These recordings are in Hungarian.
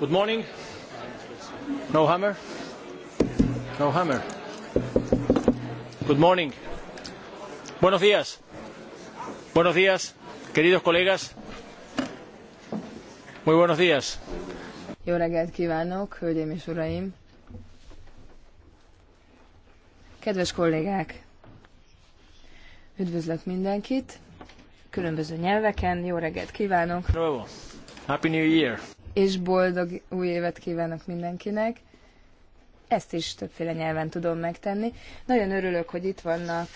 Good morning. No hammer? No hammer. Good morning. Buenos días. Buenos días, queridos colegas. Muy buenos días. Jó reggelt kívánok, hölgyeim és uraim! Kedves kollégák! Üdvözlök mindenkit! Különböző nyelveken, jó reggelt kívánok! Bravo. Happy New Year! és boldog új évet kívánok mindenkinek. Ezt is többféle nyelven tudom megtenni. Nagyon örülök, hogy itt vannak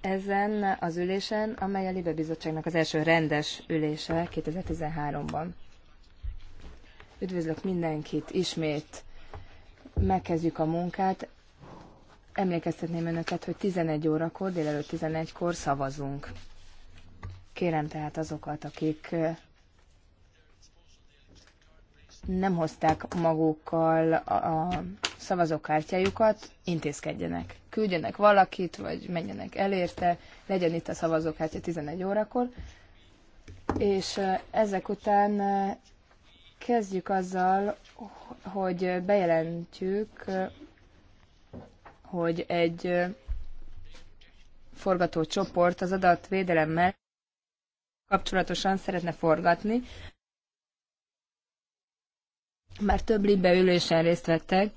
ezen az ülésen, amely a Libe Bizottságnak az első rendes ülése 2013-ban. Üdvözlök mindenkit ismét. Megkezdjük a munkát. Emlékeztetném önöket, hogy 11 órakor, délelőtt 11-kor szavazunk. Kérem tehát azokat, akik nem hozták magukkal a szavazókártyájukat, intézkedjenek. Küldjenek valakit, vagy menjenek elérte, legyen itt a szavazókártya 11 órakor. És ezek után kezdjük azzal, hogy bejelentjük, hogy egy forgatócsoport az adatvédelemmel kapcsolatosan szeretne forgatni már több libe ülésen részt vettek,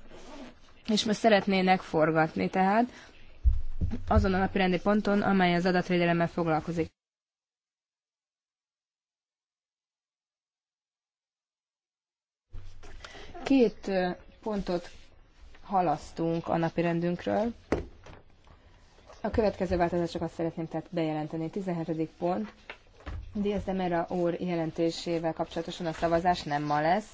és most szeretnének forgatni, tehát azon a rendi ponton, amely az adatvédelemmel foglalkozik. Két pontot halasztunk a napirendünkről. A következő változásokat szeretném tehát bejelenteni. 17. pont. Diaz de Mera úr jelentésével kapcsolatosan a szavazás nem ma lesz,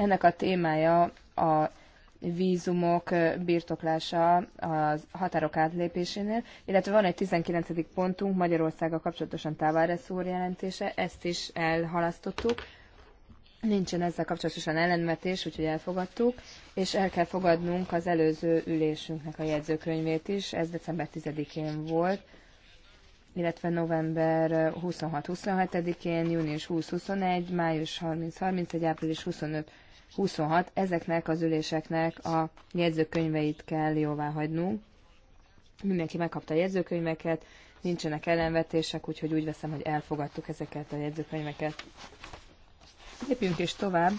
ennek a témája a vízumok birtoklása a határok átlépésénél, illetve van egy 19. pontunk Magyarországgal kapcsolatosan Táváresz úr jelentése, ezt is elhalasztottuk. Nincsen ezzel kapcsolatosan ellenvetés, úgyhogy elfogadtuk, és el kell fogadnunk az előző ülésünknek a jegyzőkönyvét is, ez december 10-én volt, illetve november 26-27-én, június 20-21, május 30-31, április 25 26. Ezeknek az üléseknek a jegyzőkönyveit kell jóvá hagynunk. Mindenki megkapta a jegyzőkönyveket, nincsenek ellenvetések, úgyhogy úgy veszem, hogy elfogadtuk ezeket a jegyzőkönyveket. Lépjünk is tovább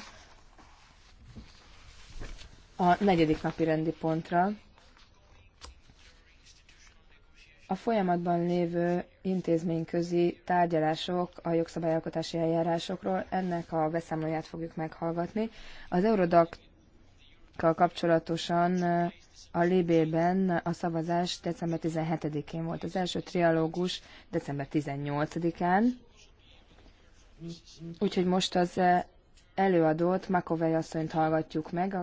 a negyedik napi rendi pontra, a folyamatban lévő intézményközi tárgyalások a jogszabályalkotási eljárásokról, ennek a beszámolóját fogjuk meghallgatni. Az Eurodac kal kapcsolatosan eh, a Libében a szavazás december 17-én volt. Az első trialógus december 18-án. Úgyhogy most az eh, előadót, Makovej asszonyt hallgatjuk meg,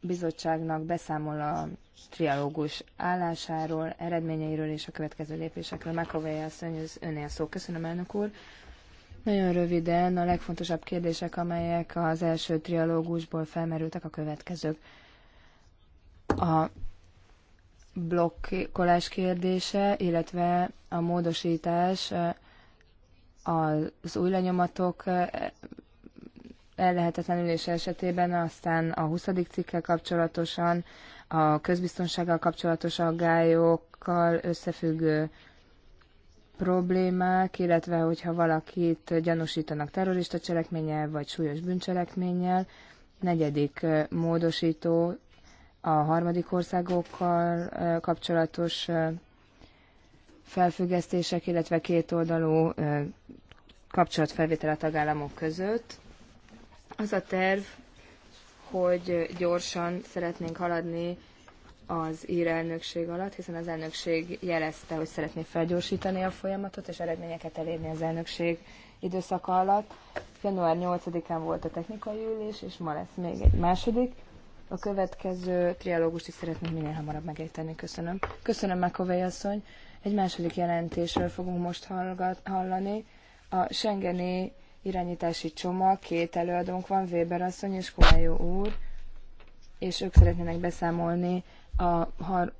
bizottságnak beszámol a trialógus állásáról, eredményeiről és a következő lépésekről. Mekovely asszony, hogy önél szó. Köszönöm, elnök úr. Nagyon röviden a legfontosabb kérdések, amelyek az első trialógusból felmerültek, a következők. A blokkolás kérdése, illetve a módosítás eh, az új lenyomatok eh, ellehetetlenülése esetében, aztán a 20. cikkel kapcsolatosan, a közbiztonsággal kapcsolatos aggályokkal összefüggő problémák, illetve hogyha valakit gyanúsítanak terrorista cselekménnyel vagy súlyos bűncselekménnyel, negyedik módosító a harmadik országokkal kapcsolatos felfüggesztések, illetve kétoldalú kapcsolatfelvétel a tagállamok között. Az a terv, hogy gyorsan szeretnénk haladni az ír elnökség alatt, hiszen az elnökség jelezte, hogy szeretné felgyorsítani a folyamatot és eredményeket elérni az elnökség időszaka alatt. Január 8-án volt a technikai ülés, és ma lesz még egy második. A következő trialógust is szeretnénk minél hamarabb megérteni. Köszönöm. Köszönöm, Mekovei asszony. Egy második jelentésről fogunk most hallgat, hallani. A Schengeni irányítási csomag, két előadónk van, Weber asszony és Kovályó úr, és ők szeretnének beszámolni a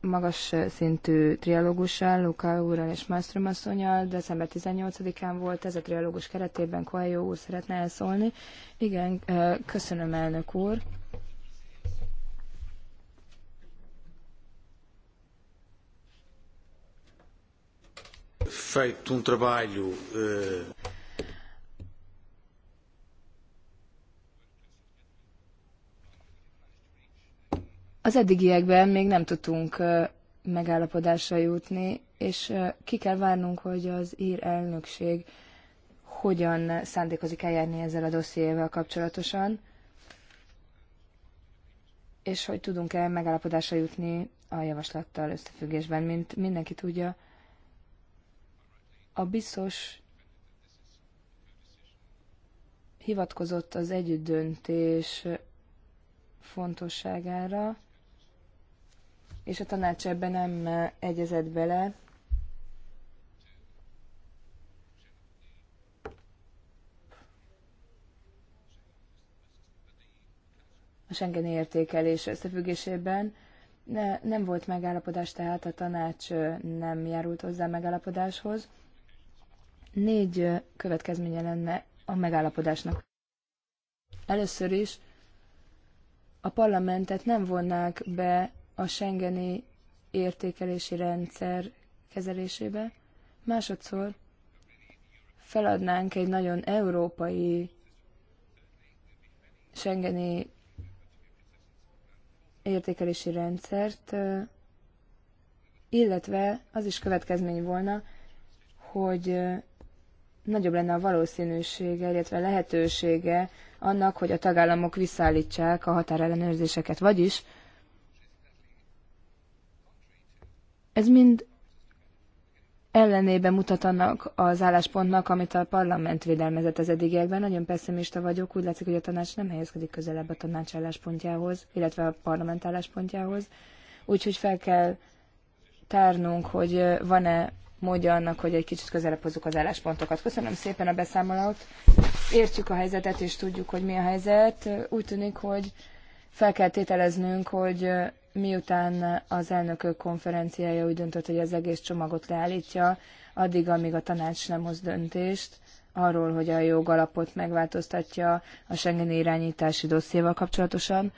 magas szintű trialógussal, Luka úrral és Malmström asszonyal, december 18-án volt ez a trialógus keretében, Koelyó úr szeretne elszólni. Igen, köszönöm elnök úr. Feito um trabalho. Uh... Az eddigiekben még nem tudtunk megállapodásra jutni, és ki kell várnunk, hogy az ír elnökség hogyan szándékozik eljárni ezzel a dossziével kapcsolatosan, és hogy tudunk-e megállapodásra jutni a javaslattal összefüggésben, mint mindenki tudja. A biztos hivatkozott az együttdöntés fontosságára, és a tanács ebben nem eh, egyezett bele. A Schengeni értékelés összefüggésében ne, nem volt megállapodás, tehát a tanács eh, nem járult hozzá megállapodáshoz. Négy eh, következménye lenne a megállapodásnak. Először is a parlamentet nem vonnák be a Schengeni értékelési rendszer kezelésébe, másodszor feladnánk egy nagyon európai Schengeni értékelési rendszert, illetve az is következmény volna, hogy nagyobb lenne a valószínűsége, illetve lehetősége annak, hogy a tagállamok visszaállítsák a határellenőrzéseket. Vagyis Ez mind ellenébe mutat annak az álláspontnak, amit a parlament védelmezett az eddigiekben. Nagyon pessimista vagyok, úgy látszik, hogy a tanács nem helyezkedik közelebb a tanács álláspontjához, illetve a parlament álláspontjához. Úgyhogy fel kell tárnunk, hogy van-e módja annak, hogy egy kicsit közelebb hozzuk az álláspontokat. Köszönöm szépen a beszámolót. Értjük a helyzetet, és tudjuk, hogy mi a helyzet. Úgy tűnik, hogy fel kell tételeznünk, hogy miután az elnökök konferenciája úgy döntött, hogy az egész csomagot leállítja, addig, amíg a tanács nem hoz döntést arról, hogy a jogalapot megváltoztatja a Schengeni irányítási dossziéval kapcsolatosan,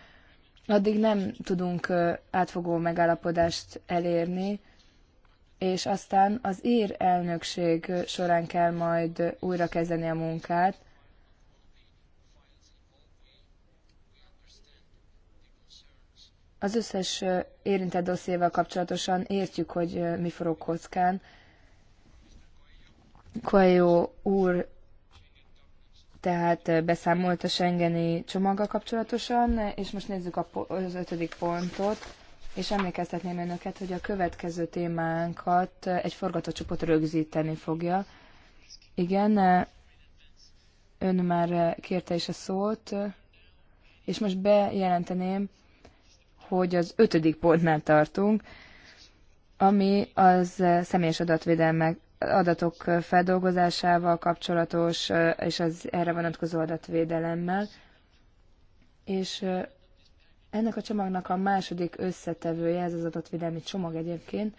addig nem tudunk átfogó megállapodást elérni, és aztán az ír elnökség során kell majd újra kezdeni a munkát, Az összes érintett dossziéval kapcsolatosan értjük, hogy mi forog kockán. Coelho úr tehát beszámolt a Schengeni csomaggal kapcsolatosan, és most nézzük az ötödik pontot, és emlékeztetném önöket, hogy a következő témánkat egy forgatócsoport rögzíteni fogja. Igen, ön már kérte is a szót, és most bejelenteném, hogy az ötödik pontnál tartunk, ami az eh, személyes adatvédelmek adatok feldolgozásával kapcsolatos, eh, és az erre vonatkozó adatvédelemmel. És eh, ennek a csomagnak a második összetevője, ez az adatvédelmi csomag egyébként,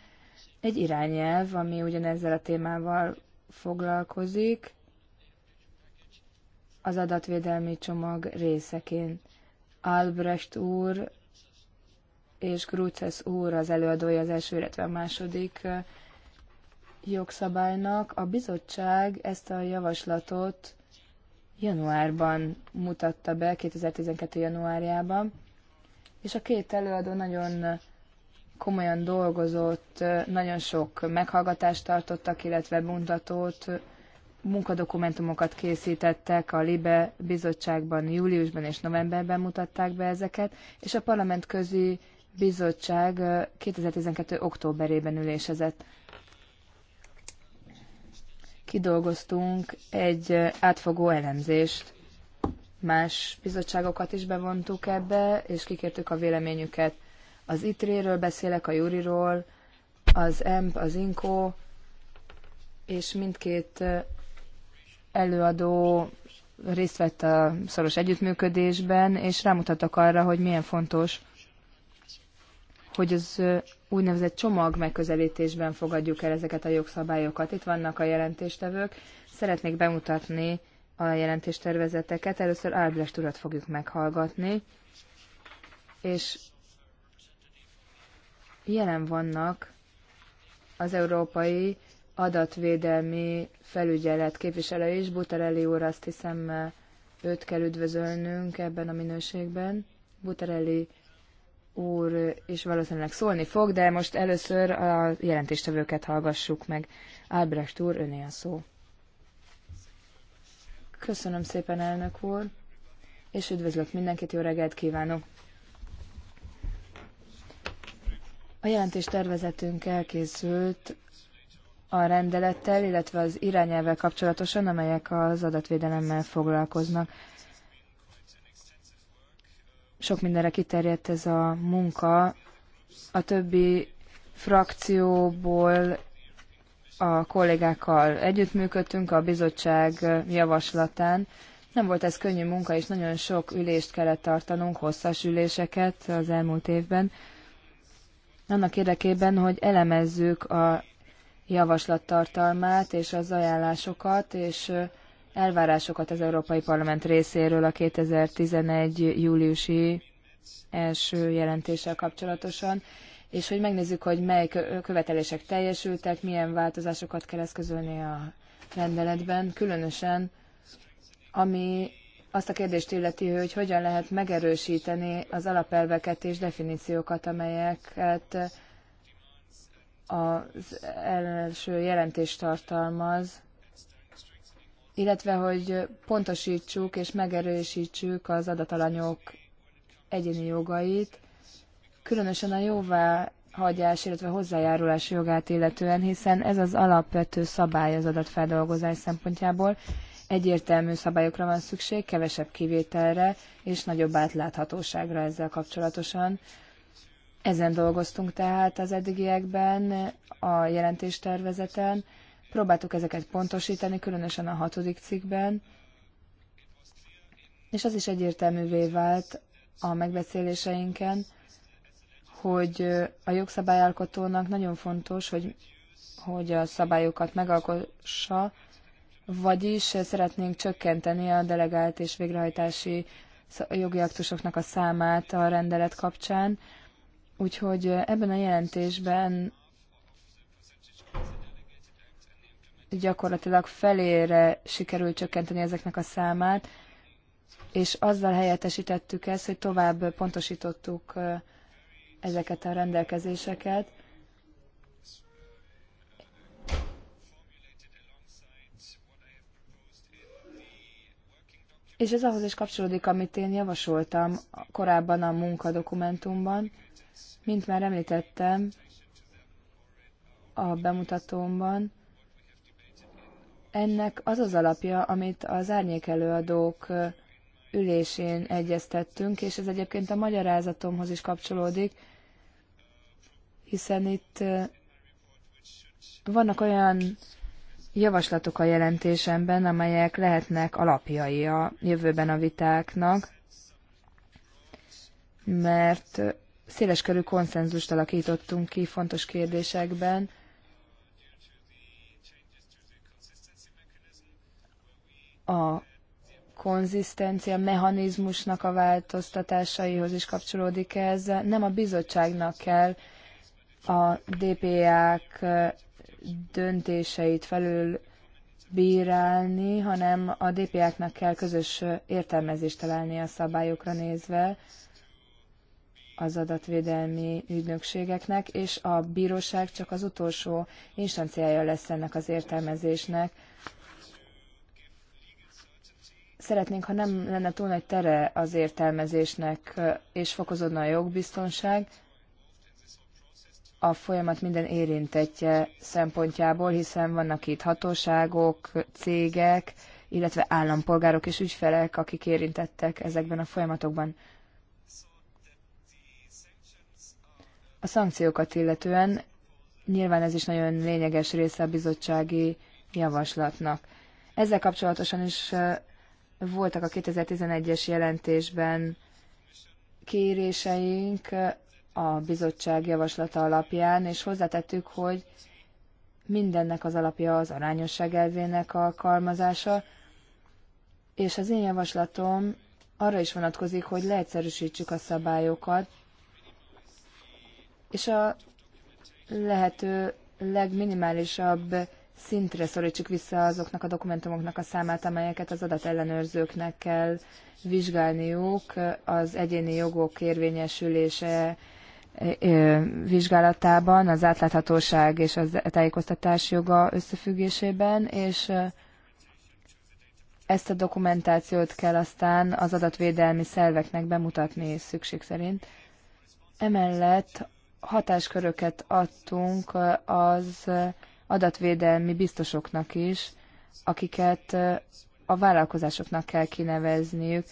egy irányelv, ami ugyanezzel a témával foglalkozik, az adatvédelmi csomag részeként. Albrecht úr és Grucesz úr az előadója az első, illetve a második jogszabálynak. A bizottság ezt a javaslatot januárban mutatta be, 2012. januárjában, és a két előadó nagyon komolyan dolgozott, nagyon sok meghallgatást tartottak, illetve mutatót, munkadokumentumokat készítettek, a LIBE bizottságban júliusban és novemberben mutatták be ezeket, és a parlament közi bizottság 2012. októberében ülésezett. Kidolgoztunk egy átfogó elemzést. Más bizottságokat is bevontuk ebbe, és kikértük a véleményüket. Az ITRÉ-ről beszélek, a Juriról, az EMP, az INKO, és mindkét előadó részt vett a szoros együttműködésben, és rámutattak arra, hogy milyen fontos hogy az úgynevezett csomag megközelítésben fogadjuk el ezeket a jogszabályokat. Itt vannak a jelentéstevők. Szeretnék bemutatni a jelentéstervezeteket. Először Albrecht urat fogjuk meghallgatni, és jelen vannak az Európai Adatvédelmi Felügyelet képviselői is. Butarelli úr azt hiszem őt kell üdvözölnünk ebben a minőségben. Butarelli úr is valószínűleg szólni fog, de most először a jelentéstevőket hallgassuk meg. Albrecht úr, öné a szó. Köszönöm szépen, elnök úr, és üdvözlök mindenkit, jó reggelt kívánok! A jelentés tervezetünk elkészült a rendelettel, illetve az irányelvvel kapcsolatosan, amelyek az adatvédelemmel foglalkoznak sok mindenre kiterjedt ez a munka. A többi frakcióból a kollégákkal együttműködtünk a bizottság javaslatán. Nem volt ez könnyű munka, és nagyon sok ülést kellett tartanunk, hosszas üléseket az elmúlt évben. Annak érdekében, hogy elemezzük a javaslat tartalmát és az ajánlásokat, és elvárásokat az Európai Parlament részéről a 2011. júliusi első jelentéssel kapcsolatosan, és hogy megnézzük, hogy mely követelések teljesültek, milyen változásokat kell eszközölni a rendeletben, különösen ami azt a kérdést illeti, hogy hogyan lehet megerősíteni az alapelveket és definíciókat, amelyeket az első jelentés tartalmaz, illetve hogy pontosítsuk és megerősítsük az adatalanyok egyéni jogait, különösen a jóváhagyás, illetve hozzájárulás jogát illetően, hiszen ez az alapvető szabály az adatfeldolgozás szempontjából. Egyértelmű szabályokra van szükség, kevesebb kivételre és nagyobb átláthatóságra ezzel kapcsolatosan. Ezen dolgoztunk tehát az eddigiekben, a jelentéstervezeten, Próbáltuk ezeket pontosítani, különösen a hatodik cikkben, és az is egyértelművé vált a megbeszéléseinken, hogy a jogszabályalkotónak nagyon fontos, hogy, hogy a szabályokat megalkossa, vagyis szeretnénk csökkenteni a delegált és végrehajtási jogi aktusoknak a számát a rendelet kapcsán. Úgyhogy ebben a jelentésben gyakorlatilag felére sikerült csökkenteni ezeknek a számát, és azzal helyettesítettük ezt, hogy tovább pontosítottuk ezeket a rendelkezéseket. És ez ahhoz is kapcsolódik, amit én javasoltam korábban a munkadokumentumban. Mint már említettem a bemutatómban, ennek az az alapja, amit az árnyék előadók ülésén egyeztettünk, és ez egyébként a magyarázatomhoz is kapcsolódik, hiszen itt vannak olyan javaslatok a jelentésemben, amelyek lehetnek alapjai a jövőben a vitáknak, mert széleskörű konszenzust alakítottunk ki fontos kérdésekben, a konzisztencia mechanizmusnak a változtatásaihoz is kapcsolódik ez. Nem a bizottságnak kell a DPA-k döntéseit felül bírálni, hanem a DPA-knak kell közös értelmezést találni a szabályokra nézve az adatvédelmi ügynökségeknek, és a bíróság csak az utolsó instanciája lesz ennek az értelmezésnek szeretnénk, ha nem lenne túl nagy tere az értelmezésnek, és fokozódna a jogbiztonság a folyamat minden érintettje szempontjából, hiszen vannak itt hatóságok, cégek, illetve állampolgárok és ügyfelek, akik érintettek ezekben a folyamatokban. A szankciókat illetően nyilván ez is nagyon lényeges része a bizottsági javaslatnak. Ezzel kapcsolatosan is voltak a 2011-es jelentésben kéréseink a bizottság javaslata alapján, és hozzátettük, hogy mindennek az alapja az arányosság elvének alkalmazása, és az én javaslatom arra is vonatkozik, hogy leegyszerűsítsük a szabályokat, és a lehető legminimálisabb szintre szorítsuk vissza azoknak a dokumentumoknak a számát, amelyeket az adatellenőrzőknek kell vizsgálniuk az egyéni jogok érvényesülése vizsgálatában, az átláthatóság és a tájékoztatás joga összefüggésében, és ezt a dokumentációt kell aztán az adatvédelmi szerveknek bemutatni szükség szerint. Emellett hatásköröket adtunk az adatvédelmi biztosoknak is, akiket a vállalkozásoknak kell kinevezniük.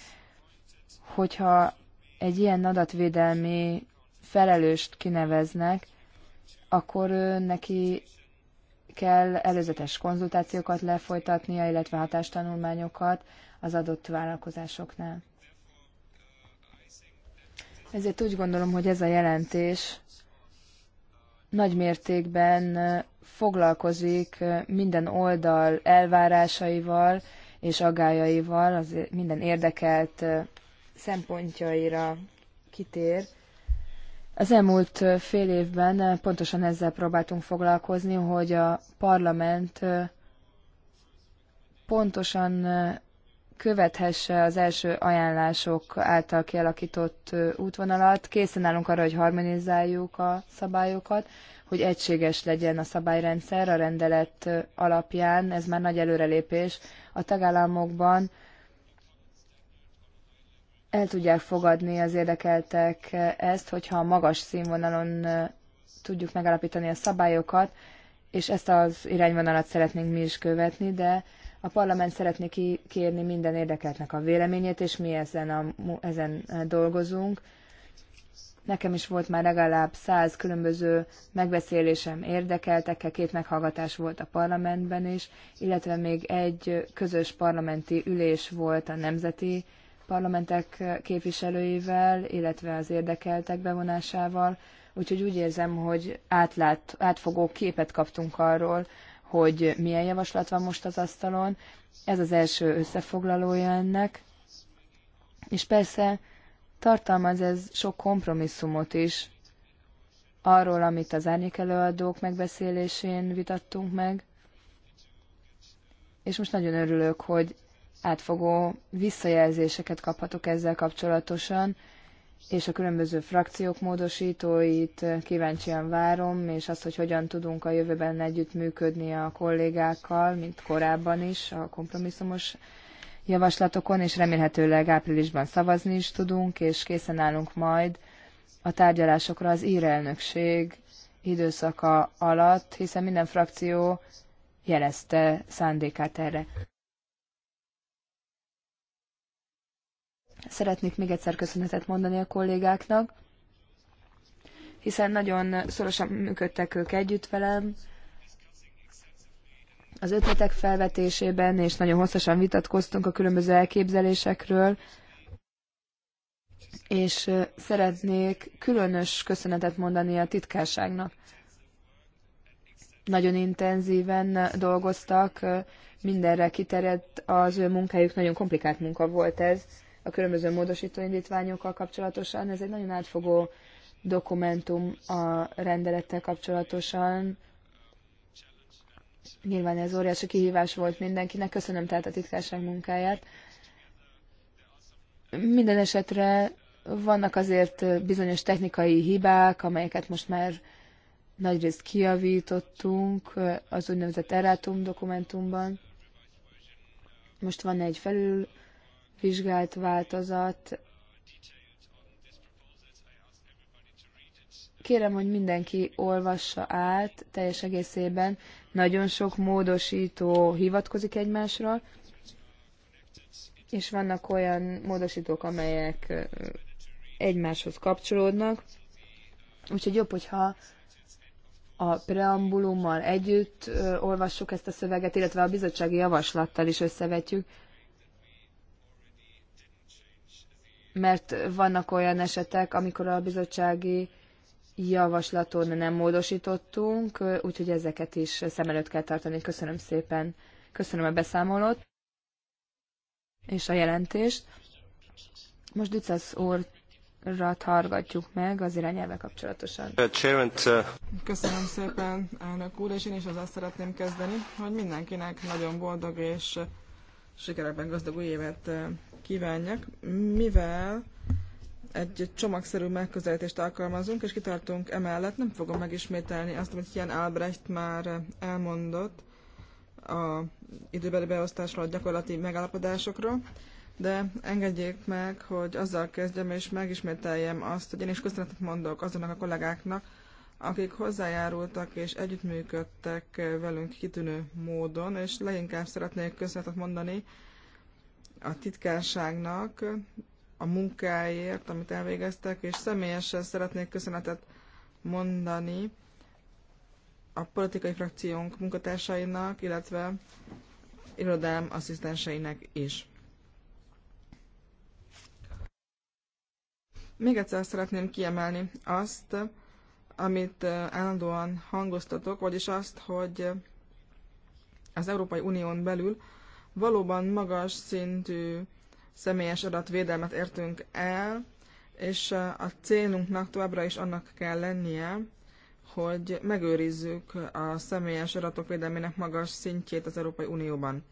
Hogyha egy ilyen adatvédelmi felelőst kineveznek, akkor neki kell előzetes konzultációkat lefolytatnia, illetve hatástanulmányokat az adott vállalkozásoknál. Ezért úgy gondolom, hogy ez a jelentés nagy mértékben foglalkozik minden oldal elvárásaival és agályaival, az minden érdekelt szempontjaira kitér. Az elmúlt fél évben pontosan ezzel próbáltunk foglalkozni, hogy a parlament pontosan követhesse az első ajánlások által kialakított útvonalat. Készen állunk arra, hogy harmonizáljuk a szabályokat, hogy egységes legyen a szabályrendszer a rendelet alapján. Ez már nagy előrelépés a tagállamokban. El tudják fogadni az érdekeltek ezt, hogyha a magas színvonalon tudjuk megállapítani a szabályokat, és ezt az irányvonalat szeretnénk mi is követni, de a parlament szeretné kérni minden érdekeltnek a véleményét, és mi ezen, a, ezen eh, dolgozunk. Nekem is volt már legalább száz különböző megbeszélésem érdekeltekkel, két meghallgatás volt a parlamentben is, illetve még egy közös parlamenti ülés volt a nemzeti parlamentek képviselőivel, illetve az érdekeltek bevonásával. Úgyhogy úgy érzem, hogy átlát, átfogó képet kaptunk arról, hogy milyen javaslat van most az asztalon. Ez az első összefoglalója ennek. És persze tartalmaz ez sok kompromisszumot is, arról, amit az előadók megbeszélésén vitattunk meg. És most nagyon örülök, hogy átfogó visszajelzéseket kaphatok ezzel kapcsolatosan, és a különböző frakciók módosítóit kíváncsian várom, és azt, hogy hogyan tudunk a jövőben együttműködni a kollégákkal, mint korábban is, a kompromisszumos javaslatokon, és remélhetőleg áprilisban szavazni is tudunk, és készen állunk majd a tárgyalásokra az írelnökség időszaka alatt, hiszen minden frakció jelezte szándékát erre. Szeretnék még egyszer köszönetet mondani a kollégáknak, hiszen nagyon szorosan működtek ők együtt velem, az ötletek felvetésében, és nagyon hosszasan vitatkoztunk a különböző elképzelésekről, és szeretnék különös köszönetet mondani a titkárságnak. Nagyon intenzíven dolgoztak, mindenre kiterjedt az ő munkájuk, nagyon komplikált munka volt ez, a különböző módosítóindítványokkal indítványokkal kapcsolatosan. Ez egy nagyon átfogó dokumentum a rendelettel kapcsolatosan. Nyilván ez óriási kihívás volt mindenkinek. Köszönöm tehát a titkárság munkáját. Minden esetre vannak azért bizonyos technikai hibák, amelyeket most már nagyrészt kijavítottunk az úgynevezett errátum dokumentumban. Most van egy felül vizsgált változat. Kérem, hogy mindenki olvassa át teljes egészében. Nagyon sok módosító hivatkozik egymásra, és vannak olyan módosítók, amelyek egymáshoz kapcsolódnak. Úgyhogy jobb, hogyha a preambulummal együtt olvassuk ezt a szöveget, illetve a bizottsági javaslattal is összevetjük, mert vannak olyan esetek, amikor a bizottsági javaslaton nem módosítottunk, úgyhogy ezeket is szem előtt kell tartani. Köszönöm szépen, köszönöm a beszámolót és a jelentést. Most Dicasz úrra hallgatjuk meg az irányelve kapcsolatosan. Uh, uh, köszönöm szépen, elnök úr, és én is azzal szeretném kezdeni, hogy mindenkinek nagyon boldog és sikerekben gazdag új évet uh, kívánják, mivel egy csomagszerű megközelítést alkalmazunk, és kitartunk emellett, nem fogom megismételni azt, amit Jan Albrecht már elmondott a időbeli beosztásról, a gyakorlati megállapodásokról, de engedjék meg, hogy azzal kezdjem és megismételjem azt, hogy én is köszönetet mondok azoknak a kollégáknak, akik hozzájárultak és együttműködtek velünk kitűnő módon, és leginkább szeretnék köszönetet mondani a titkárságnak a munkáért, amit elvégeztek, és személyesen szeretnék köszönetet mondani a politikai frakciónk munkatársainak, illetve irodám asszisztenseinek is. Még egyszer szeretném kiemelni azt, amit állandóan hangoztatok, vagyis azt, hogy az Európai Unión belül Valóban magas szintű személyes adatvédelmet értünk el, és a célunknak továbbra is annak kell lennie, hogy megőrizzük a személyes adatok védelmének magas szintjét az Európai Unióban.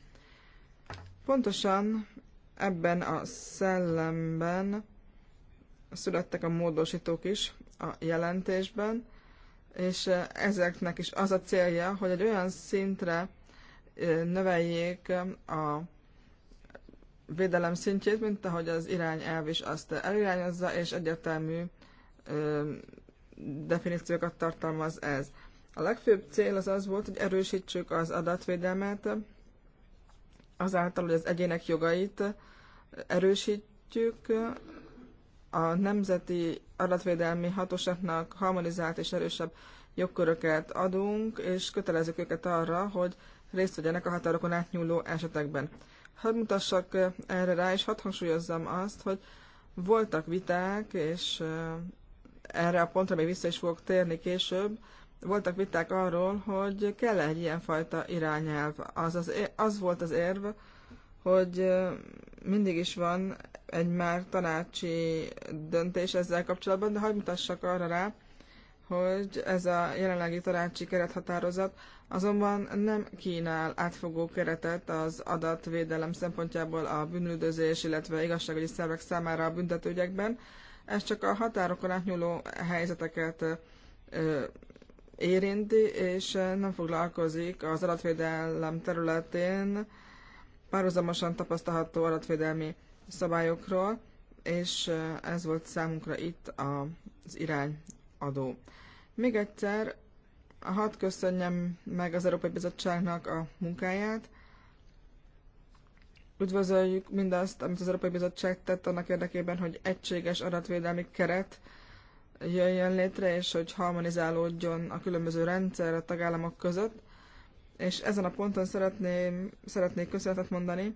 Pontosan ebben a szellemben születtek a módosítók is a jelentésben, és ezeknek is az a célja, hogy egy olyan szintre növeljék a védelem szintjét, mint ahogy az irányelv is azt elirányozza, és egyértelmű definíciókat tartalmaz ez. A legfőbb cél az az volt, hogy erősítsük az adatvédelmet, azáltal, hogy az egyének jogait erősítjük, a nemzeti adatvédelmi hatóságnak harmonizált és erősebb jogköröket adunk, és kötelezzük őket arra, hogy részt vegyenek a határokon átnyúló esetekben. Hadd mutassak erre rá, és hadd hangsúlyozzam azt, hogy voltak viták, és erre a pontra még vissza is fogok térni később, voltak viták arról, hogy kell egy egy ilyenfajta irányelv. Az, az, az volt az érv, hogy mindig is van egy már tanácsi döntés ezzel kapcsolatban, de hagyd mutassak arra rá, hogy ez a jelenlegi tanácsi kerethatározat azonban nem kínál átfogó keretet az adatvédelem szempontjából a bűnüldözés, illetve igazságügyi szervek számára a büntetőgyekben. Ez csak a határokon átnyúló helyzeteket érinti, és nem foglalkozik az adatvédelem területén párhuzamosan tapasztalható adatvédelmi szabályokról, és ez volt számunkra itt az irány adó. Még egyszer, hadd köszönjem meg az Európai Bizottságnak a munkáját. Üdvözöljük mindazt, amit az Európai Bizottság tett annak érdekében, hogy egységes adatvédelmi keret jöjjön létre, és hogy harmonizálódjon a különböző rendszer a tagállamok között. És ezen a ponton szeretném, szeretnék köszönetet mondani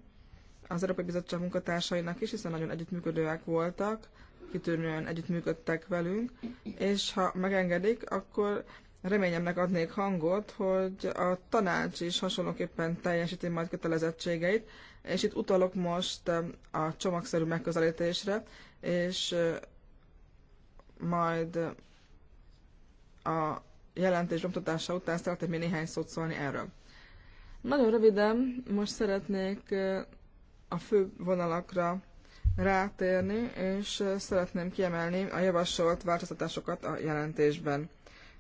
az Európai Bizottság munkatársainak is, hiszen nagyon együttműködőek voltak, kitűnően együttműködtek velünk, és ha megengedik, akkor reményemnek adnék hangot, hogy a tanács is hasonlóképpen teljesíti majd kötelezettségeit, és itt utalok most um, a csomagszerű megközelítésre, és uh, majd uh, a jelentés bemutatása után szeretnék még néhány szót szólni erről. Nagyon röviden most szeretnék uh, a fő vonalakra rátérni, és szeretném kiemelni a javasolt változtatásokat a jelentésben.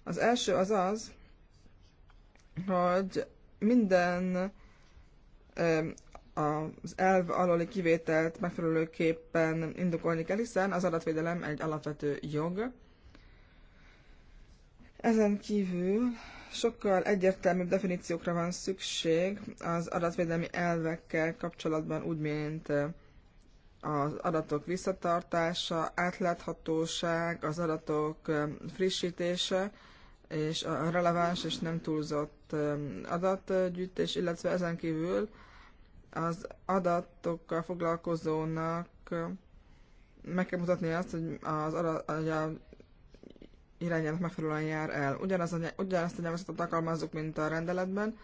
Az első az az, hogy minden az elv aloli kivételt megfelelőképpen indokolni kell, hiszen az adatvédelem egy alapvető jog. Ezen kívül sokkal egyértelműbb definíciókra van szükség az adatvédelmi elvekkel kapcsolatban, úgy mint az adatok visszatartása, átláthatóság, az adatok um, frissítése, és a releváns és nem túlzott um, adatgyűjtés, illetve ezen kívül az adatokkal foglalkozónak um, meg kell mutatni azt, hogy az adat, hogy a irányának megfelelően jár el. Ugyanaz a, ugyanazt a nyelvezetet alkalmazzuk, mint a rendeletben,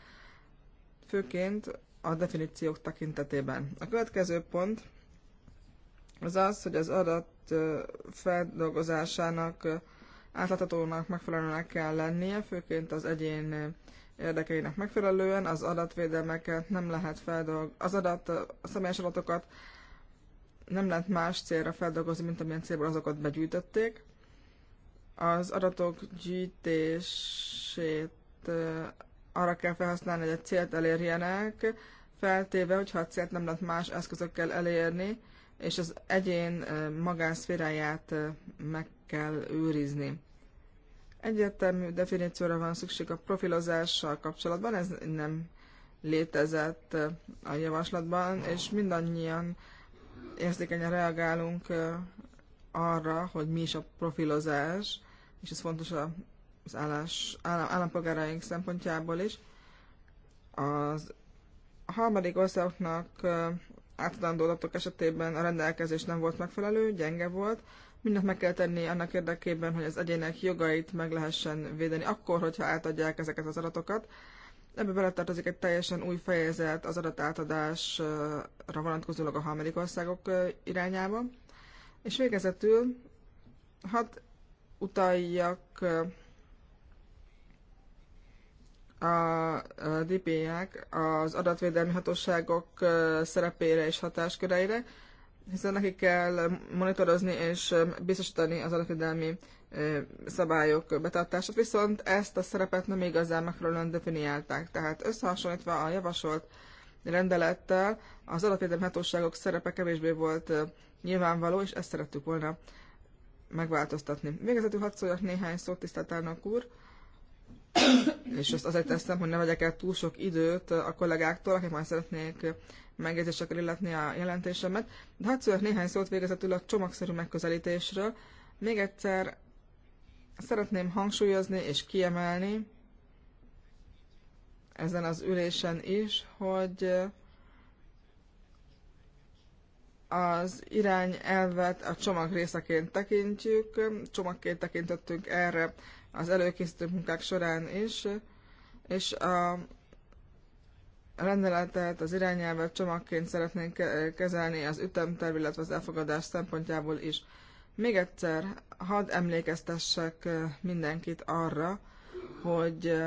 főként a definíciók tekintetében. A következő pont az az, hogy az adat feldolgozásának átláthatónak megfelelőnek kell lennie, főként az egyén érdekeinek megfelelően, az adatvédelmeket nem lehet feldolgozni, az adat, a személyes adatokat nem lehet más célra feldolgozni, mint amilyen célból azokat begyűjtötték. Az adatok gyűjtését arra kell felhasználni, hogy a célt elérjenek, feltéve, hogyha a célt nem lehet más eszközökkel elérni, és az egyén magánszféráját meg kell őrizni. Egyértelmű definícióra van szükség a profilozással kapcsolatban, ez nem létezett a javaslatban, és mindannyian érzékenyen reagálunk arra, hogy mi is a profilozás, és ez fontos az állás, állam, állampolgáraink szempontjából is. Az a harmadik országoknak átadandó adatok esetében a rendelkezés nem volt megfelelő, gyenge volt. Mindent meg kell tenni annak érdekében, hogy az egyének jogait meg lehessen védeni, akkor, hogyha átadják ezeket az adatokat. Ebbe beletartozik egy teljesen új fejezet az adatátadásra vonatkozólag a harmadik országok irányába. És végezetül hadd utaljak a, dpi dpa az adatvédelmi hatóságok szerepére és hatásköreire, hiszen nekik kell monitorozni és biztosítani az adatvédelmi szabályok betartását, viszont ezt a szerepet nem igazán megfelelően definiálták. Tehát összehasonlítva a javasolt rendelettel az adatvédelmi hatóságok szerepe kevésbé volt nyilvánvaló, és ezt szerettük volna megváltoztatni. Végezetül hadd szóljak néhány szót, tisztelt elnök úr, és azt azért teszem, hogy ne vegyek el túl sok időt a kollégáktól, akik majd szeretnék megjegyzésekkel illetni a jelentésemet. De hát szóval néhány szót végezetül a csomagszerű megközelítésről. Még egyszer szeretném hangsúlyozni és kiemelni ezen az ülésen is, hogy az irányelvet a csomag részeként tekintjük, csomagként tekintettünk erre az előkészítő munkák során is, és a rendeletet, az irányelvet csomagként szeretnénk kezelni az ütemterv, illetve az elfogadás szempontjából is. Még egyszer hadd emlékeztessek mindenkit arra, hogy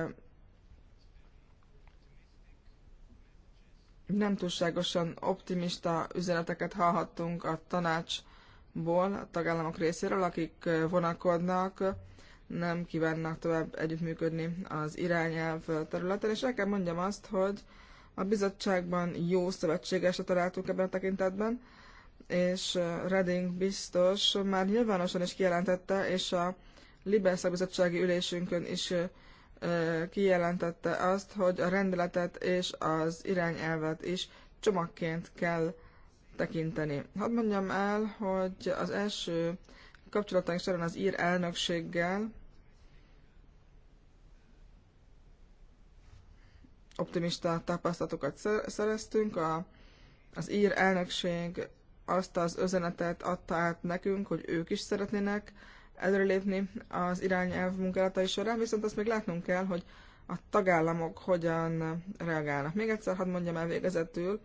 nem túlságosan optimista üzeneteket hallhattunk a tanácsból, a tagállamok részéről, akik vonakodnak nem kívánnak tovább együttműködni az irányelv területen, és el kell mondjam azt, hogy a bizottságban jó szövetségesre találtunk ebben a tekintetben, és Reding biztos már nyilvánosan is kijelentette, és a Libeszak bizottsági ülésünkön is kijelentette azt, hogy a rendeletet és az irányelvet is csomagként kell tekinteni. Hadd mondjam el, hogy az első kapcsolatánk során az ír elnökséggel optimista tapasztalatokat szereztünk. A, az ír elnökség azt az özenetet adta át nekünk, hogy ők is szeretnének előrelépni az irányelv munkálatai során, viszont azt még látnunk kell, hogy a tagállamok hogyan reagálnak. Még egyszer hadd mondjam el végezetül,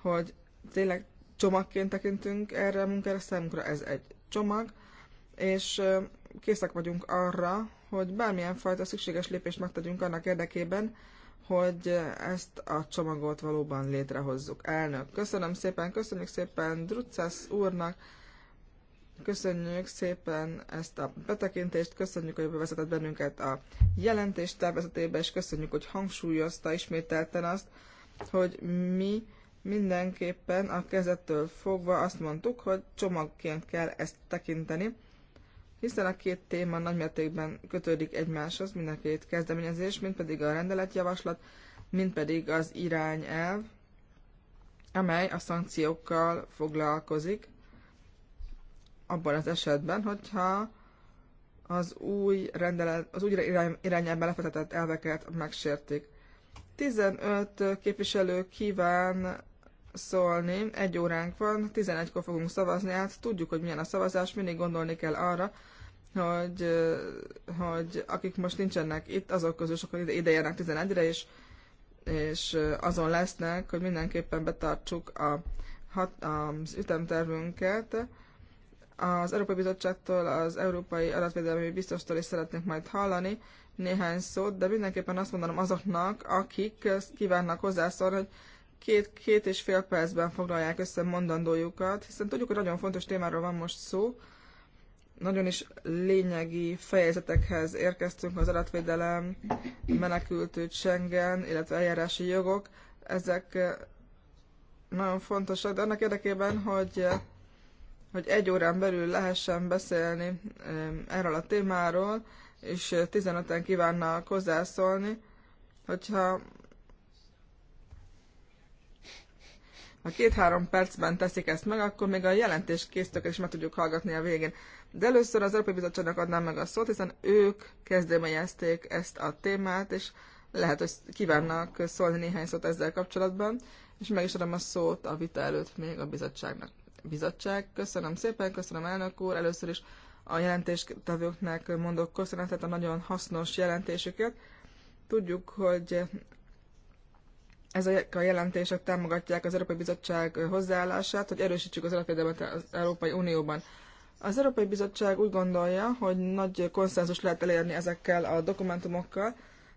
hogy tényleg csomagként tekintünk erre a munkára, számunkra ez egy csomag, és készek vagyunk arra, hogy bármilyen fajta szükséges lépést megtegyünk annak érdekében, hogy ezt a csomagot valóban létrehozzuk. Elnök, köszönöm szépen, köszönjük szépen Drucász úrnak, köszönjük szépen ezt a betekintést, köszönjük, hogy bevezetett bennünket a jelentés tervezetébe, és köszönjük, hogy hangsúlyozta ismételten azt, hogy mi mindenképpen a kezettől fogva azt mondtuk, hogy csomagként kell ezt tekinteni, hiszen a két téma nagymértékben kötődik egymáshoz, mind a két kezdeményezés, mind pedig a rendeletjavaslat, mind pedig az irányelv, amely a szankciókkal foglalkozik, abban az esetben, hogyha az új rendelet, az új irányelben lefetetett elveket megsértik. 15 képviselő kíván szólni, egy óránk van, 11-kor fogunk szavazni, hát tudjuk, hogy milyen a szavazás, mindig gondolni kell arra, hogy, hogy akik most nincsenek itt, azok közül sokan ide, ide járnak 11-re, és, és azon lesznek, hogy mindenképpen betartsuk a, hat, az ütemtervünket. Az Európai Bizottságtól, az Európai Adatvédelmi Biztostól is szeretnék majd hallani néhány szót, de mindenképpen azt mondanom azoknak, akik kívánnak hozzászólni, hogy két, két és fél percben foglalják össze mondandójukat, hiszen tudjuk, hogy nagyon fontos témáról van most szó, nagyon is lényegi fejezetekhez érkeztünk az adatvédelem, menekültügy, Schengen, illetve eljárási jogok. Ezek eh, nagyon fontosak, de annak érdekében, hogy, eh, hogy egy órán belül lehessen beszélni eh, erről a témáról, és 15-en kívánnak hozzászólni, hogyha ha két-három percben teszik ezt meg, akkor még a jelentés készítőket is meg tudjuk hallgatni a végén. De először az Európai Bizottságnak adnám meg a szót, hiszen ők kezdeményezték ezt a témát, és lehet, hogy kívánnak szólni néhány szót ezzel kapcsolatban, és meg is adom a szót a vita előtt még a bizottságnak. Bizottság, köszönöm szépen, köszönöm elnök úr, először is a jelentéstevőknek mondok köszönetet a nagyon hasznos jelentésüket. Tudjuk, hogy ezek a jelentések támogatják az Európai Bizottság hozzáállását, hogy erősítsük az alapvédelmet az Európai Unióban. Az Európai Bizottság úgy gondolja, hogy nagy konszenzus lehet elérni ezekkel a dokumentumokkal,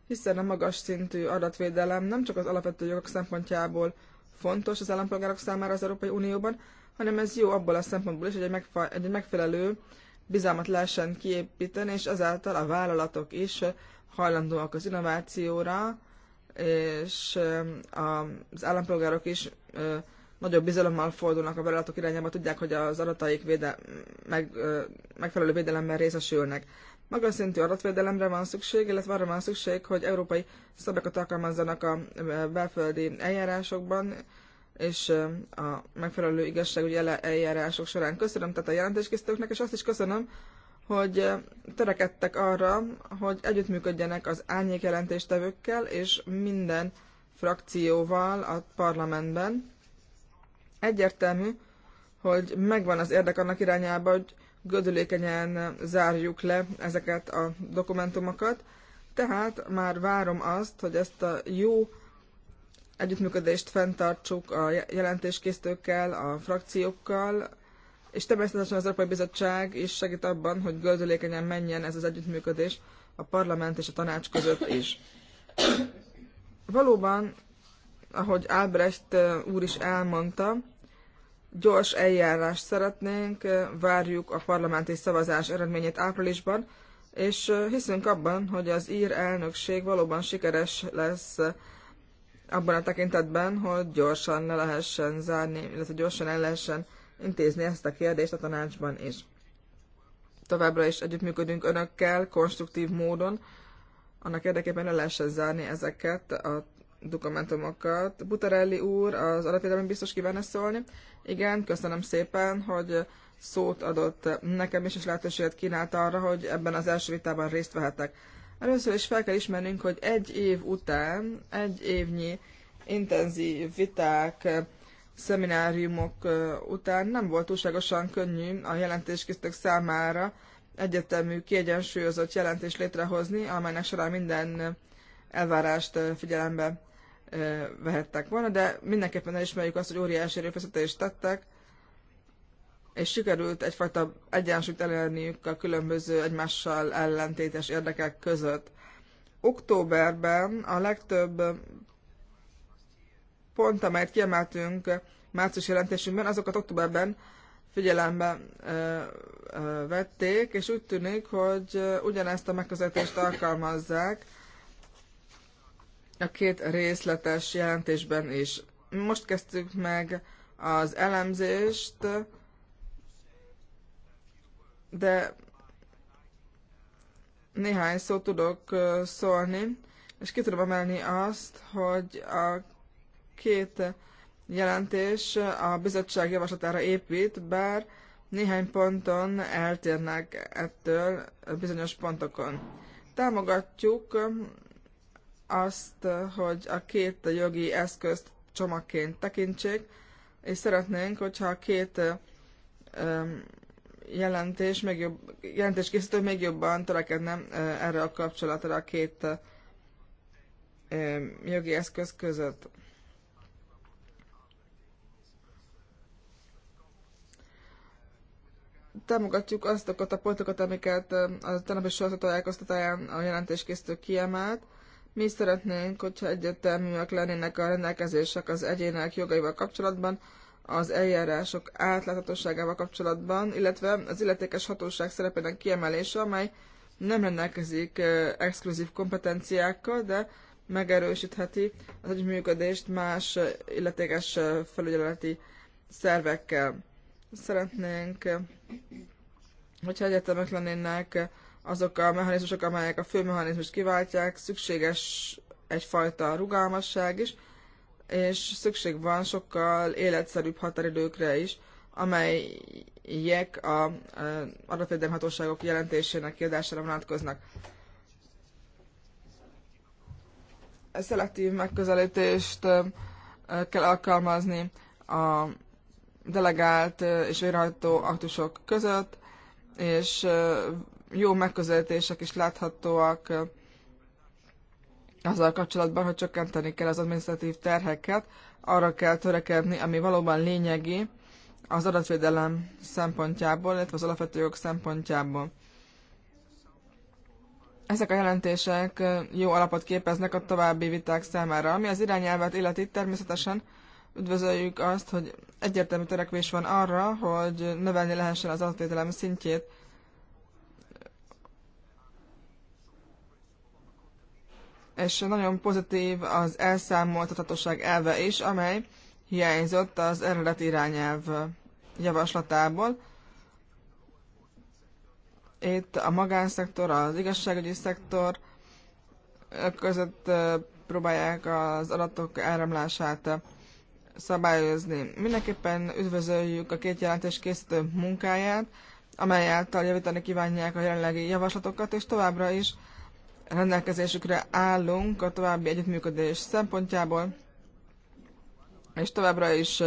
hiszen a magas szintű adatvédelem nem csak az alapvető jogok szempontjából fontos az állampolgárok számára az Európai Unióban, hanem ez jó abból a szempontból is, hogy egy, megfe- egy megfelelő bizalmat lehessen kiépíteni, és ezáltal a vállalatok is hajlandóak az innovációra, és az állampolgárok is nagyobb bizalommal fordulnak a vállalatok irányába, tudják, hogy az adataik véde, meg, megfelelő védelemmel részesülnek. Magas szintű adatvédelemre van szükség, illetve arra van szükség, hogy európai szabályokat alkalmazzanak a belföldi eljárásokban, és a megfelelő igazságügyi eljárások során. Köszönöm tehát a jelentéskészítőknek, és azt is köszönöm, hogy törekedtek arra, hogy együttműködjenek az árnyék jelentéstevőkkel és minden frakcióval a parlamentben. Egyértelmű, hogy megvan az érdek annak irányába, hogy gödülékenyen zárjuk le ezeket a dokumentumokat, tehát már várom azt, hogy ezt a jó együttműködést fenntartsuk a jelentéskészítőkkel, a frakciókkal, és természetesen az Európai Bizottság is segít abban, hogy gördülékenyen menjen ez az együttműködés a parlament és a tanács között is. Valóban, ahogy Albrecht úr is elmondta, gyors eljárást szeretnénk, várjuk a parlamenti szavazás eredményét áprilisban, és hiszünk abban, hogy az ír elnökség valóban sikeres lesz abban a tekintetben, hogy gyorsan le lehessen zárni, illetve gyorsan el lehessen intézni ezt a kérdést a tanácsban is. Továbbra is együttműködünk önökkel konstruktív módon, annak érdekében le lehessen zárni ezeket a dokumentumokat. Butarelli úr, az alapvédelmi biztos kívánna szólni. Igen, köszönöm szépen, hogy szót adott nekem is, és lehetőséget kínálta arra, hogy ebben az első vitában részt vehetek. Először is fel kell ismernünk, hogy egy év után, egy évnyi intenzív viták, szemináriumok után nem volt túlságosan könnyű a jelentéskészítők számára egyetemű, kiegyensúlyozott jelentést létrehozni, amelynek során minden elvárást figyelembe vehettek volna, de mindenképpen elismerjük azt, hogy óriási erőfeszítést tettek, és sikerült egyfajta egyensúlyt elérniük a különböző egymással ellentétes érdekek között. Októberben a legtöbb pont, amelyet kiemeltünk március jelentésünkben, azokat októberben figyelembe ö, ö, vették, és úgy tűnik, hogy ugyanezt a megközelítést alkalmazzák, a két részletes jelentésben is. Most kezdtük meg az elemzést, de néhány szót tudok szólni, és ki tudom emelni azt, hogy a két jelentés a bizottság javaslatára épít, bár néhány ponton eltérnek ettől bizonyos pontokon. Támogatjuk azt, hogy a két jogi eszközt csomagként tekintsék, és szeretnénk, hogyha a két jelentés, még jobb, jelentéskészítő még jobban törekedne erre a kapcsolatra a két jogi eszköz között. Támogatjuk azokat a pontokat, amiket a tenepi sorozat a jelentés készítő kiemelt, mi szeretnénk, hogyha egyértelműek lennének a rendelkezések az egyének jogaival kapcsolatban, az eljárások átláthatóságával kapcsolatban, illetve az illetékes hatóság szerepének kiemelése, amely nem rendelkezik exkluzív kompetenciákkal, de megerősítheti az együttműködést más illetékes felügyeleti szervekkel. Szeretnénk, hogyha egyetemek lennének azok a mechanizmusok, amelyek a fő mechanizmust kiváltják, szükséges egyfajta rugalmasság is, és szükség van sokkal életszerűbb határidőkre is, amelyek a adatvédelmi hatóságok jelentésének kiadására vonatkoznak. A szelektív megközelítést kell alkalmazni a delegált és végrehajtó aktusok között, és jó megközelítések is láthatóak azzal kapcsolatban, hogy csökkenteni kell az administratív terheket, arra kell törekedni, ami valóban lényegi az adatvédelem szempontjából, illetve az alapvető jogok szempontjából. Ezek a jelentések jó alapot képeznek a további viták számára. Ami az irányelvet illeti, természetesen üdvözöljük azt, hogy egyértelmű törekvés van arra, hogy növelni lehessen az adatvédelem szintjét és nagyon pozitív az elszámoltathatóság elve is, amely hiányzott az eredeti irányelv javaslatából. Itt a magánszektor, az igazságügyi szektor között próbálják az adatok áramlását szabályozni. Mindenképpen üdvözöljük a két jelentés készítő munkáját, amely által javítani kívánják a jelenlegi javaslatokat, és továbbra is rendelkezésükre állunk a további együttműködés szempontjából, és továbbra is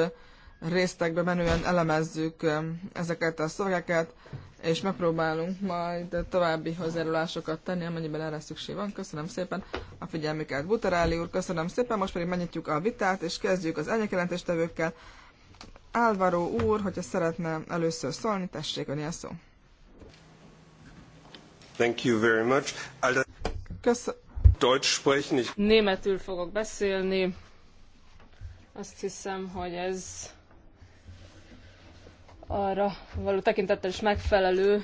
résztekbe menően elemezzük ezeket a szövegeket, és megpróbálunk majd további hozzájárulásokat tenni, amennyiben erre szükség van. Köszönöm szépen a figyelmüket, Buteráli úr, köszönöm szépen, most pedig megnyitjuk a vitát, és kezdjük az elnyekjelentéstevőkkel. Álvaro úr, hogyha szeretne először szólni, tessék, önél szó. Thank you very much. I'll... Köszönöm. Németül fogok beszélni. Azt hiszem, hogy ez arra való tekintettel is megfelelő,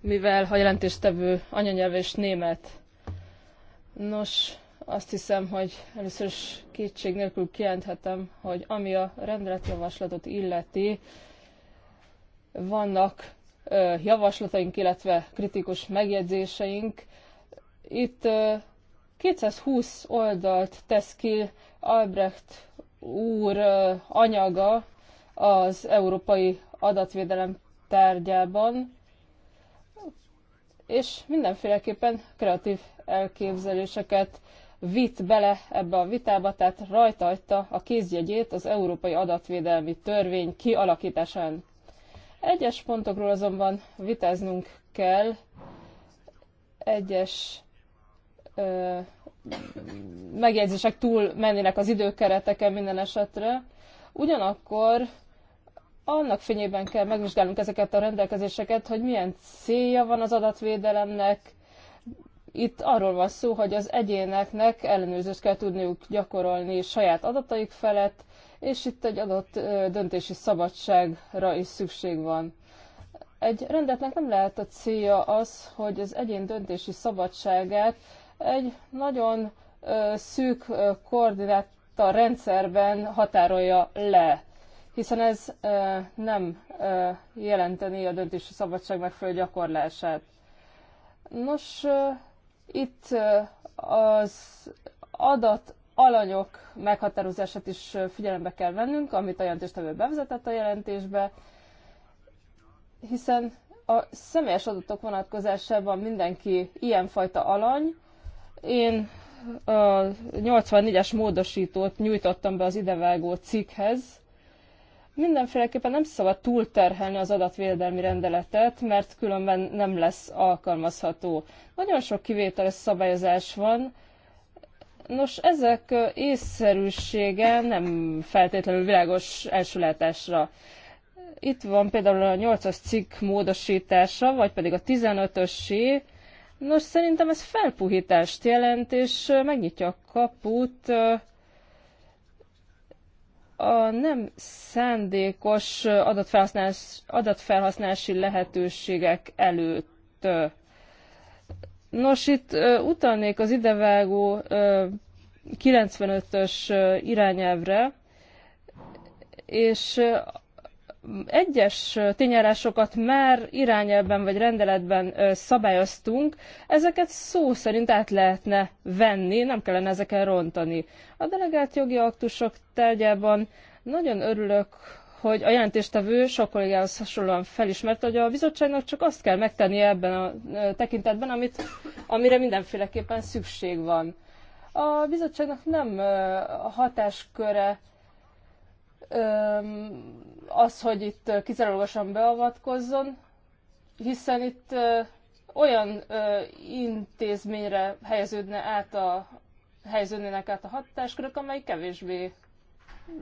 mivel a jelentéstevő anyanyelve is német. Nos, azt hiszem, hogy először is kétség nélkül kijelenthetem, hogy ami a rendeletjavaslatot illeti, vannak ö, javaslataink, illetve kritikus megjegyzéseink, itt 220 oldalt tesz ki Albrecht úr anyaga az európai adatvédelem tárgyában, és mindenféleképpen kreatív elképzeléseket vitt bele ebbe a vitába, tehát rajta adta a kézjegyét az Európai Adatvédelmi Törvény kialakításán. Egyes pontokról azonban vitáznunk kell, egyes megjegyzések túl mennének az időkereteken minden esetre. Ugyanakkor annak fényében kell megvizsgálnunk ezeket a rendelkezéseket, hogy milyen célja van az adatvédelemnek. Itt arról van szó, hogy az egyéneknek ellenőrzést kell tudniuk gyakorolni saját adataik felett, és itt egy adott döntési szabadságra is szükség van. Egy rendetnek nem lehet a célja az, hogy az egyén döntési szabadságát egy nagyon szűk koordináta rendszerben határolja le, hiszen ez nem jelenteni a döntési szabadság megfelelő gyakorlását. Nos, itt az adat alanyok meghatározását is figyelembe kell vennünk, amit a jelentéstevő bevezetett a jelentésbe, hiszen a személyes adatok vonatkozásában mindenki ilyenfajta alany, én a 84-es módosítót nyújtottam be az idevágó cikkhez. Mindenféleképpen nem szabad túlterhelni az adatvédelmi rendeletet, mert különben nem lesz alkalmazható. Nagyon sok kivételes szabályozás van, Nos, ezek észszerűsége nem feltétlenül világos elsőlátásra. Itt van például a 8-as cikk módosítása, vagy pedig a 15-ösé, Nos, szerintem ez felpuhítást jelent, és megnyitja a kaput a nem szándékos adatfelhasználás, adatfelhasználási lehetőségek előtt. Nos, itt utalnék az idevágó 95-ös irányelvre, és egyes tényárásokat már irányelben vagy rendeletben szabályoztunk, ezeket szó szerint át lehetne venni, nem kellene ezeken rontani. A delegált jogi aktusok tárgyában nagyon örülök, hogy a jelentéstevő sok kollégához hasonlóan felismerte, hogy a bizottságnak csak azt kell megtenni ebben a tekintetben, amit, amire mindenféleképpen szükség van. A bizottságnak nem hatásköre az, hogy itt kizárólagosan beavatkozzon, hiszen itt olyan intézményre helyeződne át a, helyeződnének át a hatáskörök, amely kevésbé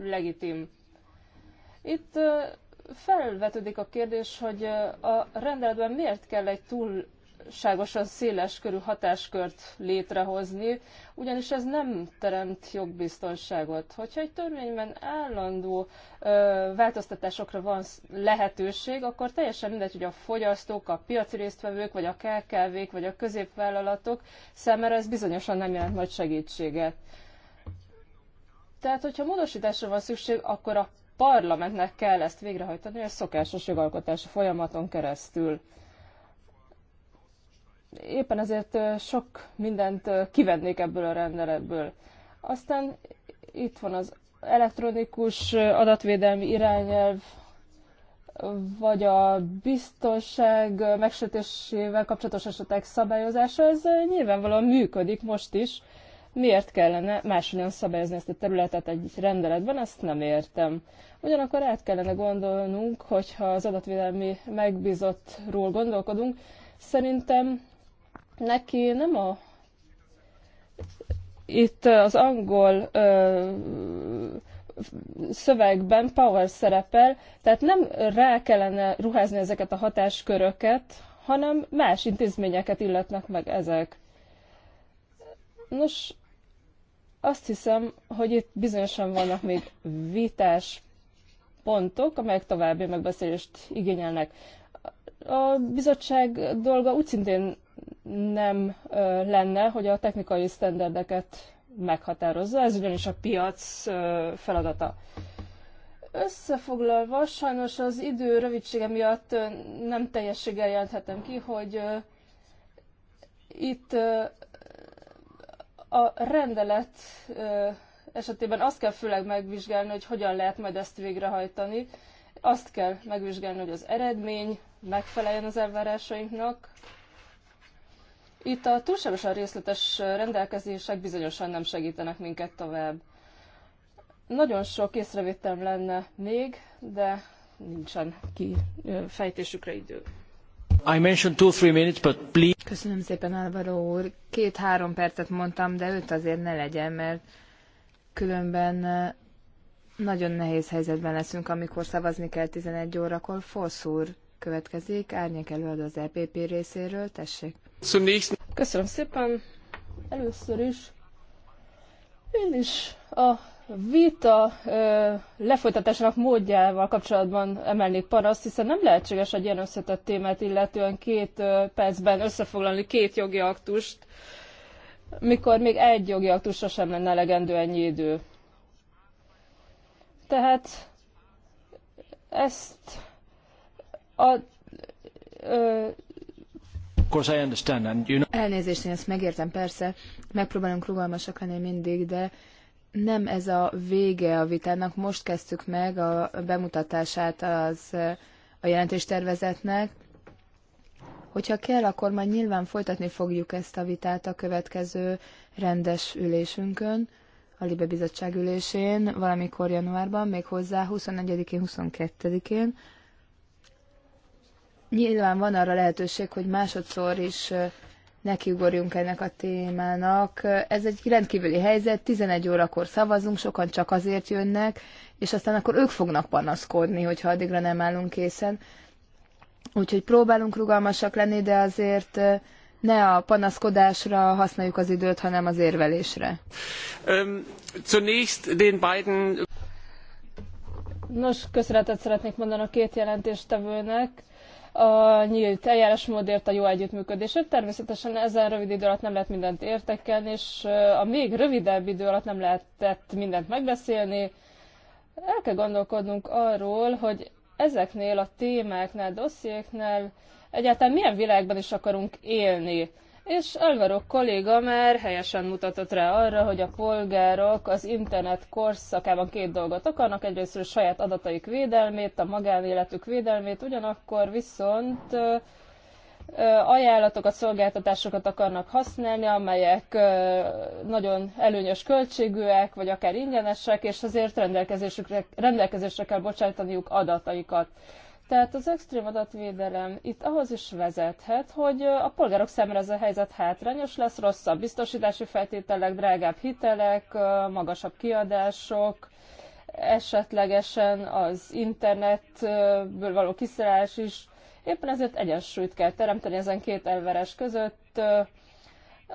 legitim. Itt felvetődik a kérdés, hogy a rendeletben miért kell egy túl túlságosan széles körű hatáskört létrehozni, ugyanis ez nem teremt jogbiztonságot. Hogyha egy törvényben állandó ö, változtatásokra van lehetőség, akkor teljesen mindegy, hogy a fogyasztók, a piaci résztvevők, vagy a KKV-k, vagy a középvállalatok számára ez bizonyosan nem jelent nagy segítséget. Tehát, hogyha módosításra van szükség, akkor a parlamentnek kell ezt végrehajtani a szokásos jogalkotási folyamaton keresztül éppen ezért sok mindent kivennék ebből a rendeletből. Aztán itt van az elektronikus adatvédelmi irányelv, vagy a biztonság megsütésével kapcsolatos esetek szabályozása, ez nyilvánvalóan működik most is. Miért kellene máshogyan szabályozni ezt a területet egy rendeletben, ezt nem értem. Ugyanakkor át kellene gondolnunk, hogyha az adatvédelmi megbízottról gondolkodunk, szerintem neki nem a itt az angol ö, szövegben power szerepel, tehát nem rá kellene ruházni ezeket a hatásköröket, hanem más intézményeket illetnek meg ezek. Nos, azt hiszem, hogy itt bizonyosan vannak még vitás pontok, amelyek további megbeszélést igényelnek. A bizottság dolga úgy szintén nem lenne, hogy a technikai sztenderdeket meghatározza, ez ugyanis a piac feladata. Összefoglalva, sajnos az idő rövidsége miatt nem teljességgel jelenthetem ki, hogy itt a rendelet esetében azt kell főleg megvizsgálni, hogy hogyan lehet majd ezt végrehajtani. Azt kell megvizsgálni, hogy az eredmény megfeleljen az elvárásainknak. Itt a túlságosan részletes rendelkezések bizonyosan nem segítenek minket tovább. Nagyon sok észrevételem lenne még, de nincsen ki fejtésükre idő. I mentioned two, three minutes, but please... Köszönöm szépen, Álvaro úr. Két-három percet mondtam, de öt azért ne legyen, mert különben nagyon nehéz helyzetben leszünk, amikor szavazni kell 11 órakor. Fosz úr, következik, árnyék előadó az EPP részéről, tessék. Köszönöm szépen. Először is én is a vita ö, lefolytatásának módjával kapcsolatban emelnék panaszt, hiszen nem lehetséges egy ilyen összetett témát illetően két ö, percben összefoglalni két jogi aktust, mikor még egy jogi aktusra sem lenne elegendő ennyi idő. Tehát ezt a ö, Elnézést, én ezt megértem, persze, megpróbálunk rugalmasak lenni mindig, de nem ez a vége a vitának. Most kezdtük meg a bemutatását az, a jelentéstervezetnek. Hogyha kell, akkor majd nyilván folytatni fogjuk ezt a vitát a következő rendes ülésünkön, a Libe Bizottság ülésén, valamikor januárban, még hozzá 21-én, 22-én nyilván van arra lehetőség, hogy másodszor is nekiugorjunk ennek a témának. Ez egy rendkívüli helyzet, 11 órakor szavazunk, sokan csak azért jönnek, és aztán akkor ők fognak panaszkodni, hogyha addigra nem állunk készen. Úgyhogy próbálunk rugalmasak lenni, de azért ne a panaszkodásra használjuk az időt, hanem az érvelésre. Um, zunächst den beiden... Nos, köszönetet szeretnék mondani a két jelentéstevőnek a nyílt eljárásmódért, a jó együttműködésért. Természetesen ezen rövid idő alatt nem lehet mindent értekelni, és a még rövidebb idő alatt nem lehetett mindent megbeszélni. El kell gondolkodnunk arról, hogy ezeknél a témáknál, dossziéknál egyáltalán milyen világban is akarunk élni és Alvaro kolléga már helyesen mutatott rá arra, hogy a polgárok az internet korszakában két dolgot akarnak, egyrészt a saját adataik védelmét, a magánéletük védelmét, ugyanakkor viszont ajánlatokat, szolgáltatásokat akarnak használni, amelyek nagyon előnyös költségűek, vagy akár ingyenesek, és azért rendelkezésre kell bocsátaniuk adataikat. Tehát az extrém adatvédelem itt ahhoz is vezethet, hogy a polgárok számára ez a helyzet hátrányos lesz, rosszabb biztosítási feltételek, drágább hitelek, magasabb kiadások, esetlegesen az internetből való kiszállás is. Éppen ezért egyensúlyt kell teremteni ezen két elveres között.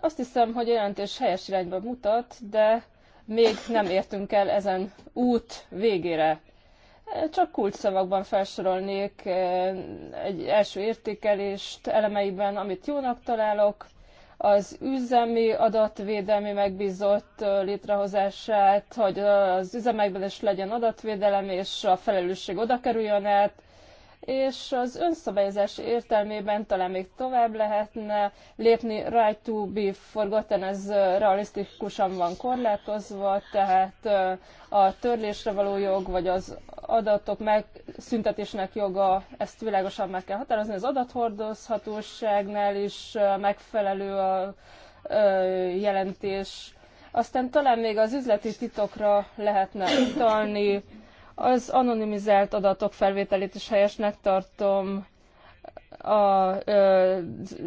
Azt hiszem, hogy a jelentés helyes irányba mutat, de még nem értünk el ezen út végére. Csak szavakban felsorolnék eh, egy első értékelést elemeiben, amit jónak találok, az üzemi adatvédelmi megbízott eh, létrehozását, hogy az üzemekben is legyen adatvédelem, és a felelősség oda kerüljön át, és az önszabályozás értelmében talán még tovább lehetne lépni. Right to be forgotten, ez realisztikusan van korlátozva, tehát a törlésre való jog, vagy az adatok megszüntetésnek joga, ezt világosan meg kell határozni. Az adathordozhatóságnál is megfelelő a jelentés. Aztán talán még az üzleti titokra lehetne utalni, az anonimizált adatok felvételét is helyesnek tartom, a ö,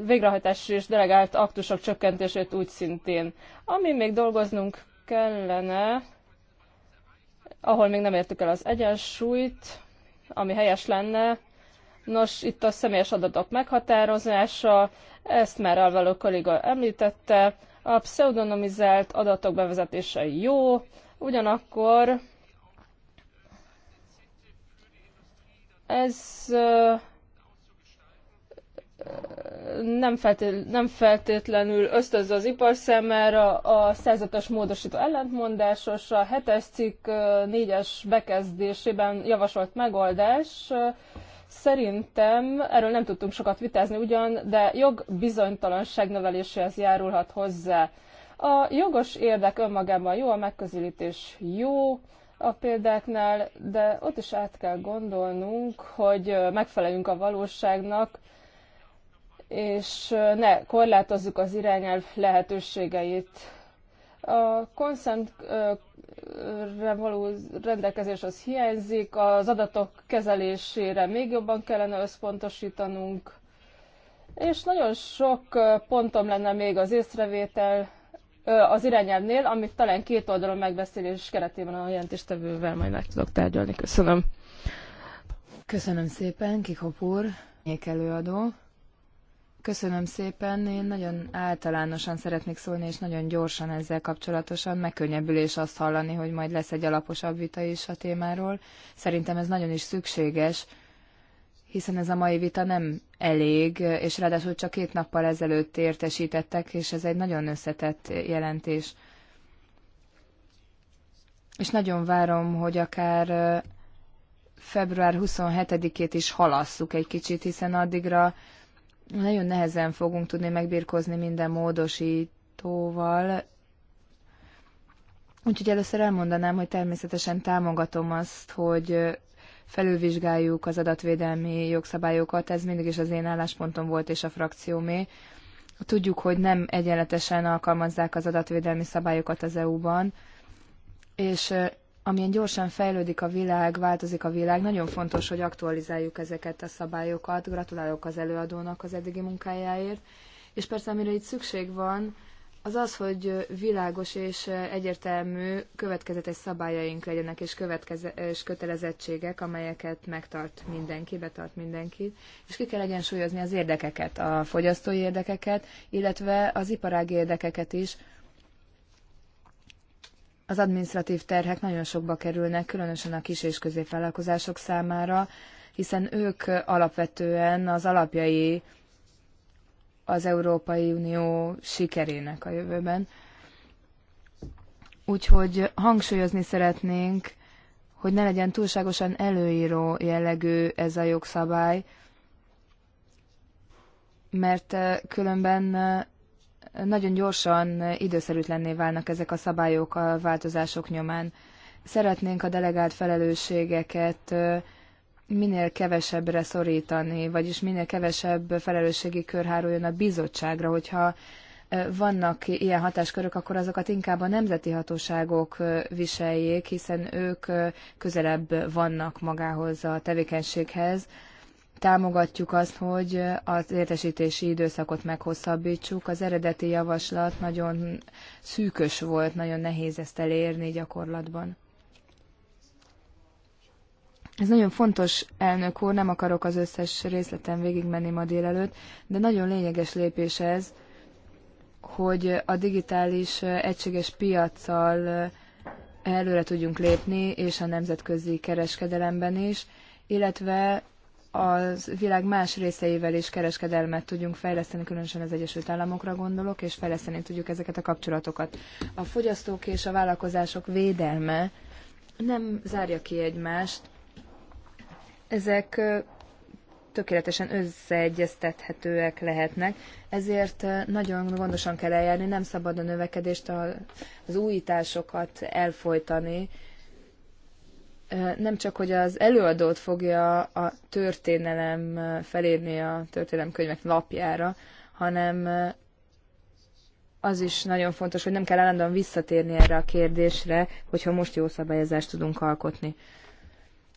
végrehajtási és delegált aktusok csökkentését úgy szintén. Ami még dolgoznunk kellene, ahol még nem értük el az egyensúlyt, ami helyes lenne, Nos, itt a személyes adatok meghatározása, ezt már Alvaló kolléga említette, a pseudonimizált adatok bevezetése jó, ugyanakkor Ez nem, feltétl nem feltétlenül ösztönző az ipar számára, a 105-ös módosító ellentmondásos, a hetes cikk négyes bekezdésében javasolt megoldás. Szerintem erről nem tudtunk sokat vitázni ugyan, de jog bizonytalanság növeléséhez járulhat hozzá. A jogos érdek önmagában jó, a megközelítés jó, a példáknál, de ott is át kell gondolnunk, hogy megfeleljünk a valóságnak, és ne korlátozzuk az irányelv lehetőségeit. A konszentre való rendelkezés az hiányzik, az adatok kezelésére még jobban kellene összpontosítanunk, és nagyon sok pontom lenne még az észrevétel az irányelvnél, amit talán két oldalon megbeszélés keretében a jelentéstevővel majd meg tudok tárgyalni. Köszönöm. Köszönöm szépen, Kikop nyékelőadó. Köszönöm szépen, én nagyon általánosan szeretnék szólni, és nagyon gyorsan ezzel kapcsolatosan. Megkönnyebbülés azt hallani, hogy majd lesz egy alaposabb vita is a témáról. Szerintem ez nagyon is szükséges, hiszen ez a mai vita nem elég, és ráadásul csak két nappal ezelőtt értesítettek, és ez egy nagyon összetett jelentés. És nagyon várom, hogy akár február 27-ét is halasszuk egy kicsit, hiszen addigra nagyon nehezen fogunk tudni megbirkózni minden módosítóval. Úgyhogy először elmondanám, hogy természetesen támogatom azt, hogy felülvizsgáljuk az adatvédelmi jogszabályokat, ez mindig is az én álláspontom volt és a frakciómé. Tudjuk, hogy nem egyenletesen alkalmazzák az adatvédelmi szabályokat az EU-ban, és amilyen gyorsan fejlődik a világ, változik a világ, nagyon fontos, hogy aktualizáljuk ezeket a szabályokat. Gratulálok az előadónak az eddigi munkájáért. És persze, amire itt szükség van, az az, hogy világos és egyértelmű következetes szabályaink legyenek, és, következe- és kötelezettségek, amelyeket megtart mindenki, betart mindenki, és ki kell egyensúlyozni az érdekeket, a fogyasztói érdekeket, illetve az iparági érdekeket is. Az administratív terhek nagyon sokba kerülnek, különösen a kis és középvállalkozások számára, hiszen ők alapvetően az alapjai az Európai Unió sikerének a jövőben. Úgyhogy hangsúlyozni szeretnénk, hogy ne legyen túlságosan előíró jellegű ez a jogszabály, mert eh, különben eh, nagyon gyorsan időszerűtlenné válnak ezek a szabályok a változások nyomán. Szeretnénk a delegált felelősségeket eh, minél kevesebbre szorítani, vagyis minél kevesebb felelősségi kör háruljon a bizottságra, hogyha vannak ilyen hatáskörök, akkor azokat inkább a nemzeti hatóságok viseljék, hiszen ők közelebb vannak magához a tevékenységhez. Támogatjuk azt, hogy az értesítési időszakot meghosszabbítsuk. Az eredeti javaslat nagyon szűkös volt, nagyon nehéz ezt elérni gyakorlatban. Ez nagyon fontos, elnök úr, nem akarok az összes részleten végigmenni ma délelőtt, de nagyon lényeges lépés ez, hogy a digitális egységes piaccal előre tudjunk lépni, és a nemzetközi kereskedelemben is, illetve a világ más részeivel is kereskedelmet tudjunk fejleszteni, különösen az Egyesült Államokra gondolok, és fejleszteni tudjuk ezeket a kapcsolatokat. A fogyasztók és a vállalkozások védelme nem zárja ki egymást, ezek tökéletesen összeegyeztethetőek lehetnek, ezért nagyon gondosan kell eljárni, nem szabad a növekedést, az újításokat elfolytani, nem csak, hogy az előadót fogja a történelem felírni a történelemkönyvek lapjára, hanem az is nagyon fontos, hogy nem kell állandóan visszatérni erre a kérdésre, hogyha most jó szabályozást tudunk alkotni.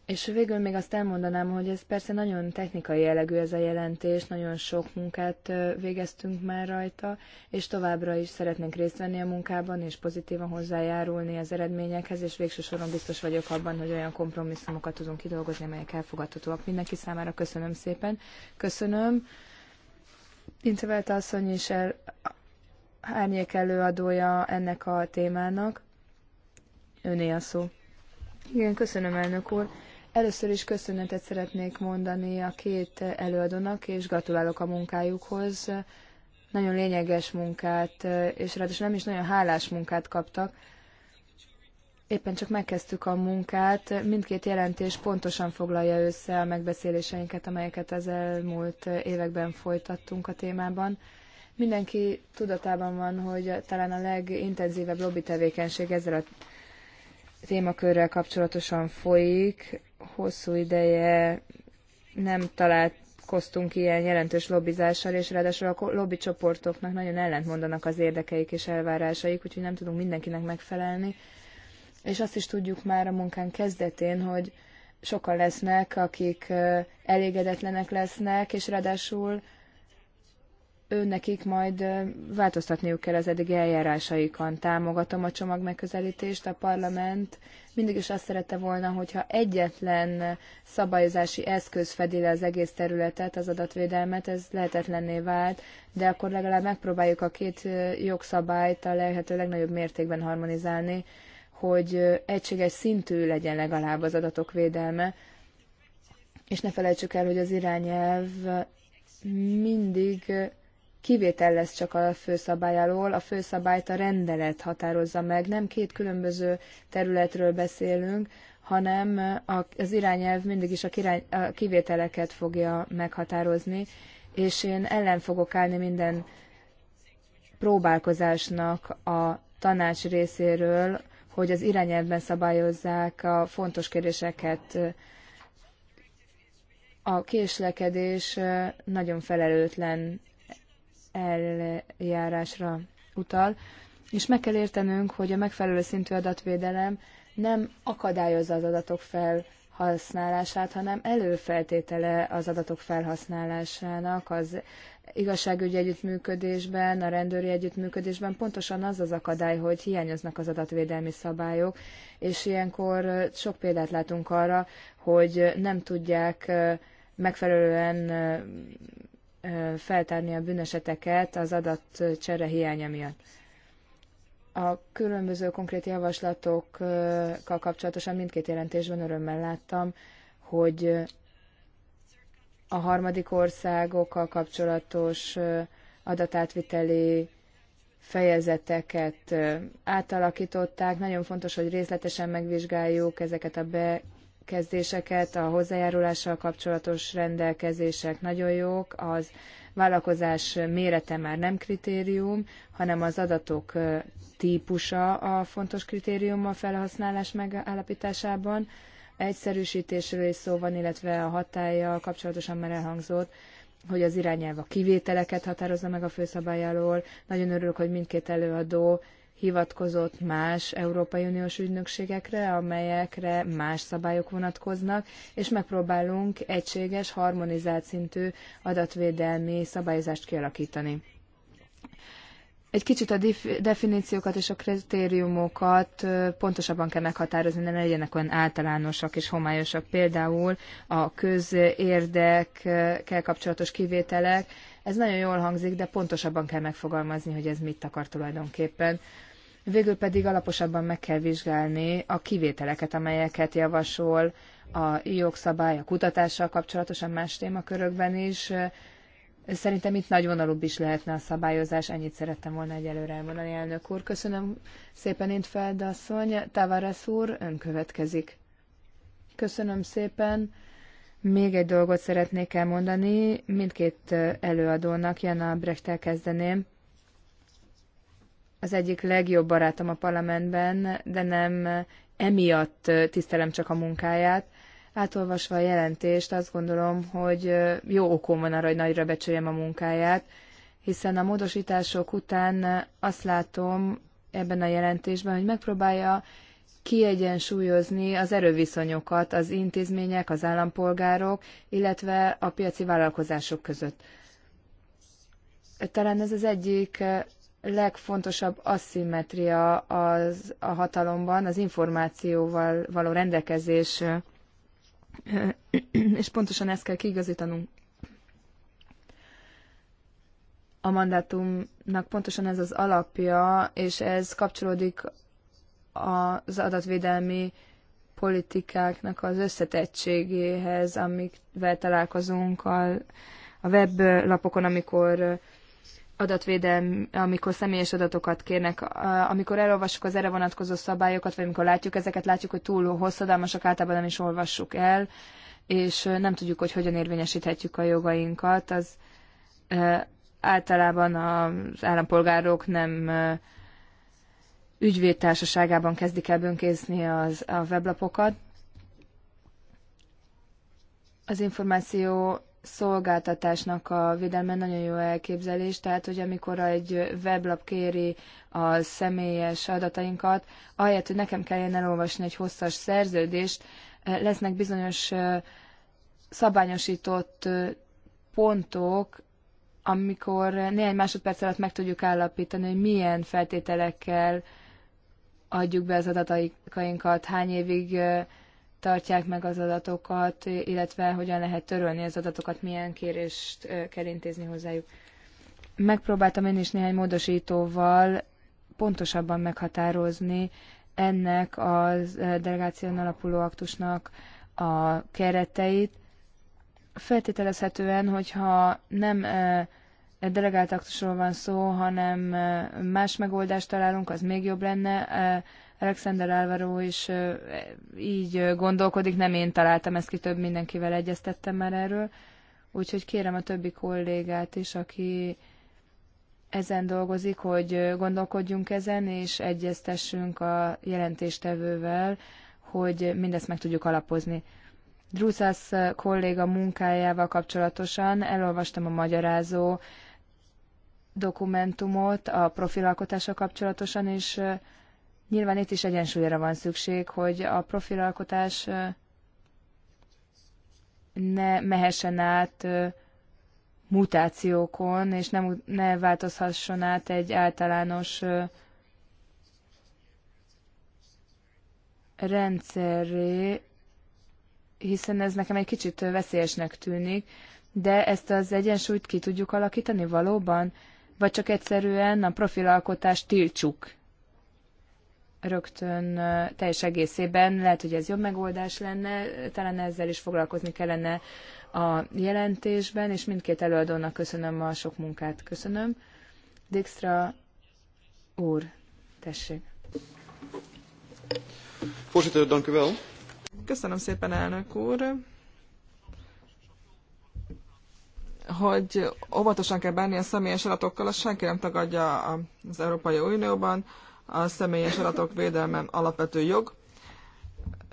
És végül még azt elmondanám, hogy ez persze nagyon technikai jellegű ez a jelentés, nagyon sok munkát végeztünk már rajta, és továbbra is szeretnénk részt venni a munkában, és pozitívan hozzájárulni az eredményekhez, és végső soron biztos vagyok abban, hogy olyan kompromisszumokat tudunk kidolgozni, amelyek elfogadhatóak mindenki számára. Köszönöm szépen. Köszönöm. Intevelt asszony is el, árnyék előadója ennek a témának. Öné a szó. Igen, köszönöm, elnök úr. Először is köszönetet szeretnék mondani a két előadónak, és gratulálok a munkájukhoz. Nagyon lényeges munkát, és ráadásul nem is nagyon hálás munkát kaptak. Éppen csak megkezdtük a munkát, mindkét jelentés pontosan foglalja össze a megbeszéléseinket, amelyeket az elmúlt években folytattunk a témában. Mindenki tudatában van, hogy talán a legintenzívebb lobby tevékenység ezzel a témakörrel kapcsolatosan folyik, hosszú ideje nem találkoztunk ilyen jelentős lobbizással, és ráadásul a lobby csoportoknak nagyon ellentmondanak az érdekeik és elvárásaik, úgyhogy nem tudunk mindenkinek megfelelni. És azt is tudjuk már a munkán kezdetén, hogy sokan lesznek, akik elégedetlenek lesznek, és ráadásul nekik majd változtatniuk kell az eddig eljárásaikon. Támogatom a csomag megközelítést, a parlament mindig is azt szerette volna, hogyha egyetlen szabályozási eszköz fedi le az egész területet, az adatvédelmet, ez lehetetlenné vált, de akkor legalább megpróbáljuk a két jogszabályt a lehető legnagyobb mértékben harmonizálni, hogy egységes szintű legyen legalább az adatok védelme, és ne felejtsük el, hogy az irányelv mindig kivétel lesz csak a főszabály alól, a főszabályt a rendelet határozza meg, nem két különböző területről beszélünk, hanem az irányelv mindig is a, kivételeket fogja meghatározni, és én ellen fogok állni minden próbálkozásnak a tanács részéről, hogy az irányelvben szabályozzák a fontos kérdéseket. A késlekedés nagyon felelőtlen eljárásra utal, és meg kell értenünk, hogy a megfelelő szintű adatvédelem nem akadályozza az adatok felhasználását, hanem előfeltétele az adatok felhasználásának az igazságügyi együttműködésben, a rendőri együttműködésben pontosan az az akadály, hogy hiányoznak az adatvédelmi szabályok, és ilyenkor sok példát látunk arra, hogy nem tudják eh, megfelelően eh, feltárni a bűneseteket az csere hiánya miatt. A különböző konkrét javaslatokkal kapcsolatosan mindkét jelentésben örömmel láttam, hogy a harmadik országokkal kapcsolatos adatátviteli fejezeteket átalakították. Nagyon fontos, hogy részletesen megvizsgáljuk ezeket a be, kezdéseket, a hozzájárulással kapcsolatos rendelkezések nagyon jók, az vállalkozás mérete már nem kritérium, hanem az adatok típusa a fontos kritérium a felhasználás megállapításában. Egyszerűsítésről is szó van, illetve a hatája kapcsolatosan már elhangzott, hogy az irányelv a kivételeket határozza meg a főszabály alól. Nagyon örülök, hogy mindkét előadó hivatkozott más Európai Uniós ügynökségekre, amelyekre más szabályok vonatkoznak, és megpróbálunk egységes, harmonizált szintű adatvédelmi szabályozást kialakítani. Egy kicsit a definíciókat és a kritériumokat pontosabban kell meghatározni, ne legyenek olyan általánosak és homályosak. Például a közérdekkel kapcsolatos kivételek, ez nagyon jól hangzik, de pontosabban kell megfogalmazni, hogy ez mit akar tulajdonképpen. Végül pedig alaposabban meg kell vizsgálni a kivételeket, amelyeket javasol a jogszabály, a kutatással kapcsolatosan más témakörökben is. Szerintem itt nagy vonalúbb is lehetne a szabályozás, ennyit szerettem volna egyelőre elmondani, elnök úr. Köszönöm szépen, én feldasszony. Tavares úr, ön következik. Köszönöm szépen. Még egy dolgot szeretnék elmondani, mindkét előadónak, Jana Brechtel kezdeném az egyik legjobb barátom a parlamentben, de nem emiatt tisztelem csak a munkáját. Átolvasva a jelentést azt gondolom, hogy jó okom van arra, hogy nagyra becsüljem a munkáját, hiszen a módosítások után azt látom ebben a jelentésben, hogy megpróbálja kiegyensúlyozni az erőviszonyokat az intézmények, az állampolgárok, illetve a piaci vállalkozások között. Talán ez az egyik legfontosabb asszimetria az a hatalomban, az információval való rendelkezés, és pontosan ezt kell kiigazítanunk. A mandátumnak pontosan ez az alapja, és ez kapcsolódik az adatvédelmi politikáknak az összetettségéhez, amikvel találkozunk a, a weblapokon, amikor adatvédelem, amikor személyes adatokat kérnek, amikor elolvassuk az erre vonatkozó szabályokat, vagy amikor látjuk ezeket, látjuk, hogy túl hosszadalmasak, általában nem is olvassuk el, és nem tudjuk, hogy hogyan érvényesíthetjük a jogainkat. Az általában az állampolgárok nem ügyvédtársaságában kezdik el bönkészni az, a weblapokat. Az információ szolgáltatásnak a védelme nagyon jó elképzelés, tehát hogy amikor egy weblap kéri a személyes adatainkat, ahelyett, hogy nekem kelljen elolvasni egy hosszas szerződést, lesznek bizonyos szabályosított pontok, amikor néhány másodperc alatt meg tudjuk állapítani, hogy milyen feltételekkel adjuk be az adatainkat, hány évig tartják meg az adatokat, illetve hogyan lehet törölni az adatokat, milyen kérést kell intézni hozzájuk. Megpróbáltam én is néhány módosítóval pontosabban meghatározni ennek a delegáción alapuló aktusnak a kereteit, feltételezhetően, hogyha nem delegált aktusról van szó, hanem más megoldást találunk, az még jobb lenne. Alexander Álvaro is így gondolkodik, nem én találtam ezt ki, több mindenkivel egyeztettem már erről. Úgyhogy kérem a többi kollégát is, aki ezen dolgozik, hogy gondolkodjunk ezen, és egyeztessünk a jelentéstevővel, hogy mindezt meg tudjuk alapozni. Drúzász kolléga munkájával kapcsolatosan elolvastam a magyarázó dokumentumot a profilalkotással kapcsolatosan, és Nyilván itt is egyensúlyra van szükség, hogy a profilalkotás ne mehessen át mutációkon, és nem, ne változhasson át egy általános rendszerré, hiszen ez nekem egy kicsit veszélyesnek tűnik, de ezt az egyensúlyt ki tudjuk alakítani valóban, vagy csak egyszerűen a profilalkotást tiltsuk rögtön teljes egészében. Lehet, hogy ez jobb megoldás lenne, talán ezzel is foglalkozni kellene a jelentésben, és mindkét előadónak köszönöm a sok munkát. Köszönöm. Dijkstra úr, tessék. Köszönöm szépen, elnök úr. Hogy óvatosan kell bánni a személyes adatokkal, azt senki nem tagadja az Európai Unióban a személyes adatok védelme alapvető jog,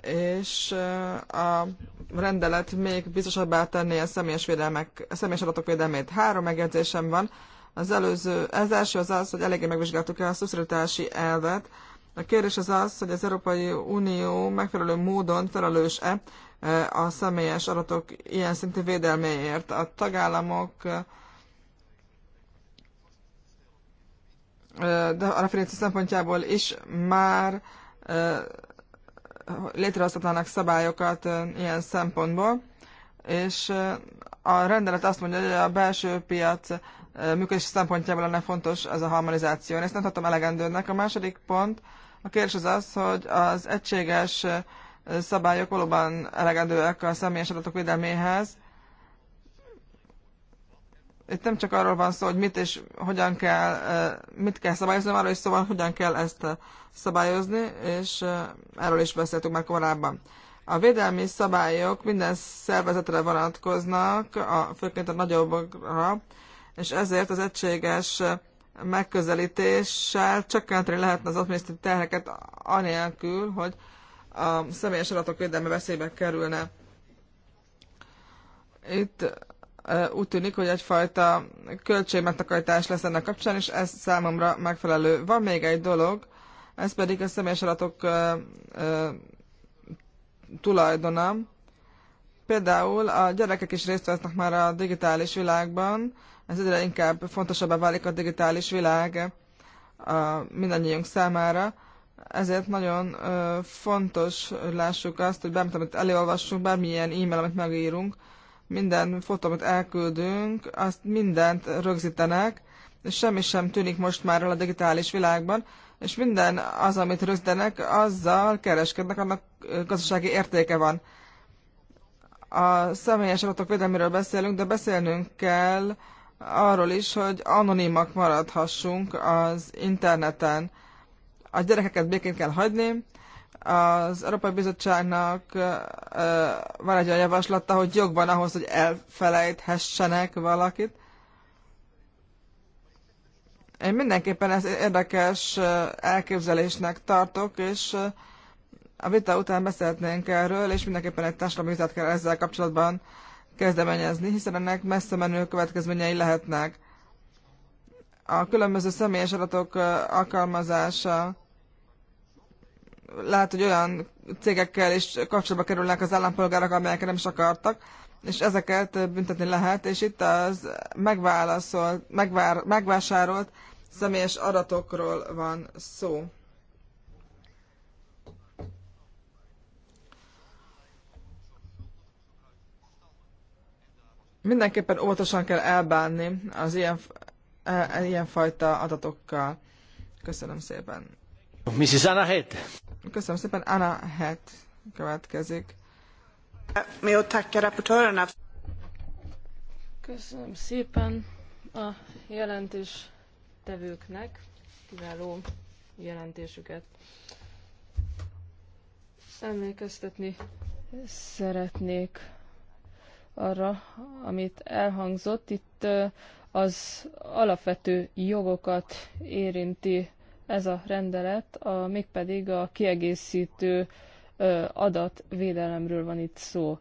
és eh, a rendelet még biztosabbá tenné a személyes, védelmek, a személyes adatok védelmét. Három megjegyzésem van. Az, előző, az első az az, hogy eléggé megvizsgáltuk el a szuszorítási elvet. A kérdés az az, hogy az Európai Unió megfelelő módon felelős-e eh, a személyes adatok ilyen szintű védelméért. A tagállamok eh, de a referencia szempontjából is már létrehozhatnának szabályokat ilyen szempontból, és a rendelet azt mondja, hogy a belső piac működés szempontjából lenne fontos ez a harmonizáció. Én ezt nem tartom elegendőnek. A második pont, a kérdés az az, hogy az egységes szabályok valóban elegendőek a személyes adatok védelméhez, itt nem csak arról van szó, hogy mit és hogyan kell, mit kell szabályozni, arról is szó van, hogyan kell ezt szabályozni, és erről is beszéltünk már korábban. A védelmi szabályok minden szervezetre vonatkoznak, a, főként a nagyobbakra, és ezért az egységes megközelítéssel csökkenteni lehetne az adminisztrív terheket anélkül, hogy a személyes adatok védelme veszélybe kerülne. Itt úgy tűnik, hogy egyfajta költségmegtakarítás lesz ennek kapcsán, és ez számomra megfelelő. Van még egy dolog, ez pedig a személyes adatok tulajdona. Például a gyerekek is részt vesznek már a digitális világban, ez egyre inkább fontosabbá válik a digitális világ a mindannyiunk számára. Ezért nagyon ö, fontos, hogy lássuk azt, hogy bármit, amit elolvassunk, bármilyen e-mail, amit megírunk, minden fotomat elküldünk, azt mindent rögzítenek, és semmi sem tűnik most már a digitális világban, és minden az, amit rögzítenek, azzal kereskednek, annak gazdasági értéke van. A személyes adatok védelméről beszélünk, de beszélnünk kell arról is, hogy anonimak maradhassunk az interneten. A gyerekeket békén kell hagyni, az Európai Bizottságnak van egy olyan javaslata, hogy jogban ahhoz, hogy elfelejthessenek valakit. Én mindenképpen ez érdekes elképzelésnek tartok, és a vita után beszélhetnénk erről, és mindenképpen egy társadalmi vitát kell ezzel kapcsolatban kezdeményezni, hiszen ennek messze menő következményei lehetnek. A különböző személyes adatok alkalmazása lehet, hogy olyan cégekkel is kapcsolatba kerülnek az állampolgárok, amelyeket nem is akartak, és ezeket büntetni lehet, és itt az megválaszolt, megvár, megvásárolt személyes adatokról van szó. Mindenképpen óvatosan kell elbánni az ilyen, e, e, ilyenfajta adatokkal. Köszönöm szépen. Mrs. Anna Head. Köszönöm szépen, Anna Head következik. Mi ott raportőrönek? Köszönöm szépen a jelentés tevőknek, kiváló jelentésüket. Emlékeztetni szeretnék arra, amit elhangzott. Itt az alapvető jogokat érinti ez a rendelet, a, mégpedig a kiegészítő adatvédelemről van itt szó.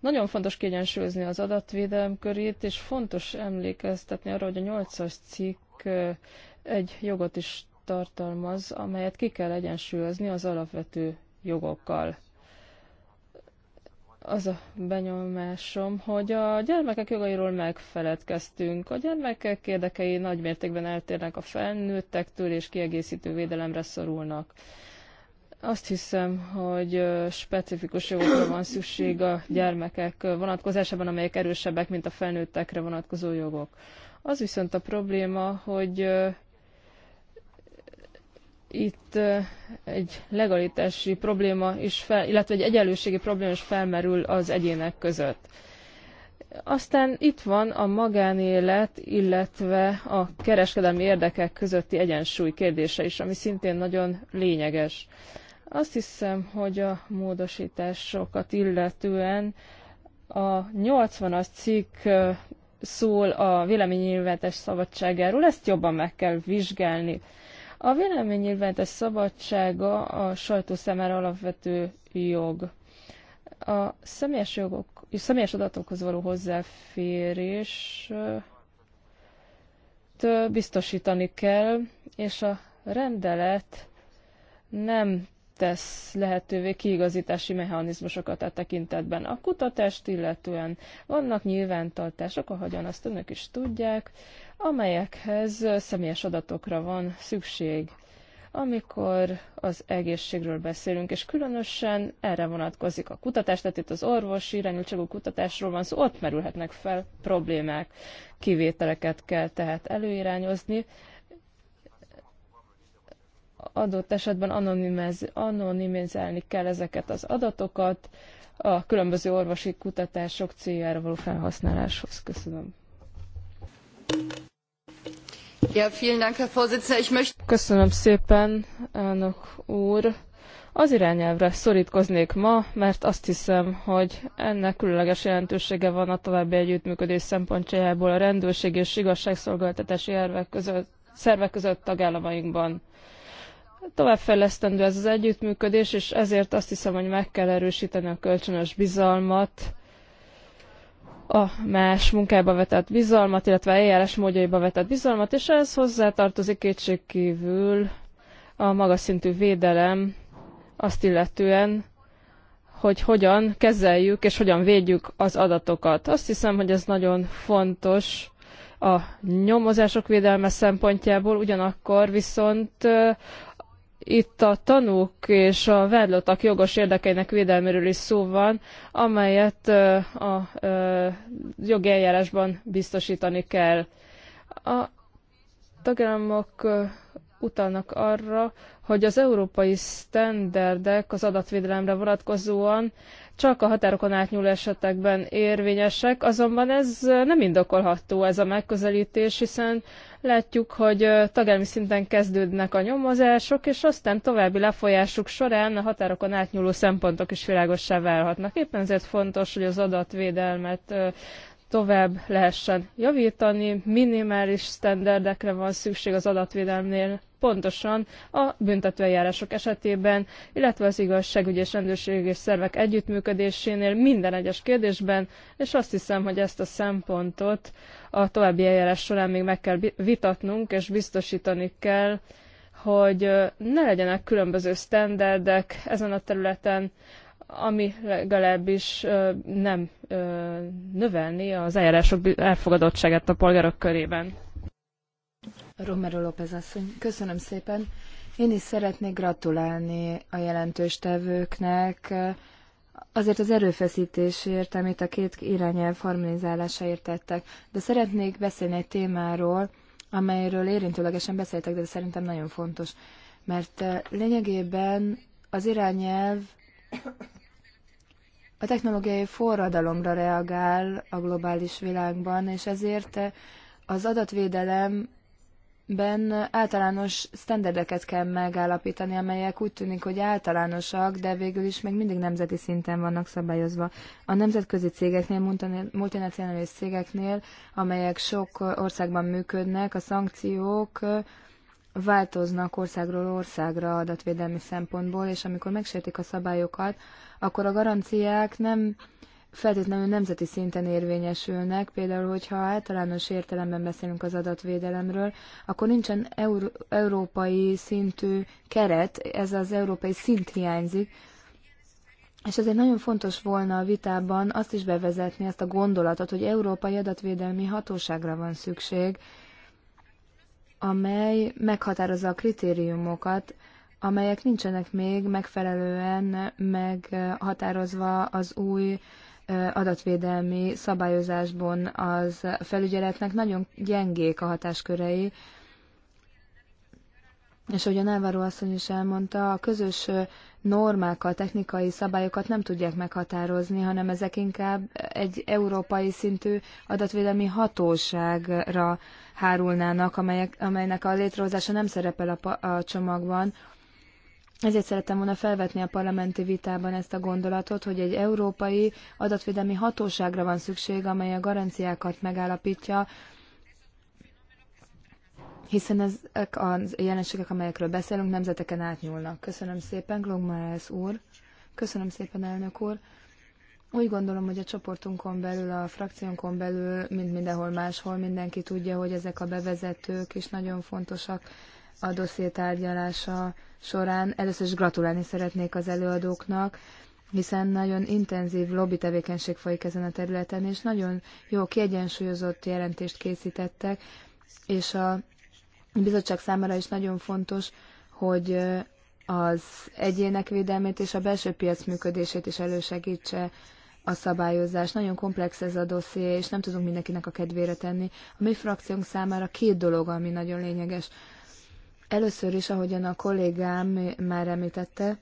Nagyon fontos kiegyensúlyozni az adatvédelem körét, és fontos emlékeztetni arra, hogy a 8-as cikk egy jogot is tartalmaz, amelyet ki kell egyensúlyozni az alapvető jogokkal az a benyomásom, hogy a gyermekek jogairól megfeledkeztünk. A gyermekek érdekei nagymértékben eltérnek a felnőttektől, és kiegészítő védelemre szorulnak. Azt hiszem, hogy specifikus jogokra van szükség a gyermekek vonatkozásában, amelyek erősebbek, mint a felnőttekre vonatkozó jogok. Az viszont a probléma, hogy itt egy legalitási probléma is fel, illetve egy egyenlőségi probléma is felmerül az egyének között. Aztán itt van a magánélet, illetve a kereskedelmi érdekek közötti egyensúly kérdése is, ami szintén nagyon lényeges. Azt hiszem, hogy a módosításokat illetően a 80-as cikk szól a véleménynyilvántás szabadságáról, ezt jobban meg kell vizsgálni. A véleménynyilvántás szabadsága a sajtó szemére alapvető jog. A személyes, jogok, és személyes adatokhoz való hozzáférés biztosítani kell, és a rendelet nem tesz lehetővé kiigazítási mechanizmusokat a e tekintetben. A kutatást illetően vannak nyilvántartások, ahogyan azt önök is tudják amelyekhez személyes adatokra van szükség. Amikor az egészségről beszélünk, és különösen erre vonatkozik a kutatás, tehát itt az orvosi irányultságú kutatásról van szó, szóval ott merülhetnek fel problémák, kivételeket kell tehát előirányozni, adott esetben anonimiz, anonimizálni kell ezeket az adatokat a különböző orvosi kutatások céljára való felhasználáshoz. Köszönöm. Köszönöm szépen, elnök úr. Az irányelvre szorítkoznék ma, mert azt hiszem, hogy ennek különleges jelentősége van a további együttműködés szempontjából a rendőrség és igazságszolgáltatási ervek között, szervek között tagállamainkban. Továbbfejlesztendő ez az együttműködés, és ezért azt hiszem, hogy meg kell erősíteni a kölcsönös bizalmat, a más munkába vetett bizalmat, illetve eljárás módjaiba vetett bizalmat, és ez hozzátartozik kétségkívül a magas szintű védelem azt illetően, hogy hogyan kezeljük és hogyan védjük az adatokat. Azt hiszem, hogy ez nagyon fontos a nyomozások védelme szempontjából, ugyanakkor viszont itt a tanúk és a vádlottak jogos érdekeinek védelméről is szó van, amelyet a jogi eljárásban biztosítani kell. A tagállamok utalnak arra, hogy az európai sztenderdek az adatvédelemre vonatkozóan csak a határokon átnyúló esetekben érvényesek, azonban ez nem indokolható ez a megközelítés, hiszen Látjuk, hogy tagállami szinten kezdődnek a nyomozások, és aztán további lefolyásuk során a határokon átnyúló szempontok is világossá válhatnak. Éppen ezért fontos, hogy az adatvédelmet tovább lehessen javítani, minimális sztenderdekre van szükség az adatvédelmnél pontosan a büntetőeljárások esetében, illetve az igazságügyi és rendőrségi és szervek együttműködésénél minden egyes kérdésben, és azt hiszem, hogy ezt a szempontot a további eljárás során még meg kell vitatnunk, és biztosítani kell, hogy ne legyenek különböző sztenderdek ezen a területen, ami legalábbis nem növelni az eljárások elfogadottságát a polgárok körében. Romero López asszony, köszönöm szépen. Én is szeretnék gratulálni a jelentős tevőknek azért az erőfeszítésért, amit a két irányelv harmonizálásáért tettek. De szeretnék beszélni egy témáról, amelyről érintőlegesen beszéltek, de szerintem nagyon fontos. Mert eh, lényegében az irányelv a technológiai forradalomra reagál a globális világban, és ezért eh, az adatvédelem ben általános standardeket kell megállapítani, amelyek úgy tűnik, hogy általánosak, de végül is még mindig nemzeti szinten vannak szabályozva. A nemzetközi cégeknél, multinacionális cégeknél, amelyek sok országban működnek, a szankciók változnak országról országra adatvédelmi szempontból, és amikor megsértik a szabályokat, akkor a garanciák nem feltétlenül nemzeti szinten érvényesülnek. Például, hogyha általános értelemben beszélünk az adatvédelemről, akkor nincsen euró, európai szintű keret, ez az európai szint hiányzik, és ezért nagyon fontos volna a vitában azt is bevezetni, azt a gondolatot, hogy európai adatvédelmi hatóságra van szükség, amely meghatározza a kritériumokat, amelyek nincsenek még megfelelően meghatározva az új adatvédelmi szabályozásban az felügyeletnek nagyon gyengék a hatáskörei, és ahogy a Návaró asszony is elmondta, a közös normákkal, technikai szabályokat nem tudják meghatározni, hanem ezek inkább egy európai szintű adatvédelmi hatóságra hárulnának, amelyek, amelynek a létrehozása nem szerepel a, a csomagban, ezért szerettem volna felvetni a parlamenti vitában ezt a gondolatot, hogy egy európai adatvédelmi hatóságra van szükség, amely a garanciákat megállapítja, hiszen ezek a jelenségek, amelyekről beszélünk, nemzeteken átnyúlnak. Köszönöm szépen, Glogmares úr. Köszönöm szépen, elnök úr. Úgy gondolom, hogy a csoportunkon belül, a frakciónkon belül, mint mindenhol máshol, mindenki tudja, hogy ezek a bevezetők is nagyon fontosak a dosszié tárgyalása során. Először is gratulálni szeretnék az előadóknak, hiszen nagyon intenzív lobby tevékenység folyik ezen a területen, és nagyon jó kiegyensúlyozott jelentést készítettek, és a bizottság számára is nagyon fontos, hogy az egyének védelmét és a belső piac működését is elősegítse a szabályozás. Nagyon komplex ez a dosszié, és nem tudunk mindenkinek a kedvére tenni. A mi frakciónk számára két dolog, ami nagyon lényeges. Először is, ahogyan a kollégám már említette,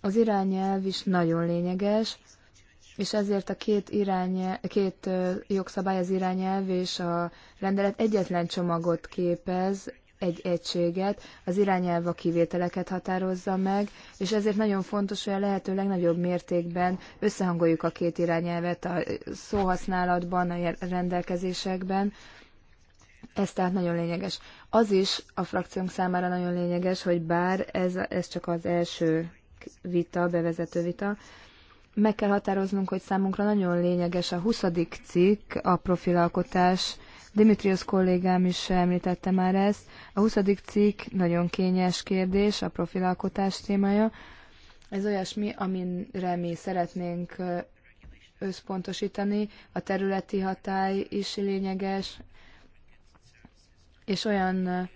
az irányelv is nagyon lényeges, és ezért a két, irányelv, két jogszabály, az irányelv és a rendelet egyetlen csomagot képez, egy egységet, az irányelv a kivételeket határozza meg, és ezért nagyon fontos, hogy a lehető legnagyobb mértékben összehangoljuk a két irányelvet a szóhasználatban, a rendelkezésekben, ez tehát nagyon lényeges. Az is a frakciónk számára nagyon lényeges, hogy bár ez, ez csak az első vita, bevezető vita, meg kell határoznunk, hogy számunkra nagyon lényeges a 20. cikk, a profilalkotás. Dimitrios kollégám is említette már ezt. A 20. cikk nagyon kényes kérdés, a profilalkotás témája. Ez olyasmi, amire mi szeretnénk összpontosítani. A területi hatály is lényeges, és olyan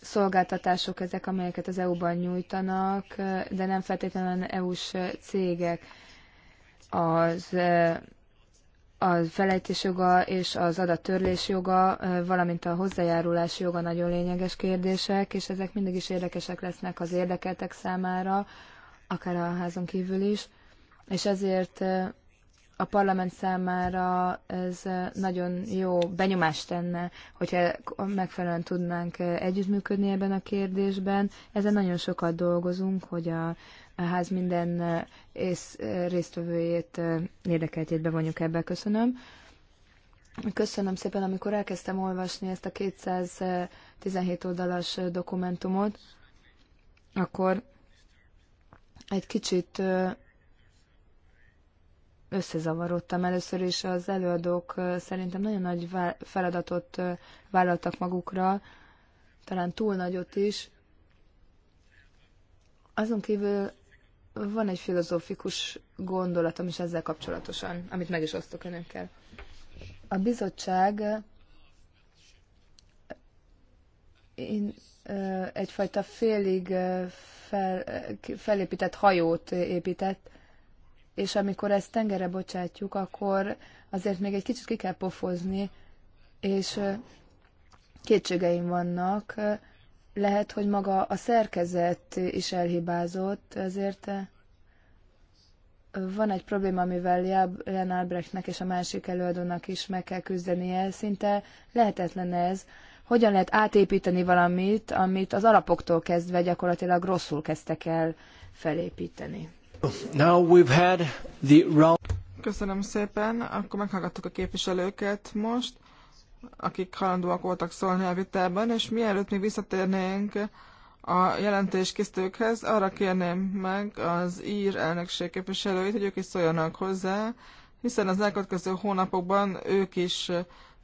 szolgáltatások ezek, amelyeket az EU-ban nyújtanak, de nem feltétlenül EU-s cégek. Az a felejtés joga és az adattörlés joga, valamint a hozzájárulás joga nagyon lényeges kérdések, és ezek mindig is érdekesek lesznek az érdekeltek számára, akár a házon kívül is, és ezért a parlament számára ez nagyon jó benyomást tenne, hogyha megfelelően tudnánk együttműködni ebben a kérdésben. Ezen nagyon sokat dolgozunk, hogy a ház minden ész, résztvevőjét, érdekeltjét bevonjuk ebbe. Köszönöm. Köszönöm szépen, amikor elkezdtem olvasni ezt a 217 oldalas dokumentumot, akkor egy kicsit összezavarodtam először is. Az előadók szerintem nagyon nagy feladatot vállaltak magukra, talán túl nagyot is. Azon kívül van egy filozófikus gondolatom is ezzel kapcsolatosan, amit meg is osztok önökkel. A bizottság én, egyfajta félig fel, felépített hajót épített, és amikor ezt tengerre bocsátjuk, akkor azért még egy kicsit ki kell pofozni, és kétségeim vannak. Lehet, hogy maga a szerkezet is elhibázott, ezért van egy probléma, amivel Jan Albrechtnek és a másik előadónak is meg kell küzdenie, szinte lehetetlen ez. Hogyan lehet átépíteni valamit, amit az alapoktól kezdve gyakorlatilag rosszul kezdtek el felépíteni? Now we've had the round... Köszönöm szépen, akkor meghallgattuk a képviselőket most, akik halandóak voltak szólni a vitában, és mielőtt még visszatérnénk a jelentés arra kérném meg az ír elnökség képviselőit, hogy ők is szóljanak hozzá, hiszen az elkövetkező hónapokban ők is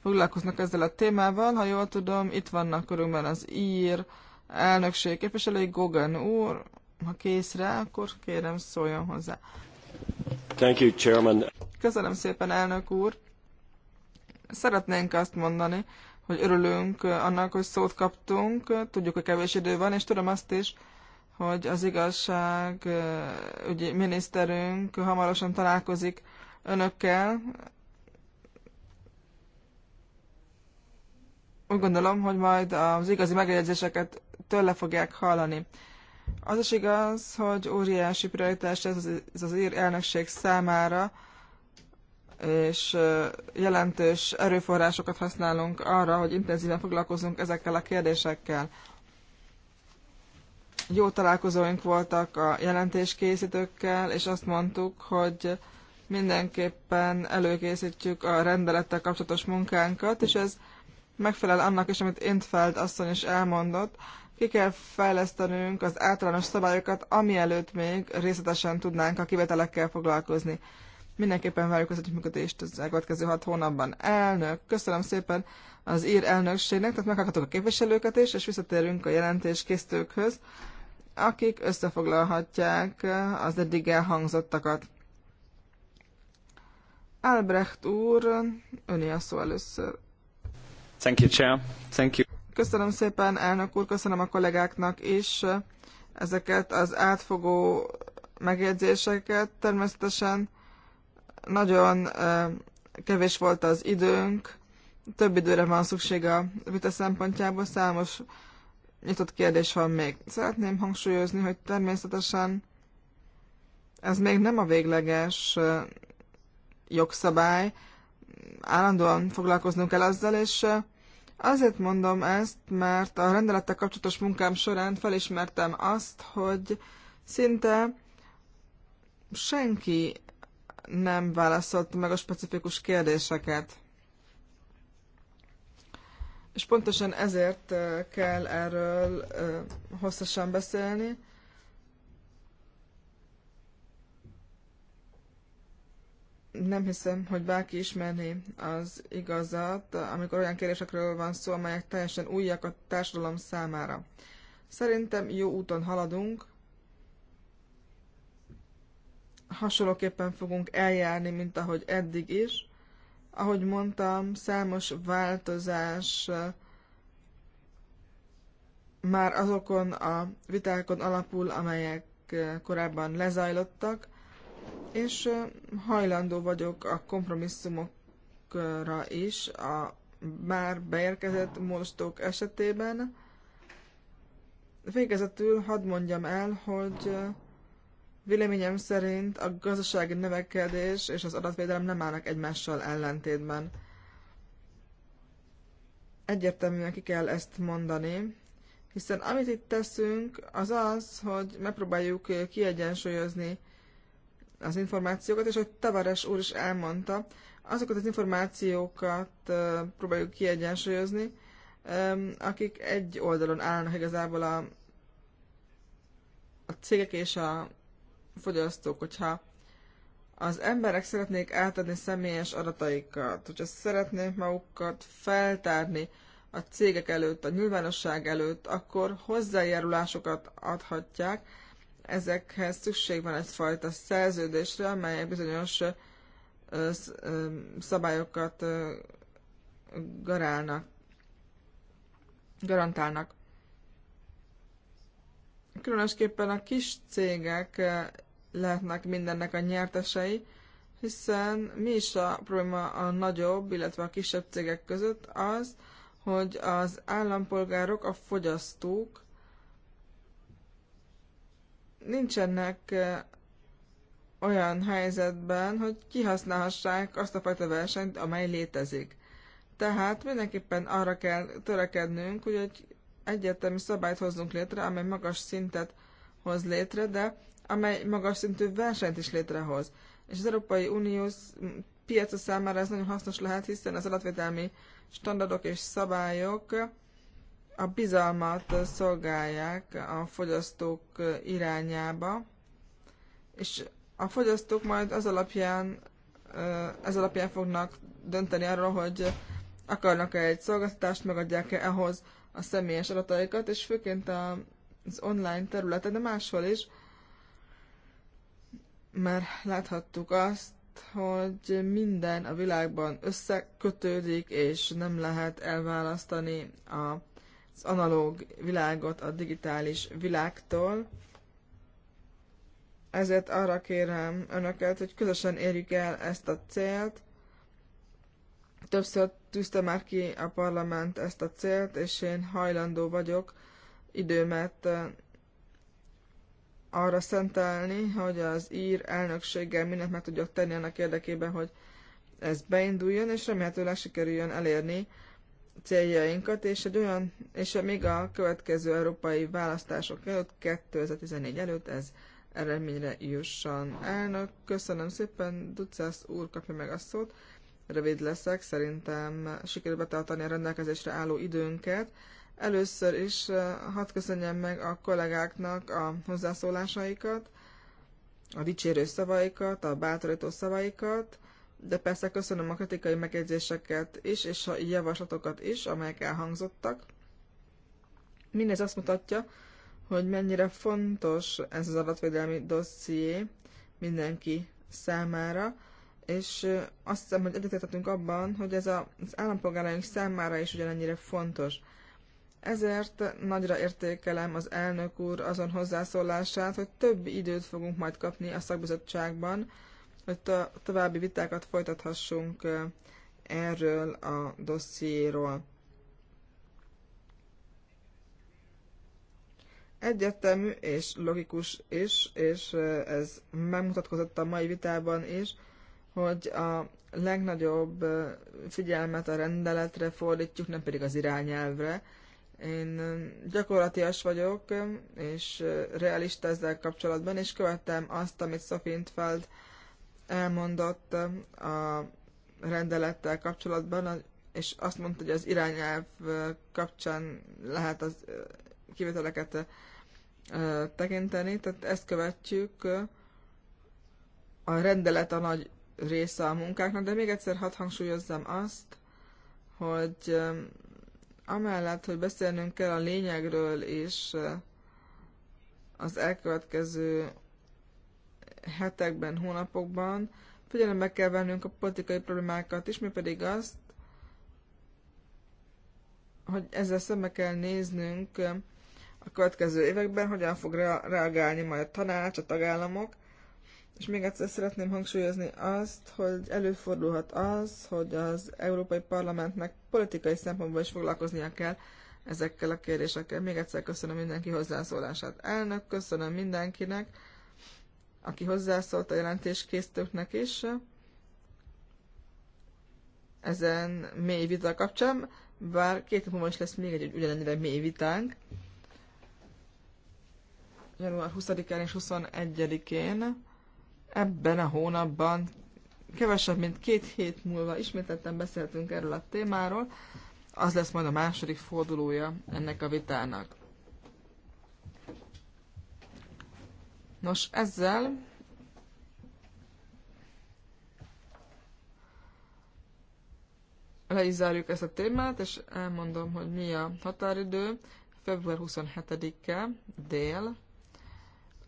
foglalkoznak ezzel a témával. Ha jól tudom, itt vannak körülbelül az ír elnökség képviselői, Gogan úr, ha kész rá, akkor kérem szóljon hozzá. Thank you, Chairman. Köszönöm szépen, elnök úr. Szeretnénk azt mondani, hogy örülünk eh, annak, hogy szót kaptunk, tudjuk, hogy kevés idő van, és tudom azt is, hogy az igazság eh, ügyi miniszterünk hamarosan találkozik önökkel. Úgy gondolom, hogy majd az igazi megjegyzéseket tőle fogják hallani. Az is igaz, hogy óriási prioritás ez az, ez az ír elnökség számára, és jelentős erőforrásokat használunk arra, hogy intenzíven foglalkozunk ezekkel a kérdésekkel. Jó találkozóink voltak a jelentéskészítőkkel, és azt mondtuk, hogy mindenképpen előkészítjük a rendelettel kapcsolatos munkánkat, és ez megfelel annak is, amit Intfeld asszony is elmondott, ki kell fejlesztenünk az általános szabályokat, ami előtt még részletesen tudnánk a kivetelekkel foglalkozni. Mindenképpen várjuk az együttműködést az elkövetkező hat hónapban. Elnök, köszönöm szépen az ír elnökségnek, tehát meghallgatok a képviselőket is, és visszatérünk a jelentés készítőkhöz, akik összefoglalhatják az eddig elhangzottakat. Albrecht úr, öné a szó először. Thank you, Chair. Thank you. Köszönöm szépen, elnök úr, köszönöm a kollégáknak is ezeket az átfogó megjegyzéseket. Természetesen nagyon kevés volt az időnk, több időre van szükség a vita szempontjából, számos nyitott kérdés van még. Szeretném hangsúlyozni, hogy természetesen ez még nem a végleges jogszabály, állandóan foglalkoznunk kell azzal, és Azért mondom ezt, mert a rendelettel kapcsolatos munkám során felismertem azt, hogy szinte senki nem válaszolt meg a specifikus kérdéseket. És pontosan ezért eh, kell erről eh, hosszasan beszélni, nem hiszem, hogy bárki ismerné az igazat, amikor olyan kérdésekről van szó, amelyek teljesen újak a társadalom számára. Szerintem jó úton haladunk, hasonlóképpen fogunk eljárni, mint ahogy eddig is. Ahogy mondtam, számos változás már azokon a vitákon alapul, amelyek korábban lezajlottak, és hajlandó vagyok a kompromisszumokra is, a már beérkezett módosítók esetében. Végezetül hadd mondjam el, hogy véleményem szerint a gazdasági növekedés és az adatvédelem nem állnak egymással ellentétben. Egyértelműen ki kell ezt mondani, hiszen amit itt teszünk, az az, hogy megpróbáljuk kiegyensúlyozni az információkat, és hogy Tavares úr is elmondta, azokat az információkat próbáljuk kiegyensúlyozni, akik egy oldalon állnak igazából a, a cégek és a fogyasztók, hogyha az emberek szeretnék átadni személyes adataikat, hogyha szeretnék magukat feltárni a cégek előtt, a nyilvánosság előtt, akkor hozzájárulásokat adhatják, ezekhez szükség van egyfajta szerződésre, amely bizonyos szabályokat garálnak, garantálnak. Különösképpen a kis cégek lehetnek mindennek a nyertesei, hiszen mi is a probléma a nagyobb, illetve a kisebb cégek között az, hogy az állampolgárok, a fogyasztók nincsenek olyan helyzetben, hogy kihasználhassák azt a fajta versenyt, amely létezik. Tehát mindenképpen arra kell törekednünk, hogy egy egyértelmű szabályt hozzunk létre, amely magas szintet hoz létre, de amely magas szintű versenyt is létrehoz. És az Európai Unió piaca számára ez nagyon hasznos lehet, hiszen az adatvédelmi standardok és szabályok a bizalmat szolgálják a fogyasztók irányába, és a fogyasztók majd az alapján, ez alapján fognak dönteni arról, hogy akarnak-e egy szolgáltatást, megadják-e ahhoz a személyes adataikat, és főként az online területen, de máshol is, mert láthattuk azt, hogy minden a világban összekötődik, és nem lehet elválasztani a az analóg világot a digitális világtól. Ezért arra kérem önöket, hogy közösen érjük el ezt a célt. Többször tűzte már ki a parlament ezt a célt, és én hajlandó vagyok időmet arra szentelni, hogy az ír elnökséggel mindent meg tudjak tenni annak érdekében, hogy ez beinduljon, és remélhetőleg sikerüljön elérni céljainkat, és egy olyan, és még a következő európai választások előtt, 2014 előtt ez eredményre jusson. Elnök, köszönöm szépen, Ducász úr kapja meg a szót. Rövid leszek, szerintem sikerül betartani a rendelkezésre álló időnket. Először is eh, hadd köszönjem meg a kollégáknak a hozzászólásaikat, a dicsérő szavaikat, a bátorító szavaikat de persze köszönöm a kritikai megjegyzéseket is, és a javaslatokat is, amelyek elhangzottak. Mindez azt mutatja, hogy mennyire fontos ez az adatvédelmi dosszié mindenki számára, és azt hiszem, hogy egyetértettünk abban, hogy ez a, az állampolgáraink számára is ugyanennyire fontos. Ezért nagyra értékelem az elnök úr azon hozzászólását, hogy több időt fogunk majd kapni a szakbizottságban, hogy to- további vitákat folytathassunk erről a dossziéról. Egyértelmű és logikus is, és ez megmutatkozott a mai vitában is, hogy a legnagyobb figyelmet a rendeletre fordítjuk, nem pedig az irányelvre. Én gyakorlatias vagyok, és realista ezzel kapcsolatban, és követtem azt, amit Sophie Intfeld elmondott eh, a rendelettel kapcsolatban, és azt mondta, hogy az irányelv eh, kapcsán lehet az eh, kivételeket tekinteni, tehát ezt követjük. A rendelet a nagy része a munkáknak, de még egyszer hadd hangsúlyozzam azt, hogy amellett, hogy beszélnünk kell a lényegről és az elkövetkező hetekben, hónapokban figyelembe kell vennünk a politikai problémákat is, mi pedig azt, hogy ezzel szembe kell néznünk a következő években, hogyan fog reagálni majd a tanács, a tagállamok, és még egyszer szeretném hangsúlyozni azt, hogy előfordulhat az, hogy az Európai Parlamentnek politikai szempontból is foglalkoznia kell ezekkel a kérdésekkel. Még egyszer köszönöm mindenki hozzászólását. Elnök, köszönöm mindenkinek aki hozzászólt a jelentéskészítőknek is ezen mély vita kapcsán, bár két nap múlva is lesz még egy ugyanennyire mély vitánk. Január 20-án és 21-én ebben a hónapban kevesebb, mint két hét múlva ismételten beszéltünk erről a témáról. Az lesz majd a második fordulója ennek a vitának. Nos, ezzel le is zárjuk ezt a témát, és elmondom, hogy mi a határidő. Február 27-e dél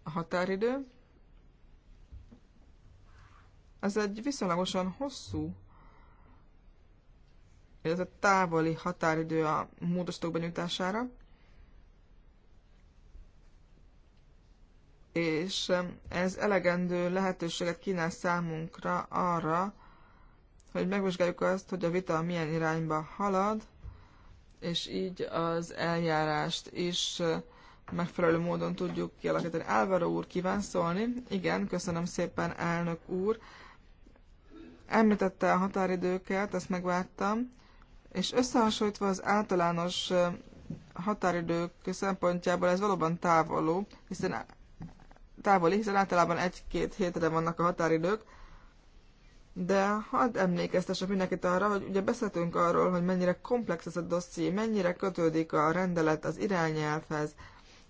a határidő. Ez egy viszonylagosan hosszú, ez a távoli határidő a módosítók benyújtására. és ez elegendő lehetőséget kínál számunkra arra, hogy megvizsgáljuk azt, hogy a vita milyen irányba halad, és így az eljárást is megfelelő módon tudjuk kialakítani. Álvaro úr kíván szólni. Igen, köszönöm szépen, elnök úr. Említette a határidőket, ezt megvártam, és összehasonlítva az általános határidők szempontjából ez valóban távoló, hiszen távoli, hiszen általában egy-két hétre vannak a határidők, de hadd emlékeztessek mindenkit arra, hogy ugye beszéltünk arról, hogy mennyire komplex ez a dosszié, mennyire kötődik a rendelet az irányelvhez,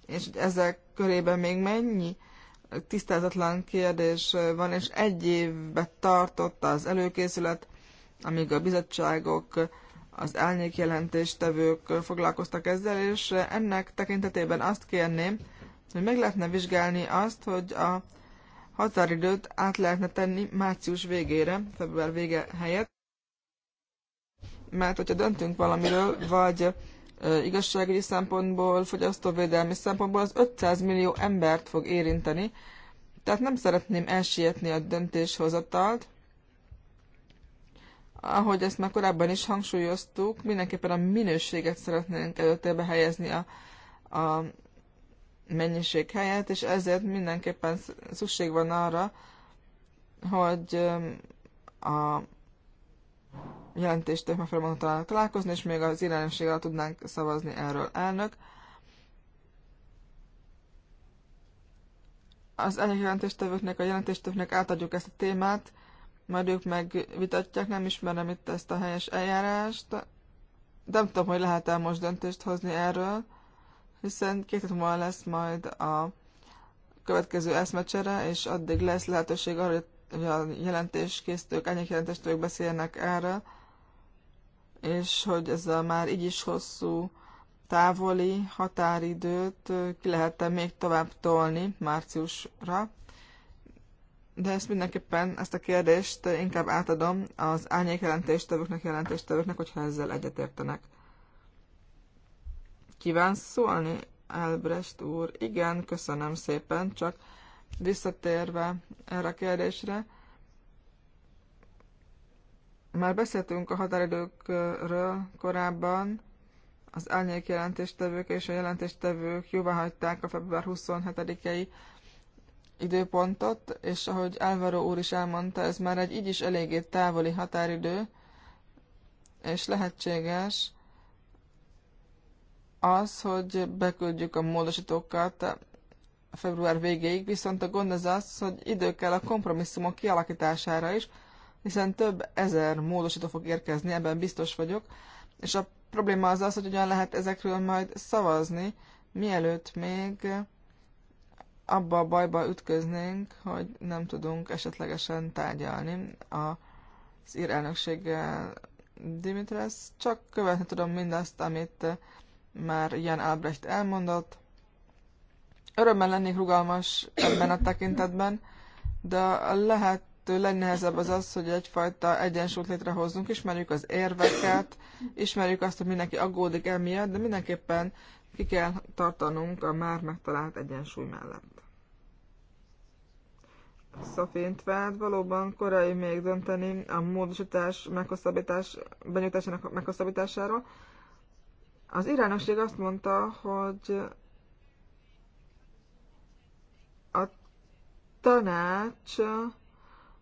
és hogy ezek körében még mennyi tisztázatlan kérdés van, és egy évbe tartott az előkészület, amíg a bizottságok, az jelentéstevők foglalkoztak ezzel, és ennek tekintetében azt kérném, hogy meg lehetne vizsgálni azt, hogy a határidőt át lehetne tenni március végére, február vége helyett, mert hogyha döntünk valamiről, vagy igazságügyi szempontból, fogyasztóvédelmi szempontból, az 500 millió embert fog érinteni, tehát nem szeretném elsietni a döntéshozatalt, ahogy ezt már korábban is hangsúlyoztuk, mindenképpen a minőséget szeretnénk előtérbe helyezni a, a mennyiség helyett, és ezért mindenképpen szükség van arra, hogy a jelentést megfelelően találnak találkozni, és még az irányossággal tudnánk szavazni erről elnök. Az elnök jelentéstevőknek, a jelentéstevőknek átadjuk ezt a témát, majd ők megvitatják, nem ismerem itt ezt a helyes eljárást, de nem tudom, hogy lehet-e most döntést hozni erről hiszen két hét múlva lesz majd a következő eszmecsere, és addig lesz lehetőség arra, hogy a jelentéskészítők, ennyi jelentéstők beszélnek erre, és hogy ez a már így is hosszú távoli határidőt ki lehet -e még tovább tolni márciusra. De ezt mindenképpen, ezt a kérdést inkább átadom az árnyék jelentéstevőknek, jelentéstevőknek, hogyha ezzel egyetértenek. Kíván szólni, Elbrest úr? Igen, köszönöm szépen, csak visszatérve erre a kérdésre, már beszéltünk a határidőkről korábban, az elnyék jelentéstevők és a jelentéstevők jóváhagyták a február 27-i időpontot, és ahogy Álvaro úr is elmondta, ez már egy így is eléggé távoli határidő, és lehetséges, az, hogy beküldjük a módosítókat február végéig, viszont a gond az az, hogy idő kell a kompromisszumok kialakítására is, hiszen több ezer módosító fog érkezni, ebben biztos vagyok, és a probléma az az, hogy hogyan lehet ezekről majd szavazni, mielőtt még abba a bajba ütköznénk, hogy nem tudunk esetlegesen tárgyalni az írelnökséggel. Dimitres, csak követni tudom mindazt, amit már Jan Albrecht elmondott. Örömmel lennék rugalmas ebben a tekintetben, de a lehető legnehezebb az az, hogy egyfajta egyensúlyt létrehozzunk, ismerjük az érveket, ismerjük azt, hogy mindenki aggódik emiatt, de mindenképpen ki kell tartanunk a már megtalált egyensúly mellett. Szafint vált, valóban korai még dönteni a módosítás meghosszabbítás, benyújtásának meghosszabbításáról, az iránoség azt mondta, hogy a tanács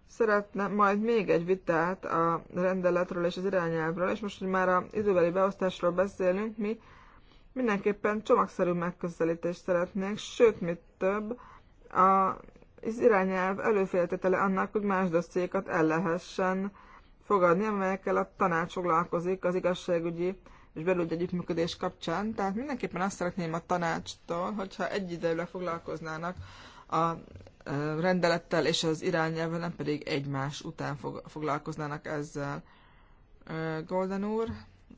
szeretne majd még egy vitát a rendeletről és az irányelvről, és most, hogy már a időbeli beosztásról beszélünk, mi mindenképpen csomagszerű megközelítést szeretnénk, sőt, mit több, az irányelv előféltétele annak, hogy más dossziékat el lehessen fogadni, amelyekkel a tanács foglalkozik az igazságügyi és belügyi együttműködés kapcsán. Tehát mindenképpen azt szeretném a tanácstól, hogyha egy időre foglalkoznának a rendelettel és az irányelvvel, nem pedig egymás után fog, foglalkoznának ezzel. Golden úr,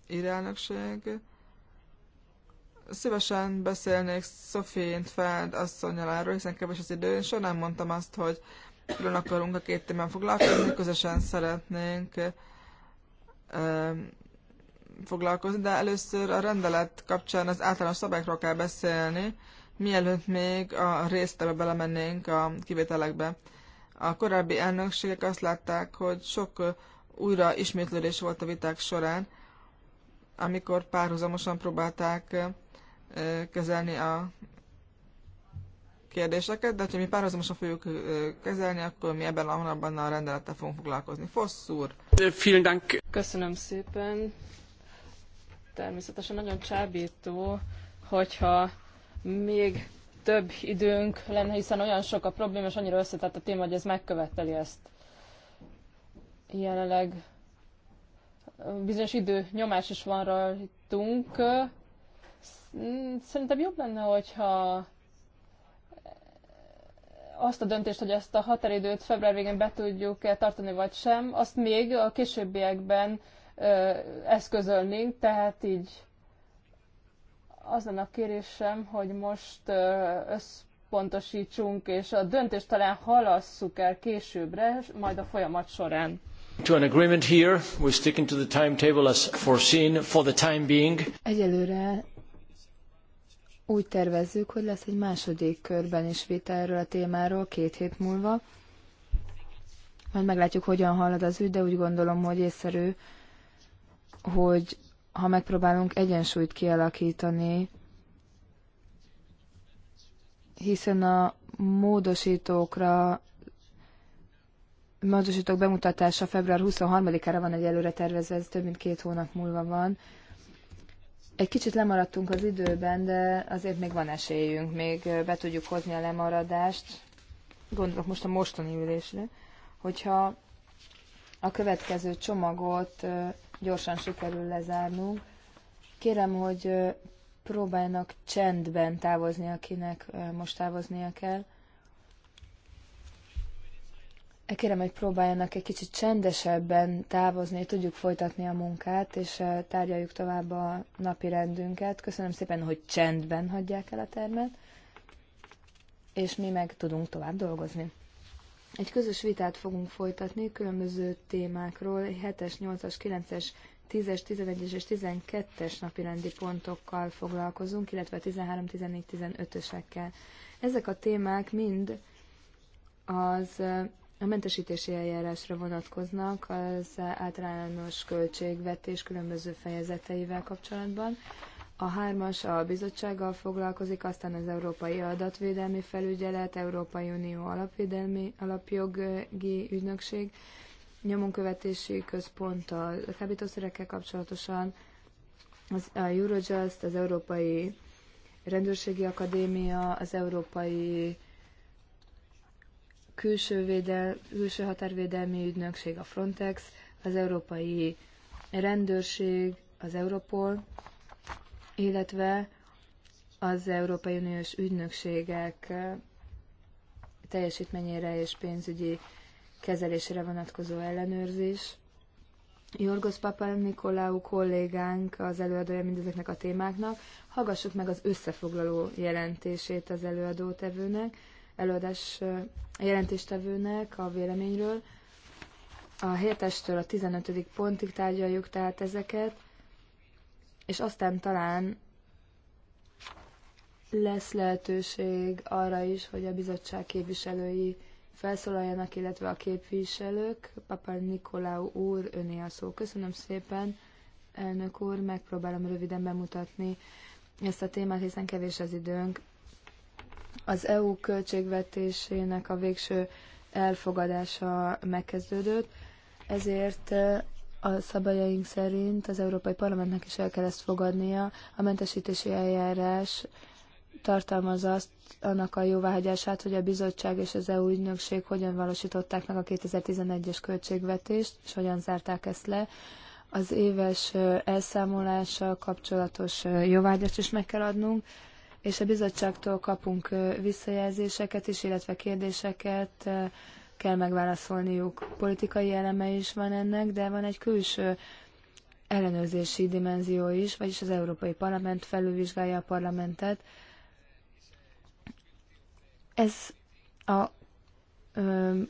irelnökség. Szívesen beszélnék Sofint Feld asszonyal erről, hiszen keves az idő. Én soha nem mondtam azt, hogy külön akarunk a két témán foglalkozni, közösen szeretnénk foglalkozni, de először a rendelet kapcsán az általános szabályokról kell beszélni, mielőtt még a részletbe belemennénk a kivételekbe. A korábbi elnökségek azt látták, hogy sok újra ismétlődés volt a viták során, amikor párhuzamosan próbálták kezelni a kérdéseket, de ha mi párhuzamosan fogjuk kezelni, akkor mi ebben a hónapban a rendelettel fogunk foglalkozni. Fosszúr! Köszönöm szépen! Természetesen nagyon csábító, hogyha még több időnk lenne, hiszen olyan sok a probléma, és annyira összetett a téma, hogy ez megköveteli ezt. Jelenleg bizonyos idő nyomás is van rajtunk. Szerintem jobb lenne, hogyha azt a döntést, hogy ezt a határidőt február végén be tudjuk -e tartani vagy sem, azt még a későbbiekben eszközölnénk, tehát így azon a kérésem, hogy most összpontosítsunk, és a döntést talán halasszuk el későbbre, majd a folyamat során. To an agreement here, we're sticking to the timetable as foreseen for the time being. Egyelőre úgy tervezzük, hogy lesz egy második körben is vita erről a témáról két hét múlva. Majd meglátjuk, hogyan halad az ügy, de úgy gondolom, hogy észszerű hogy ha megpróbálunk egyensúlyt kialakítani, hiszen a módosítókra módosítók bemutatása február 23-ára van egy előre tervezve, ez több mint két hónap múlva van. Egy kicsit lemaradtunk az időben, de azért még van esélyünk, még be tudjuk hozni a lemaradást. Gondolok most a mostani ülésre, hogyha a következő csomagot gyorsan sikerül lezárnunk. Kérem, hogy próbáljanak csendben távozni, akinek most távoznia kell. E, kérem, hogy próbáljanak egy kicsit csendesebben távozni, tudjuk folytatni a munkát, és tárgyaljuk tovább a napi rendünket. Köszönöm szépen, hogy csendben hagyják el a termet, és mi meg tudunk tovább dolgozni. Egy közös vitát fogunk folytatni különböző témákról, 7-es, 8-as, 9-es, 10-es, 11-es és 12-es napi rendi pontokkal foglalkozunk, illetve 13, 14, 15-ösekkel. Ezek a témák mind az a mentesítési eljárásra vonatkoznak az általános költségvetés különböző fejezeteivel kapcsolatban. A hármas a bizottsággal foglalkozik, aztán az Európai Adatvédelmi Felügyelet, Európai Unió Alapvédelmi Alapjogi Ügynökség, nyomonkövetési központ a kábítószerekkel kapcsolatosan, az, a Eurojust, az Európai Rendőrségi Akadémia, az Európai Külső, védel, külső Határvédelmi Ügynökség, a Frontex, az Európai Rendőrség, az Europol, illetve az Európai Uniós ügynökségek teljesítményére és pénzügyi kezelésére vonatkozó ellenőrzés. Jorgos Papa Nikolaou kollégánk az előadója mindezeknek a témáknak. Hallgassuk meg az összefoglaló jelentését az tevőnek, előadás jelentéstevőnek a véleményről. A 7-től a 15. pontig tárgyaljuk tehát ezeket és aztán talán lesz lehetőség arra is, hogy a bizottság képviselői felszólaljanak, illetve a képviselők. Papa Nikolau úr, öné a szó. Köszönöm szépen, elnök úr, megpróbálom röviden bemutatni ezt a témát, hiszen kevés az időnk. Az EU költségvetésének a végső elfogadása megkezdődött, ezért a szabályaink szerint az Európai Parlamentnek is el kell ezt fogadnia. A mentesítési eljárás tartalmaz azt annak a jóváhagyását, hogy a bizottság és az EU ügynökség hogyan valósították meg a 2011-es költségvetést, és hogyan zárták ezt le. Az éves elszámolással kapcsolatos jóváhagyást is meg kell adnunk, és a bizottságtól kapunk visszajelzéseket is, illetve kérdéseket, kell megválaszolniuk. Politikai eleme is van ennek, de van egy külső ellenőrzési dimenzió is, vagyis az Európai Parlament felülvizsgálja a parlamentet. Ez a ö,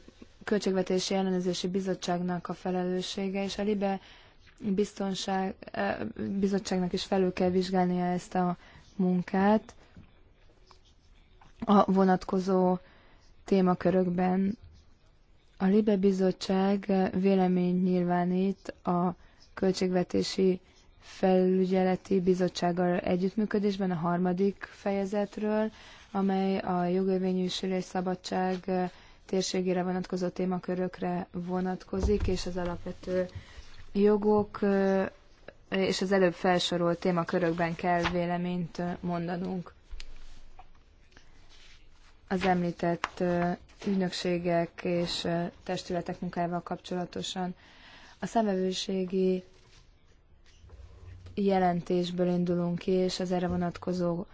Költségvetési Ellenőrzési Bizottságnak a felelőssége, és a LIBE biztonság, bizottságnak is felül kell vizsgálnia ezt a munkát a vonatkozó témakörökben a Libe Bizottság vélemény nyilvánít a Költségvetési Felügyeleti Bizottsággal együttműködésben a harmadik fejezetről, amely a jogérvényűsülés szabadság térségére vonatkozó témakörökre vonatkozik, és az alapvető jogok és az előbb felsorolt témakörökben kell véleményt mondanunk. Az említett ügynökségek és testületek munkájával kapcsolatosan. A szemevőségi jelentésből indulunk ki, és az erre vonatkozó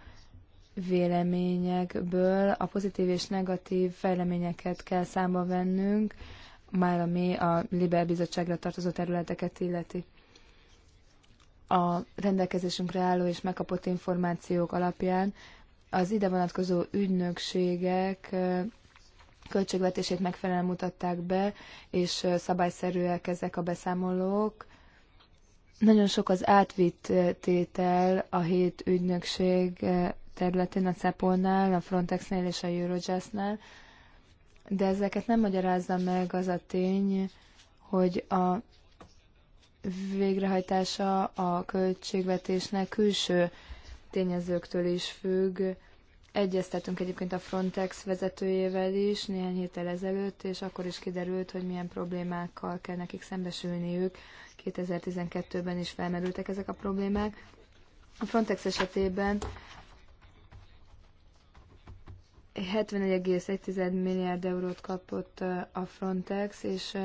véleményekből a pozitív és negatív fejleményeket kell számba vennünk, már ami a Liber Bizottságra tartozó területeket illeti. A rendelkezésünkre álló és megkapott információk alapján az ide vonatkozó ügynökségek költségvetését megfelelően mutatták be, és szabályszerűek ezek a beszámolók. Nagyon sok az átvitt tétel a hét ügynökség területén, a CEPOL-nál, a Frontexnél és a Eurojustnál, de ezeket nem magyarázza meg az a tény, hogy a végrehajtása a költségvetésnek külső tényezőktől is függ, Egyeztetünk egyébként a Frontex vezetőjével is néhány héttel ezelőtt, és akkor is kiderült, hogy milyen problémákkal kell nekik szembesülniük. 2012-ben is felmerültek ezek a problémák. A Frontex esetében 71,1 milliárd eurót kapott a Frontex, és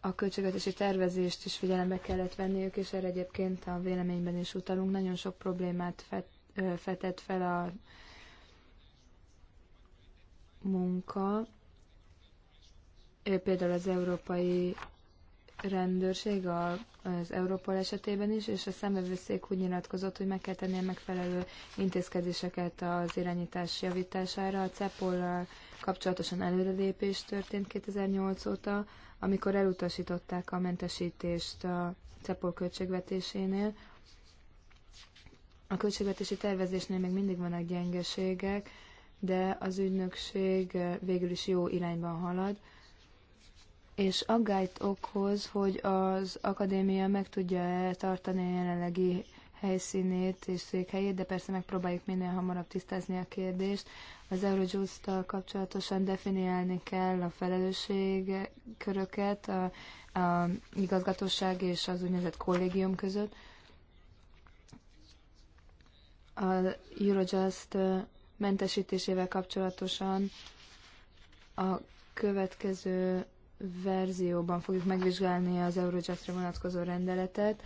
a költségvetési tervezést is figyelembe kellett venniük, és erre egyébként a véleményben is utalunk. Nagyon sok problémát fett fetett fel a munka, például az európai rendőrség az Európol esetében is, és a szemvevőszék úgy nyilatkozott, hogy meg kell tenni a megfelelő intézkedéseket az irányítás javítására. A cepol kapcsolatosan előrelépés történt 2008 óta, amikor elutasították a mentesítést a CEPOL költségvetésénél. A költségvetési tervezésnél még mindig vannak gyengeségek, de az ügynökség végül is jó irányban halad, és aggályt okoz, hogy az akadémia meg tudja -e tartani a jelenlegi helyszínét és székhelyét, de persze megpróbáljuk minél hamarabb tisztázni a kérdést. Az Eurojust-tal kapcsolatosan definiálni kell a felelősségköröket a, a igazgatóság és az úgynevezett kollégium között a Eurojust mentesítésével kapcsolatosan a következő verzióban fogjuk megvizsgálni az Eurojustra vonatkozó rendeletet.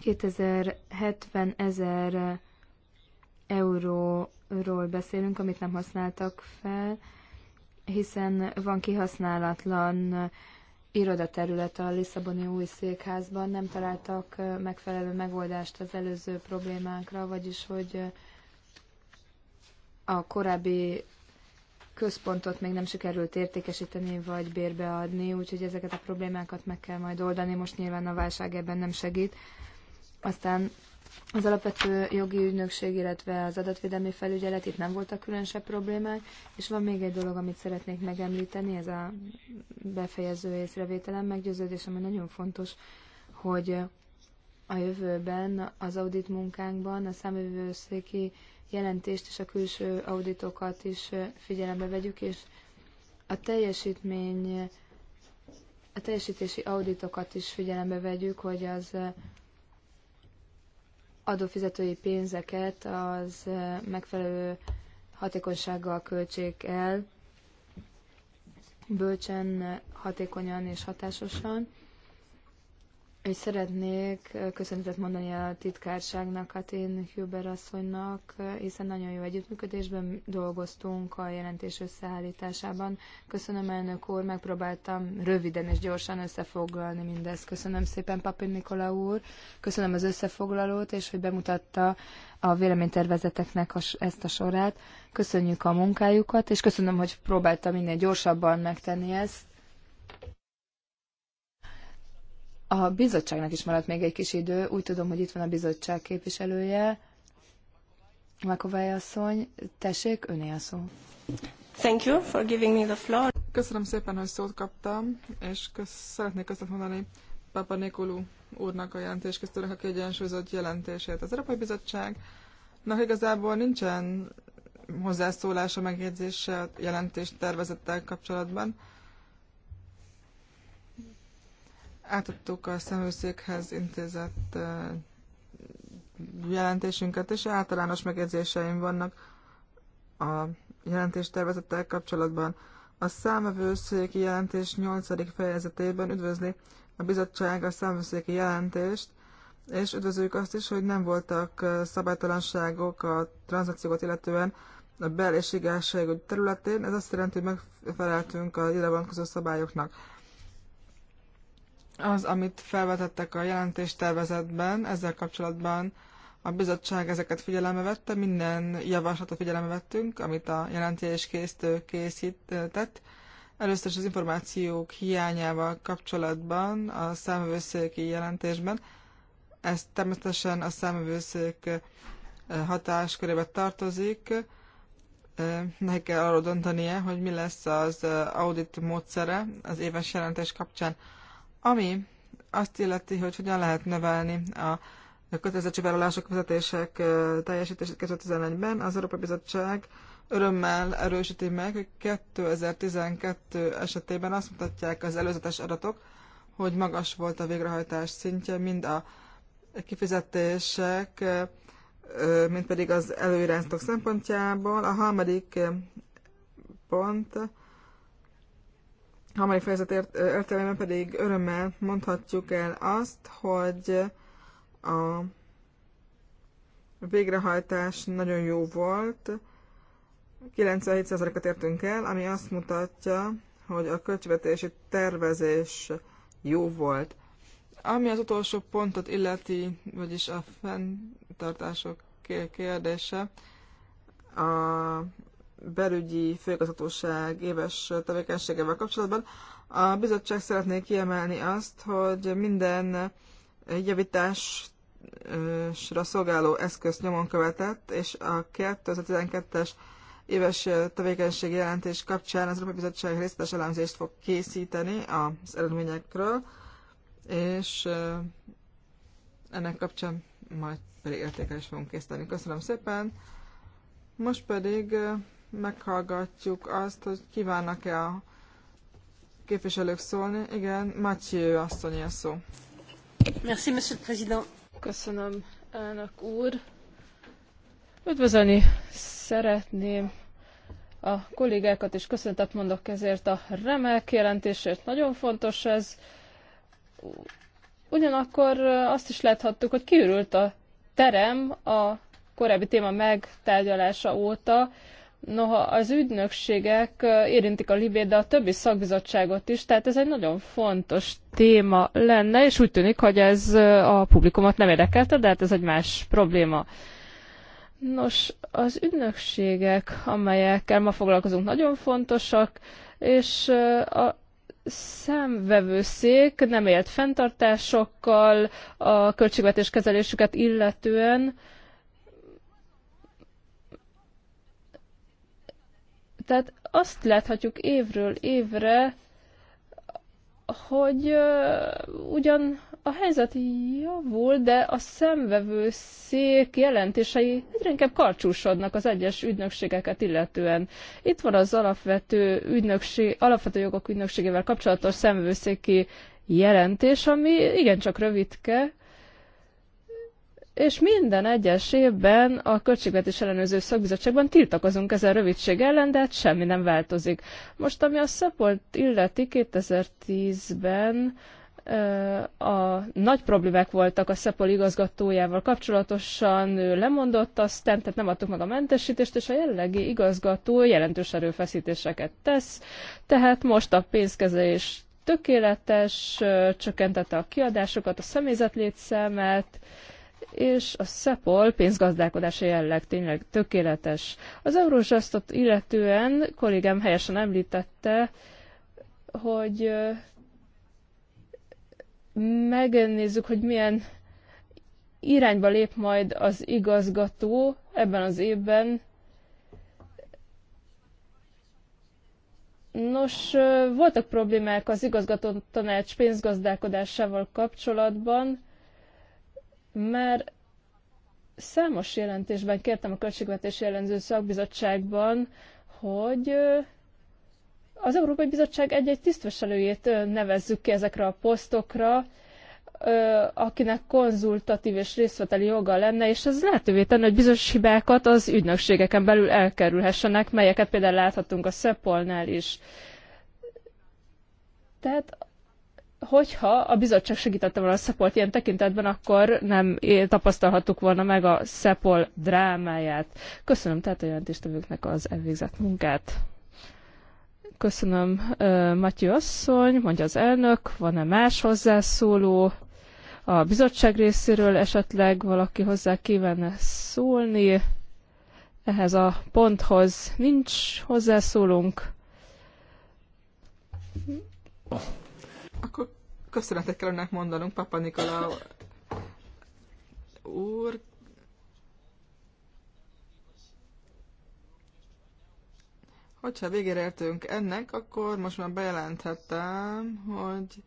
2070 ezer euróról beszélünk, amit nem használtak fel, hiszen van kihasználatlan irodaterület a Lisszaboni új székházban, nem találtak megfelelő megoldást az előző problémánkra, vagyis hogy a korábbi központot még nem sikerült értékesíteni vagy bérbeadni, úgyhogy ezeket a problémákat meg kell majd oldani, most nyilván a válság ebben nem segít. Aztán az alapvető jogi ügynökség, illetve az adatvédelmi felügyelet itt nem voltak különösebb problémák, és van még egy dolog, amit szeretnék megemlíteni, ez a befejező észrevételem, meggyőződés ami nagyon fontos, hogy a jövőben az audit munkánkban a számövőszéki jelentést és a külső auditokat is figyelembe vegyük, és a teljesítmény, a teljesítési auditokat is figyelembe vegyük, hogy az adófizetői pénzeket az megfelelő hatékonysággal költsék el, bölcsen, hatékonyan és hatásosan. És szeretnék köszönetet mondani a titkárságnak, én Huber asszonynak, hiszen nagyon jó együttműködésben dolgoztunk a jelentés összeállításában. Köszönöm, elnök úr, megpróbáltam röviden és gyorsan összefoglalni mindezt. Köszönöm szépen, Papin Nikola úr, köszönöm az összefoglalót, és hogy bemutatta a véleménytervezeteknek ezt a sorát. Köszönjük a munkájukat, és köszönöm, hogy próbáltam minél gyorsabban megtenni ezt A bizottságnak is maradt még egy kis idő, úgy tudom, hogy itt van a bizottság képviselője. Makovály asszony, tessék, öné a szó. Thank you for giving me the floor. Köszönöm szépen, hogy szót kaptam, és kösz, szeretnék köszönet mondani Papa Nikolú úrnak a jelentéskészítőnek a kiegyensúlyozott jelentését. Az Európai bizottság, Na, igazából nincsen hozzászólása, megjegyzése a jelentés tervezettel kapcsolatban. átadtuk a szemőszékhez intézett jelentésünket, és általános megjegyzéseim vannak a jelentéstervezettel kapcsolatban. A számövőszéki jelentés 8. fejezetében üdvözli a bizottság a számövőszéki jelentést, és üdvözöljük azt is, hogy nem voltak szabálytalanságok a tranzakciókat illetően a bel- és területén. Ez azt jelenti, hogy megfeleltünk a ide vonatkozó szabályoknak az, amit felvetettek a jelentéstervezetben, ezzel kapcsolatban a bizottság ezeket figyelembe vette, minden javaslatot figyelembe vettünk, amit a jelentés készítő készített. Először is az információk hiányával kapcsolatban a számvevőszéki jelentésben. Ez természetesen a számvevőszék eh, hatáskörébe tartozik. Eh, neki kell arról döntenie, hogy mi lesz az eh, audit módszere az éves jelentés kapcsán. Ami azt illeti, hogy hogyan lehet növelni a kötelezettségvállalások vezetések teljesítését 2011-ben, az Európai Bizottság örömmel erősíti meg, hogy 2012 esetében azt mutatják az előzetes adatok, hogy magas volt a végrehajtás szintje, mind a kifizetések, mint pedig az előirányzatok szempontjából. A harmadik pont harmadik fejezet értelemben pedig örömmel mondhatjuk el azt, hogy a végrehajtás nagyon jó volt, 97%-at értünk el, ami azt mutatja, hogy a költségvetési tervezés jó volt. Ami az utolsó pontot illeti, vagyis a fenntartások kérdése, a belügyi főigazgatóság éves tevékenységevel kapcsolatban. A bizottság szeretné kiemelni azt, hogy minden javításra szolgáló eszköz nyomon követett, és a 2012-es éves tevékenységi jelentés kapcsán az Európai Bizottság részletes elemzést fog készíteni az eredményekről, és ennek kapcsán majd pedig értékelést fogunk készíteni. Köszönöm szépen! Most pedig meghallgatjuk azt, hogy kívánnak-e a képviselők szólni. Igen, Mathieu asszony a szó. Merci, monsieur le président. Köszönöm, elnök úr. Üdvözölni szeretném a kollégákat, és köszöntet mondok ezért a remek jelentésért. Nagyon fontos ez. Ugyanakkor azt is láthattuk, hogy kiürült a terem a korábbi téma megtárgyalása óta, Noha az ügynökségek érintik a libét, de a többi szakbizottságot is, tehát ez egy nagyon fontos téma lenne, és úgy tűnik, hogy ez a publikumot nem érdekelte, de hát ez egy más probléma. Nos, az ügynökségek, amelyekkel ma foglalkozunk, nagyon fontosak, és a szemvevőszék nem élt fenntartásokkal a költségvetés kezelésüket illetően, Tehát azt láthatjuk évről évre, hogy uh, ugyan a helyzet javul, de a szemvevő szék jelentései egyre inkább karcsúsodnak az egyes ügynökségeket illetően. Itt van az alapvető, ügynökség, alapvető jogok ügynökségével kapcsolatos szemvevőszéki jelentés, ami igencsak rövidke, és minden egyes évben a Költségvetés Ellenőrző Szakbizottságban tiltakozunk ezen rövidség ellen, de hát semmi nem változik. Most, ami a szapolt illeti 2010-ben a nagy problémák voltak a Szepol igazgatójával kapcsolatosan, ő lemondott aztán, tehát nem adtuk meg a mentesítést, és a jellegi igazgató jelentős erőfeszítéseket tesz, tehát most a pénzkezelés tökéletes, csökkentette a kiadásokat, a személyzet létszámát, és a SEPOL pénzgazdálkodási jelleg tényleg tökéletes. Az eurózsasztot illetően kollégám helyesen említette, hogy megnézzük, hogy milyen irányba lép majd az igazgató ebben az évben. Nos, voltak problémák az igazgató tanács pénzgazdálkodásával kapcsolatban, már számos jelentésben kértem a Költségvetési Ellenző Szakbizottságban, hogy az Európai Bizottság egy-egy tisztviselőjét nevezzük ki ezekre a posztokra, akinek konzultatív és részveteli joga lenne, és ez lehetővé tenni, hogy bizonyos hibákat az ügynökségeken belül elkerülhessenek, melyeket például láthatunk a Szepolnál is. Tehát hogyha a bizottság segítette volna a Szepolt ilyen tekintetben, akkor nem tapasztalhattuk volna meg a Szepol drámáját. Köszönöm tehát a jelentéstevőknek az elvégzett munkát. Köszönöm, uh, Matyi asszony, mondja az elnök, van-e más hozzászóló? A bizottság részéről esetleg valaki hozzá kívánne szólni? Ehhez a ponthoz nincs hozzászólunk akkor köszönetet kell önnek mondanunk, Papa Nikola úr. Hogyha végére értünk ennek, akkor most már bejelenthetem, hogy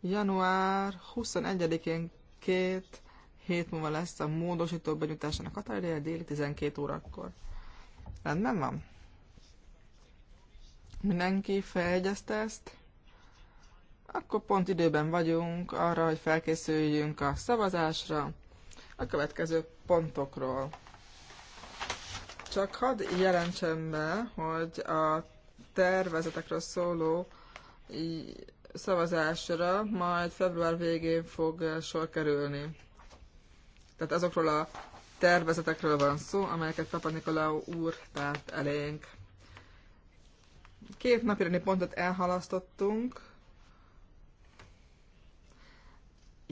január 21-én két hét múlva lesz a módosító benyújtásának határideje déli 12 órakor. Rendben van? Mindenki feljegyezte ezt? Akkor pont időben vagyunk arra, hogy felkészüljünk a szavazásra a következő pontokról. Csak hadd jelentsem be, hogy a tervezetekről szóló szavazásra majd február végén fog sor kerülni. Tehát azokról a tervezetekről van szó, amelyeket Papa Nikolau úr tárt elénk. Két napirendi pontot elhalasztottunk,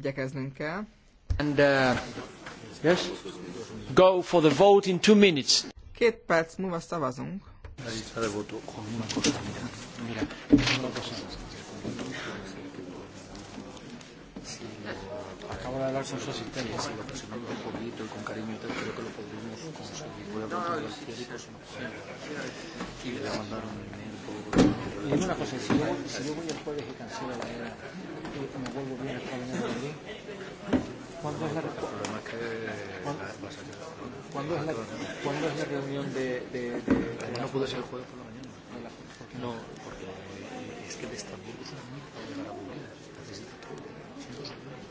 Igyekeznünk kell. And, uh, yes? Go for the vote in two minutes. Két perc múlva szavazunk. Acabo de hablar con su asistente. Sí, lo presentamos con poquito y con cariño, creo que lo podemos conseguir. Voy a preguntar a Federico si Y le mandaron un email. Dime una cosa, si yo, si yo voy el jueves y cancelo la era, me vuelvo bien hasta mañana de Madrid. ¿Cuándo es la, ¿cuándo es la, ¿cuándo es la reunión de, de, de, de No pude ser el jueves por la mañana. ¿Por qué no? Porque es que de Estambul es una mierda llegar a Bulgaria. Necesita todo. Son dos aviones.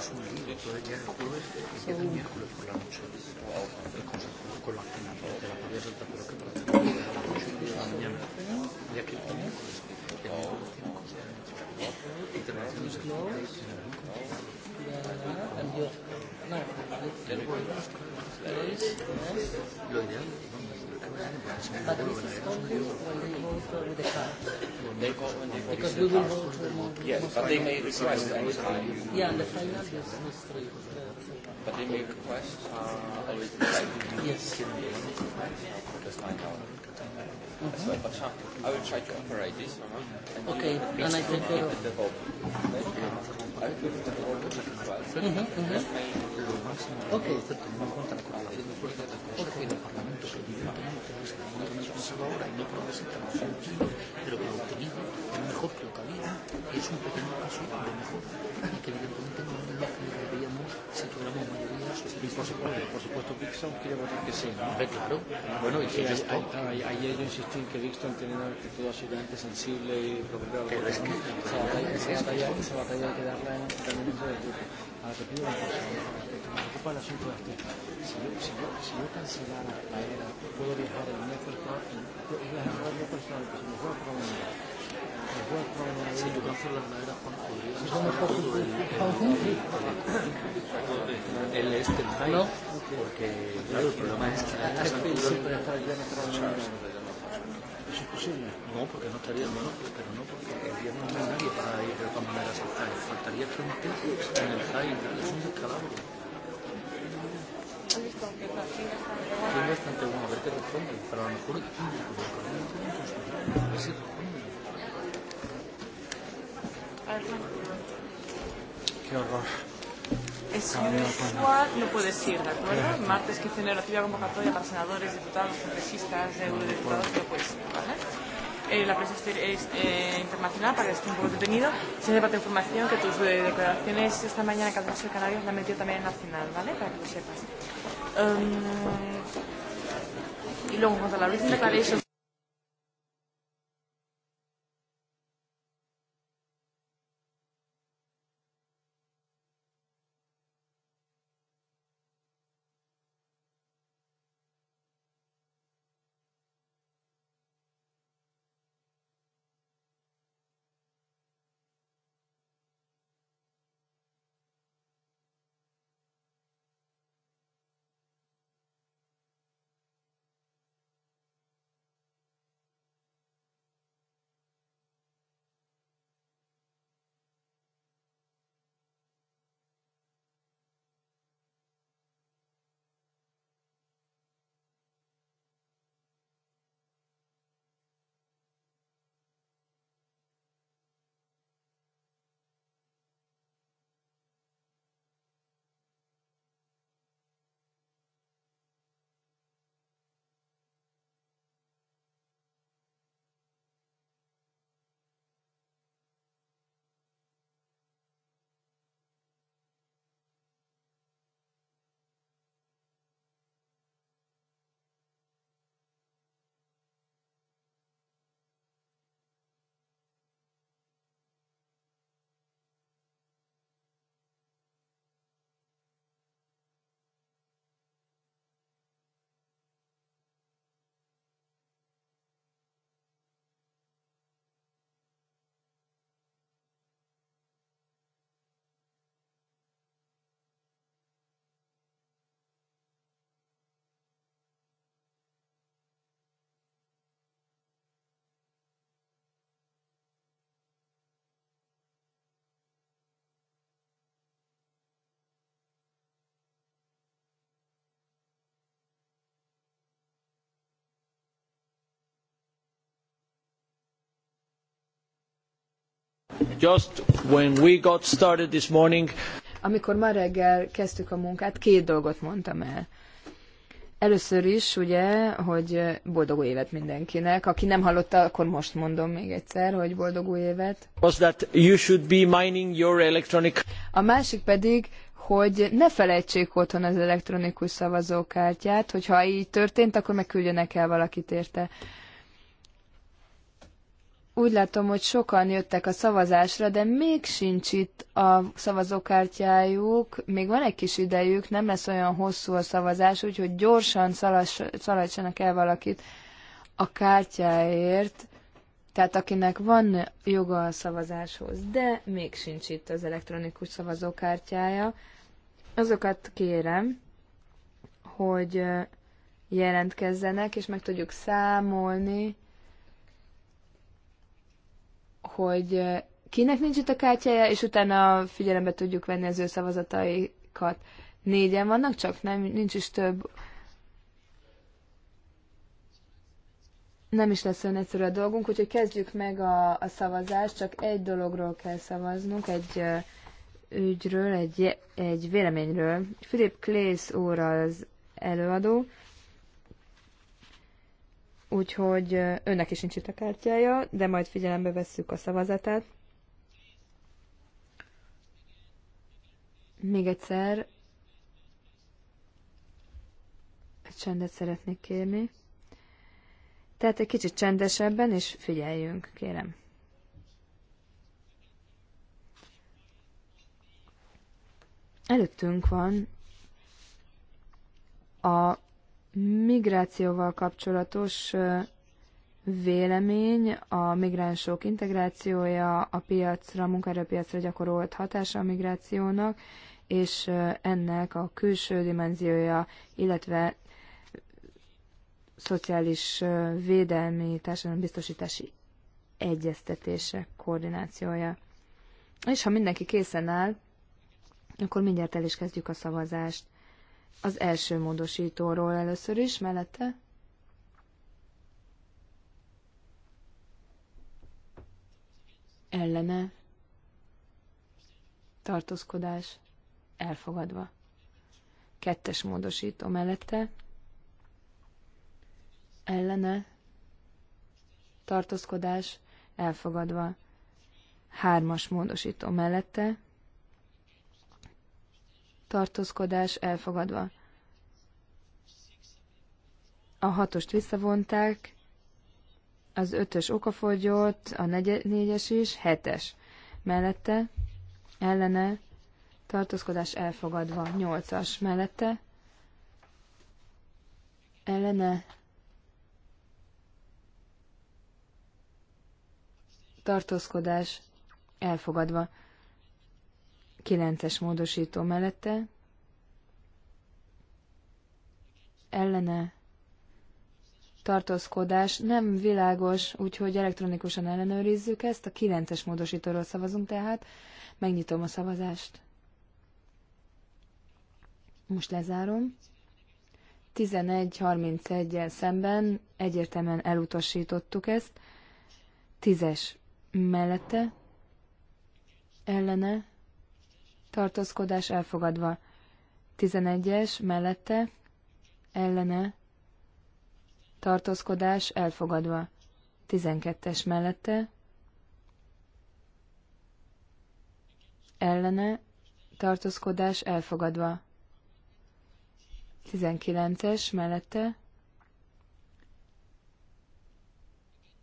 Es un lío. Entonces ya el jueves empieza el miércoles por la noche. El consejo con la cena. Te la podías saltar, pero que para las 8 de la mañana. Ya que el miércoles. El miércoles But this is only when they vote with the card. They vote when they vote. Because we will vote remotely. Yes, but they may request any time. Yeah, and the final is this three. But they may request uh, always. Yes. Because I know. Mm-hmm. Well, but I will try to operate this. Uh-huh. Okay, and I take care of the bulb. Mm-hmm. mm Okay. Okay. Okay. Okay. Okay. Okay. Okay. Okay. Okay. Okay. Okay. Okay. Okay. Okay. Okay. Okay. a Okay. Okay. Okay. Okay. Okay. Okay. Por supuesto, por supuesto Dixon quiere votar que sí. ¿no? claro. Bueno, y si ya eh, está. Ayer yo insistí en que Dixon tiene una actitud absolutamente sensible y preocupada. Pero es que esa batalla, esa batalla, esa batalla hay que darla el momento del grupo. Ahora te pido una cosa, me preocupa el asunto este. Si yo, si yo, si yo cancelara la era, puedo viajar el miércoles, puedo viajar el miércoles, el próximo jueves por la mañana. El jueves por la mañana. Si tú cancelas la era, Él es del país, ¿No? porque claro, el problema es que hasta el ¿Es imposible? No, porque no estaría, bueno, pero no porque el viernes no hay nadie para ir de todas maneras al FAI. Faltaría gente en el FAI, es un descalabro. Sí, es bastante bueno, a ver qué responde, pero a lo mejor... A ver si responde. Alejandro. Qué horror. Es usual, no puedes ir, ¿de acuerdo? Martes 15 de enero recibe convocatoria para senadores, diputados, congresistas, eurodiputados, no puedes ser, ¿vale? eh, la prensa es, eh, internacional para que esté un poco detenido. Se debate tu información que tus eh, declaraciones esta mañana que has de Canarias la han metido también en Nacional, ¿vale? Para que lo sepas. Um, y luego, en cuanto a la recent declaration... just when we got started this morning. Amikor ma reggel kezdtük a munkát, két dolgot mondtam el. Először is, ugye, hogy boldog új évet mindenkinek. Aki nem hallotta, akkor most mondom még egyszer, hogy boldog új évet. Was that you should be mining your electronic... A másik pedig, hogy ne felejtsék otthon az elektronikus szavazókártyát, hogyha így történt, akkor megküldjenek el valakit érte. Úgy látom, hogy sokan jöttek a szavazásra, de még sincs itt a szavazókártyájuk, még van egy kis idejük, nem lesz olyan hosszú a szavazás, úgyhogy gyorsan szaladjanak el valakit a kártyáért, tehát akinek van joga a szavazáshoz, de még sincs itt az elektronikus szavazókártyája, azokat kérem, hogy jelentkezzenek, és meg tudjuk számolni, hogy eh, kinek nincs itt a kártyája, és utána figyelembe tudjuk venni az ő szavazataikat. Négyen vannak csak, nem, nincs is több. Nem is lesz olyan egyszerű a dolgunk, úgyhogy kezdjük meg a, a szavazást, csak egy dologról kell szavaznunk, egy uh, ügyről, egy, egy véleményről. Philip Klész úr az előadó, úgyhogy önnek is nincs itt a kártyája, de majd figyelembe vesszük a szavazatát. Még egyszer csendet szeretnék kérni. Tehát egy kicsit csendesebben, és figyeljünk, kérem. Előttünk van a migrációval kapcsolatos vélemény, a migránsok integrációja, a piacra, a munkaerőpiacra gyakorolt hatása a migrációnak, és ennek a külső dimenziója, illetve szociális védelmi társadalmi biztosítási egyeztetése, koordinációja. És ha mindenki készen áll, akkor mindjárt el is kezdjük a szavazást az első módosítóról először is, mellette. Ellene. Tartózkodás. Elfogadva. Kettes módosító mellette. Ellene. Tartózkodás. Elfogadva. Hármas módosító mellette tartózkodás elfogadva. A hatost visszavonták, az ötös okafogyott, a negy- négyes is, hetes. Mellette, ellene, tartózkodás elfogadva, nyolcas. Mellette, ellene, tartózkodás elfogadva. 9-es módosító mellette, ellene tartózkodás nem világos, úgyhogy elektronikusan ellenőrizzük ezt. A 9-es módosítóról szavazunk tehát. Megnyitom a szavazást. Most lezárom. 11.31-el szemben egyértelműen elutasítottuk ezt. 10-es mellette ellene tartózkodás elfogadva. 11-es mellette, ellene, tartózkodás elfogadva. 12-es mellette, ellene, tartózkodás elfogadva. 19-es mellette,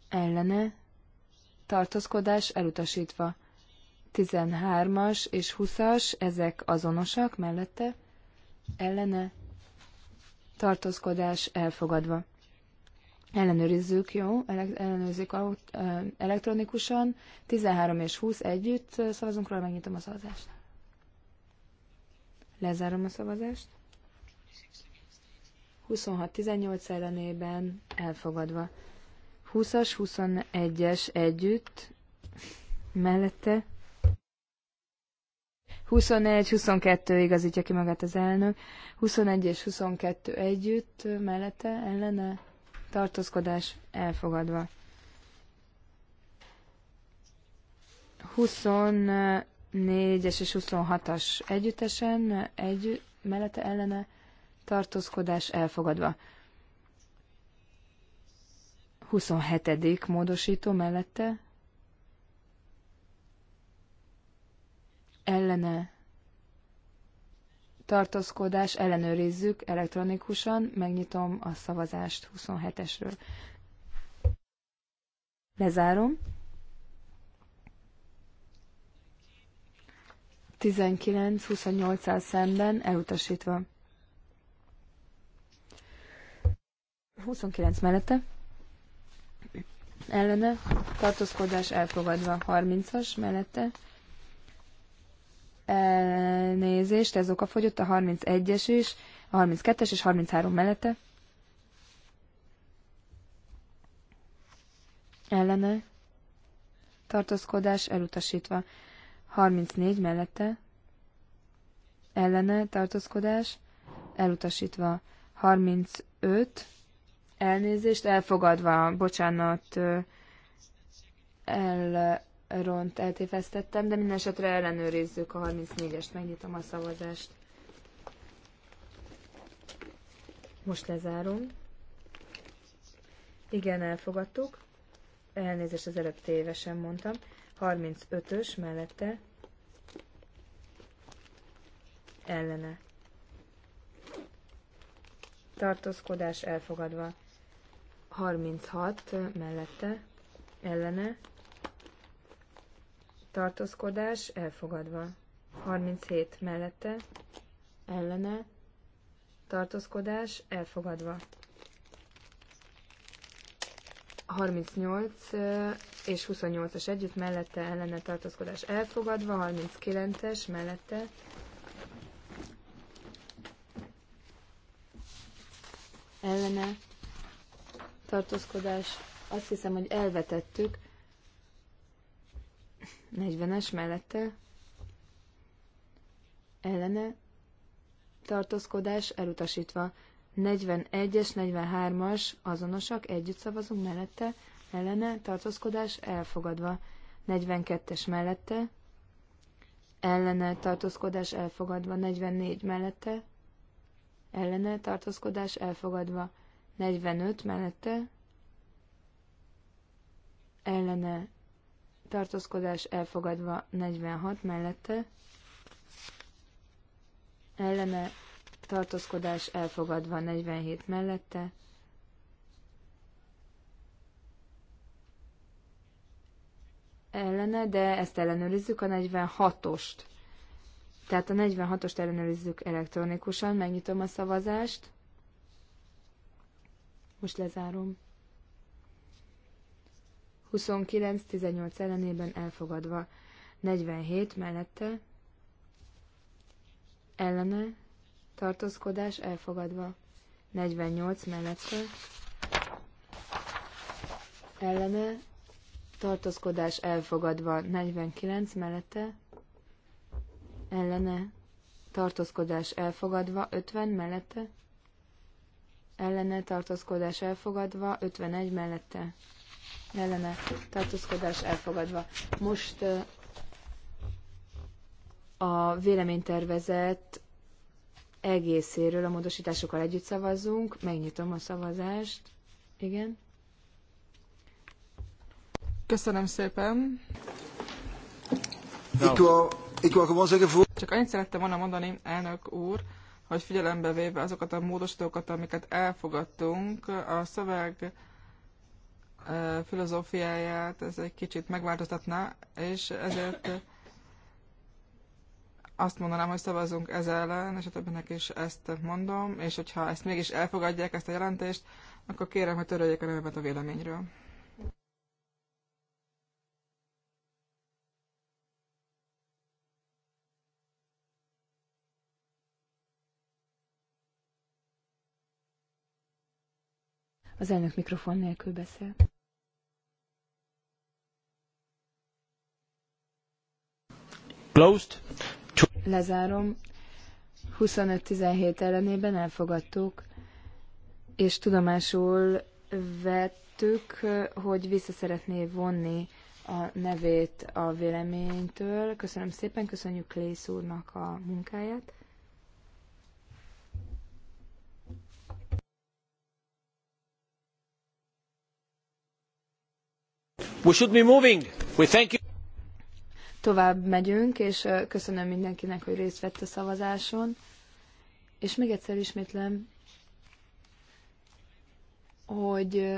ellene, tartózkodás elutasítva. 13-as és 20-as, ezek azonosak mellette, ellene, tartózkodás elfogadva. Ellenőrizzük, jó, ellenőrizzük elektronikusan, 13 és 20 együtt szavazunk róla, megnyitom a szavazást. Lezárom a szavazást. 26-18 ellenében elfogadva. 20-as, 21-es együtt, mellette 21, 22 igazítja ki magát az elnök. 21 és 22 együtt, mellette, ellene, tartózkodás elfogadva. 24-es és 26-as együttesen, egy, mellette, ellene, tartózkodás elfogadva. 27. módosító mellette, ellene tartózkodás ellenőrizzük elektronikusan, megnyitom a szavazást 27-esről. Lezárom. 19-28-al szemben elutasítva. 29 mellette. Ellene tartózkodás elfogadva. 30-as mellette Elnézést, ez oka fogyott, a 31-es is, a 32-es és 33 mellette. Ellene. Tartózkodás elutasítva. 34 mellette. Ellene tartózkodás elutasítva. 35 elnézést elfogadva, bocsánat, el ront eltévesztettem, de minden esetre ellenőrizzük a 34-est, megnyitom a szavazást. Most lezárom. Igen, elfogadtuk. Elnézést, az előbb tévesen mondtam. 35-ös mellette ellene. Tartózkodás elfogadva. 36 mellette ellene tartózkodás elfogadva. 37 mellette, ellene, tartózkodás elfogadva. 38 és 28-as együtt, mellette ellene tartózkodás elfogadva, 39-es mellette. Ellene tartózkodás, azt hiszem, hogy elvetettük, 40-es mellette ellene tartózkodás elutasítva. 41-es, 43-as azonosak, együtt szavazunk mellette, ellene tartózkodás elfogadva. 42-es mellette, ellene tartózkodás elfogadva. 44 mellette, ellene tartózkodás elfogadva. 45 mellette, ellene tartózkodás elfogadva 46 mellette, ellene tartózkodás elfogadva 47 mellette, ellene, de ezt ellenőrizzük a 46-ost. Tehát a 46-ost ellenőrizzük elektronikusan, megnyitom a szavazást. Most lezárom. 29-18 ellenében elfogadva. 47 mellette ellene tartózkodás elfogadva. 48 mellette ellene tartózkodás elfogadva. 49 mellette ellene tartózkodás elfogadva. 50 mellette ellene tartózkodás elfogadva. 51 mellette ellene tartózkodás elfogadva. Most a véleménytervezet egészéről a módosításokkal együtt szavazunk. Megnyitom a szavazást. Igen. Köszönöm szépen. No. Csak annyit szerettem volna mondani, elnök úr, hogy figyelembe véve azokat a módosítókat, amiket elfogadtunk, a szöveg filozófiáját ez egy kicsit megváltoztatná, és ezért azt mondanám, hogy szavazunk ez ellen, és a többinek is ezt mondom, és hogyha ezt mégis elfogadják, ezt a jelentést, akkor kérem, hogy töröljék a nevemet a véleményről. Az elnök mikrofon nélkül beszél. Closed. Lezárom. 25-17 ellenében elfogadtuk, és tudomásul vettük, hogy vissza szeretné vonni a nevét a véleménytől. Köszönöm szépen, köszönjük Klész úrnak a munkáját. We should be moving. We thank you. Tovább megyünk, és köszönöm mindenkinek, hogy részt vett a szavazáson. És még egyszer ismétlem, hogy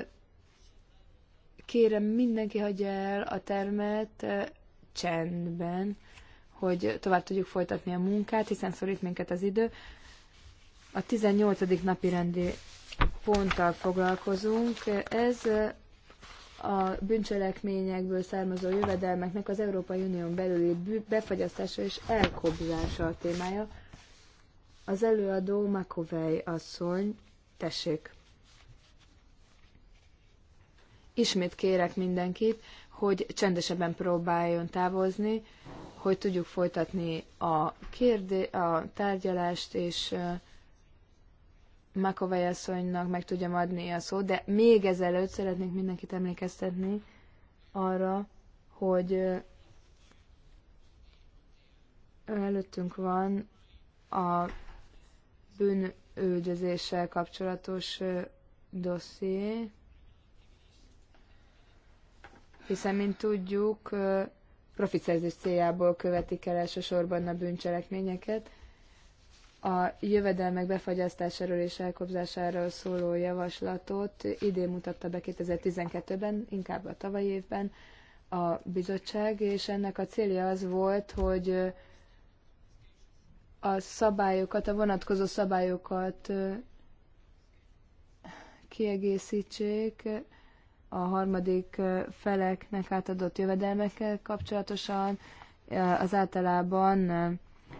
kérem mindenki hagyja el a termet csendben, hogy tovább tudjuk folytatni a munkát, hiszen szorít minket az idő. A 18. napi rendi ponttal foglalkozunk. Ez a bűncselekményekből származó jövedelmeknek az Európai Unión belüli befagyasztása és elkobzása a témája. Az előadó Makovej asszony, tessék! Ismét kérek mindenkit, hogy csendesebben próbáljon távozni, hogy tudjuk folytatni a, kérdé- a tárgyalást, és Makovej asszonynak meg tudjam adni a szót, de még ezelőtt szeretnék mindenkit emlékeztetni arra, hogy előttünk van a bűnüldözéssel kapcsolatos dosszié, hiszen, mint tudjuk, profitszerzés céljából követik el elsősorban a bűncselekményeket, a jövedelmek befagyasztásáról és elkobzásáról szóló javaslatot idén mutatta be 2012-ben, inkább a tavalyi évben a bizottság, és ennek a célja az volt, hogy a szabályokat, a vonatkozó szabályokat kiegészítsék a harmadik feleknek átadott jövedelmekkel kapcsolatosan, az általában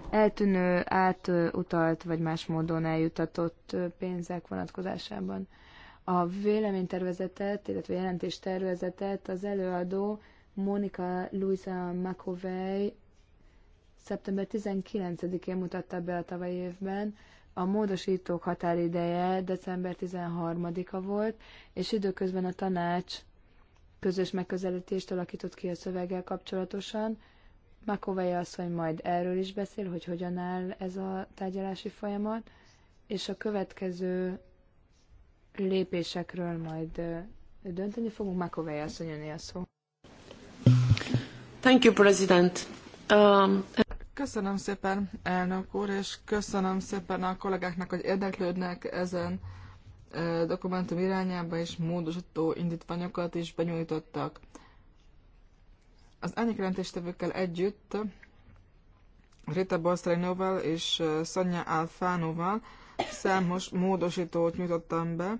eltűnő, átutalt vagy más módon eljutatott pénzek vonatkozásában. A véleménytervezetet, illetve jelentéstervezetet az előadó Monika Luisa McAvey szeptember 19-én mutatta be a tavalyi évben, a módosítók határideje december 13-a volt, és időközben a tanács közös megközelítést alakított ki a szöveggel kapcsolatosan, Makovei asszony majd erről is beszél, hogy hogyan áll ez a tárgyalási folyamat, és a következő lépésekről majd dönteni fogunk. Makovei asszony, jönni a szó. Thank you, President. Um... Köszönöm szépen, elnök úr, és köszönöm szépen a kollégáknak, hogy érdeklődnek ezen dokumentum irányába, és módosító indítványokat is benyújtottak. Az árnyék jelentéstevőkkel együtt Rita Bolsztainóval és Szanya Alfánóval számos módosítót nyújtottam be,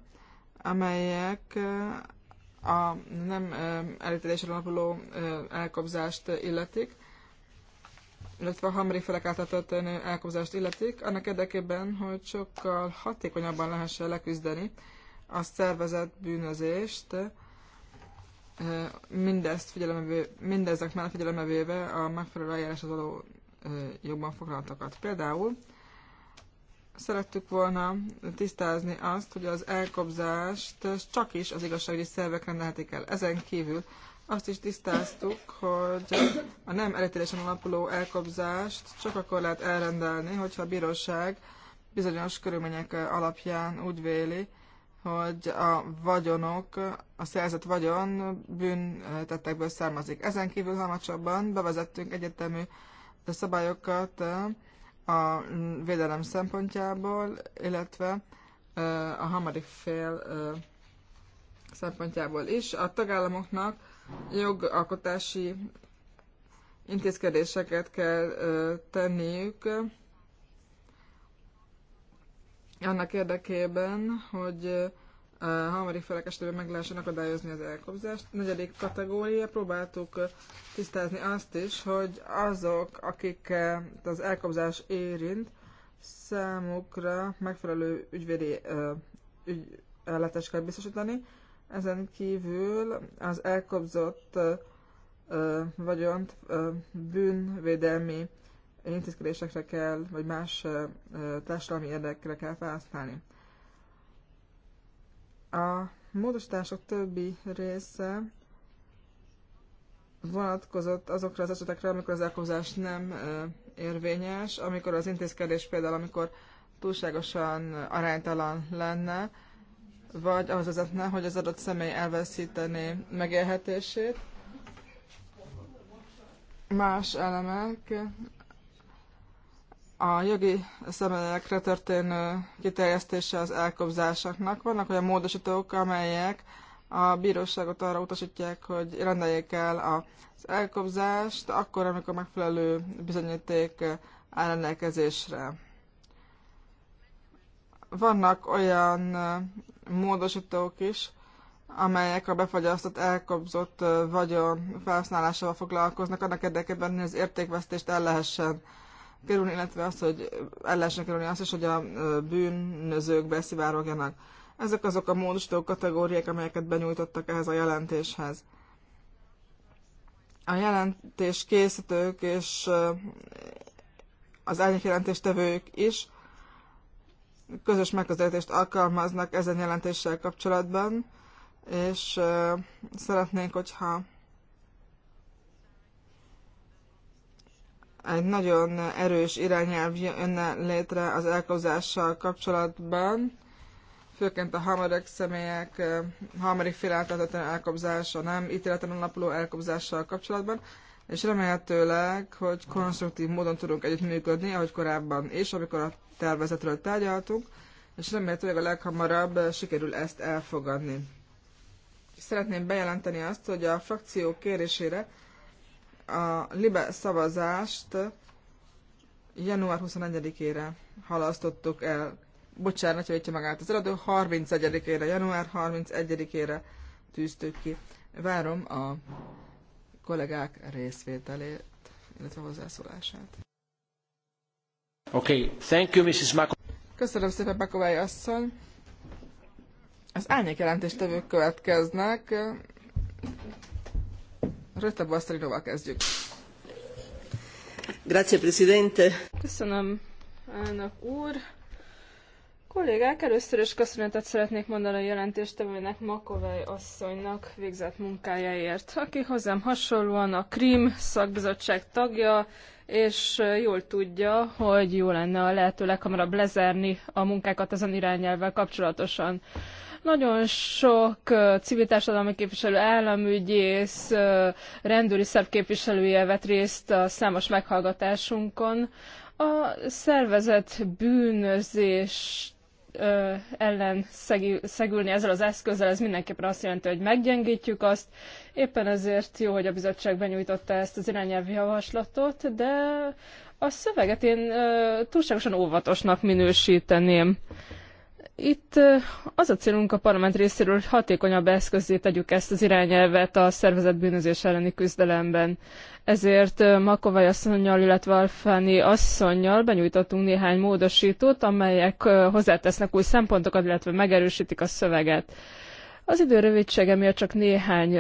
amelyek a nem elítélésre alapuló elkobzást illetik, illetve a hamri felek által történő elkobzást illetik, annak érdekében, hogy sokkal hatékonyabban lehessen leküzdeni a szervezet bűnözést, mindezt figyelemevő, mindezek mellett figyelemevéve a megfelelő eljáráshoz való jobban foglaltakat. Például szerettük volna tisztázni azt, hogy az elkobzást csak is az igazságügyi szervek rendelhetik el. Ezen kívül azt is tisztáztuk, hogy a nem elítélésen alapuló elkobzást csak akkor lehet elrendelni, hogyha a bíróság bizonyos körülmények alapján úgy véli, hogy a vagyonok, a szerzett vagyon bűntettekből származik. Ezen kívül hamacsabban bevezettünk egyetemű szabályokat eh, a védelem szempontjából, illetve eh, a hamarik fél eh, szempontjából is. A tagállamoknak jogalkotási intézkedéseket kell tenniük annak érdekében, hogy a harmadik felek esetében meg lehessen akadályozni az elkobzást. Negyedik kategória, próbáltuk tisztázni azt is, hogy azok, akik az elkobzás érint, számukra megfelelő ügyvédi ügyletes kell biztosítani. Ezen kívül az elkobzott vagyont bűnvédelmi intézkedésekre kell, vagy más társadalmi érdekre kell felhasználni. A módosítások többi része vonatkozott azokra az esetekre, amikor az elkozás nem érvényes, amikor az intézkedés például, amikor túlságosan aránytalan lenne, vagy ahhoz vezetne, hogy az adott személy elveszítené megélhetését. Más elemek a jogi személyekre történő kiterjesztése az elkobzásoknak. Vannak olyan módosítók, amelyek a bíróságot arra utasítják, hogy rendeljék el az elkobzást, akkor, amikor megfelelő bizonyíték áll rendelkezésre. Vannak olyan módosítók is, amelyek a befagyasztott, elkobzott vagyon felhasználásával foglalkoznak, annak érdekében, hogy az értékvesztést el lehessen kerülni, illetve azt, hogy el lehessen kerülni azt is, hogy a bűnözők beszivárogjanak. Ezek azok a módosító kategóriák, amelyeket benyújtottak ehhez a jelentéshez. A jelentés készítők és az elnyek jelentéstevők is közös megközelítést alkalmaznak ezen jelentéssel kapcsolatban, és szeretnénk, hogyha egy nagyon erős irányelv jönne létre az elkozással kapcsolatban, főként a harmadik személyek harmadik fél elkobzása, nem ítéleten alapuló elkobzással kapcsolatban, és remélhetőleg, hogy konstruktív módon tudunk együttműködni, ahogy korábban és amikor a tervezetről tárgyaltunk, és remélhetőleg a leghamarabb sikerül ezt elfogadni. Szeretném bejelenteni azt, hogy a frakció kérésére a libe szavazást január 21-ére halasztottuk el. Bocsánat, hogy magát az eladó, 31-ére, január 31-ére tűztük ki. Várom a kollégák részvételét, illetve hozzászólását. Oké, okay. thank you, Mrs. Mako. Köszönöm szépen, Bakovály asszony. Az árnyék jelentéstevők következnek. Rötta Basztalinová kezdjük. Grazie, Presidente. Köszönöm, elnök úr. Kollégák, először is köszönetet szeretnék mondani a jelentéstevőnek Makovej asszonynak végzett munkájáért, aki hozzám hasonlóan a Krim szakbizottság tagja, és jól tudja, hogy jó lenne a lehető leghamarabb lezerni a munkákat azon irányelvvel kapcsolatosan. Nagyon sok civil társadalmi képviselő, államügyész, rendőri szerb képviselője vett részt a számos meghallgatásunkon. A szervezet bűnözés ellen szegülni ezzel az eszközzel, ez mindenképpen azt jelenti, hogy meggyengítjük azt. Éppen ezért jó, hogy a bizottság benyújtotta ezt az irányelvi javaslatot, de a szöveget én túlságosan óvatosnak minősíteném. Itt az a célunk a parlament részéről, hogy hatékonyabb eszközé tegyük ezt az irányelvet a szervezett bűnözés elleni küzdelemben. Ezért makovai asszonynal, illetve Alfáni asszonynal benyújtottunk néhány módosítót, amelyek hozzátesznek új szempontokat, illetve megerősítik a szöveget. Az idő rövidsége miatt csak néhány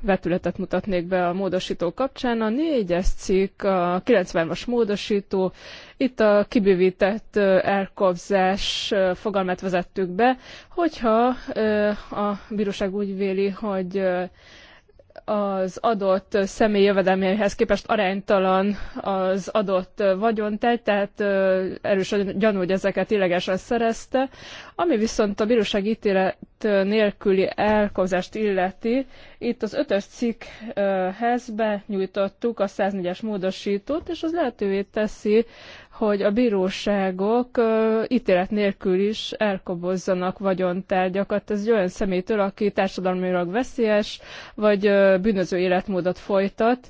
vetületet mutatnék be a módosító kapcsán. A négyes cikk, a 90-as módosító, itt a kibővített elkobzás fogalmát vezettük be, hogyha a bíróság úgy véli, hogy az adott személy jövedelméhez képest aránytalan az adott vagyontel, tehát erős a gyanú, hogy ezeket illegesen szerezte. Ami viszont a bíróság ítélet nélküli elkozást illeti, itt az ötös cikkhez benyújtottuk a 104-es módosítót, és az lehetővé teszi hogy a bíróságok ítélet nélkül is elkobozzanak vagyontárgyakat. Ez egy olyan szemétől, aki társadalmilag veszélyes, vagy bűnöző életmódot folytat.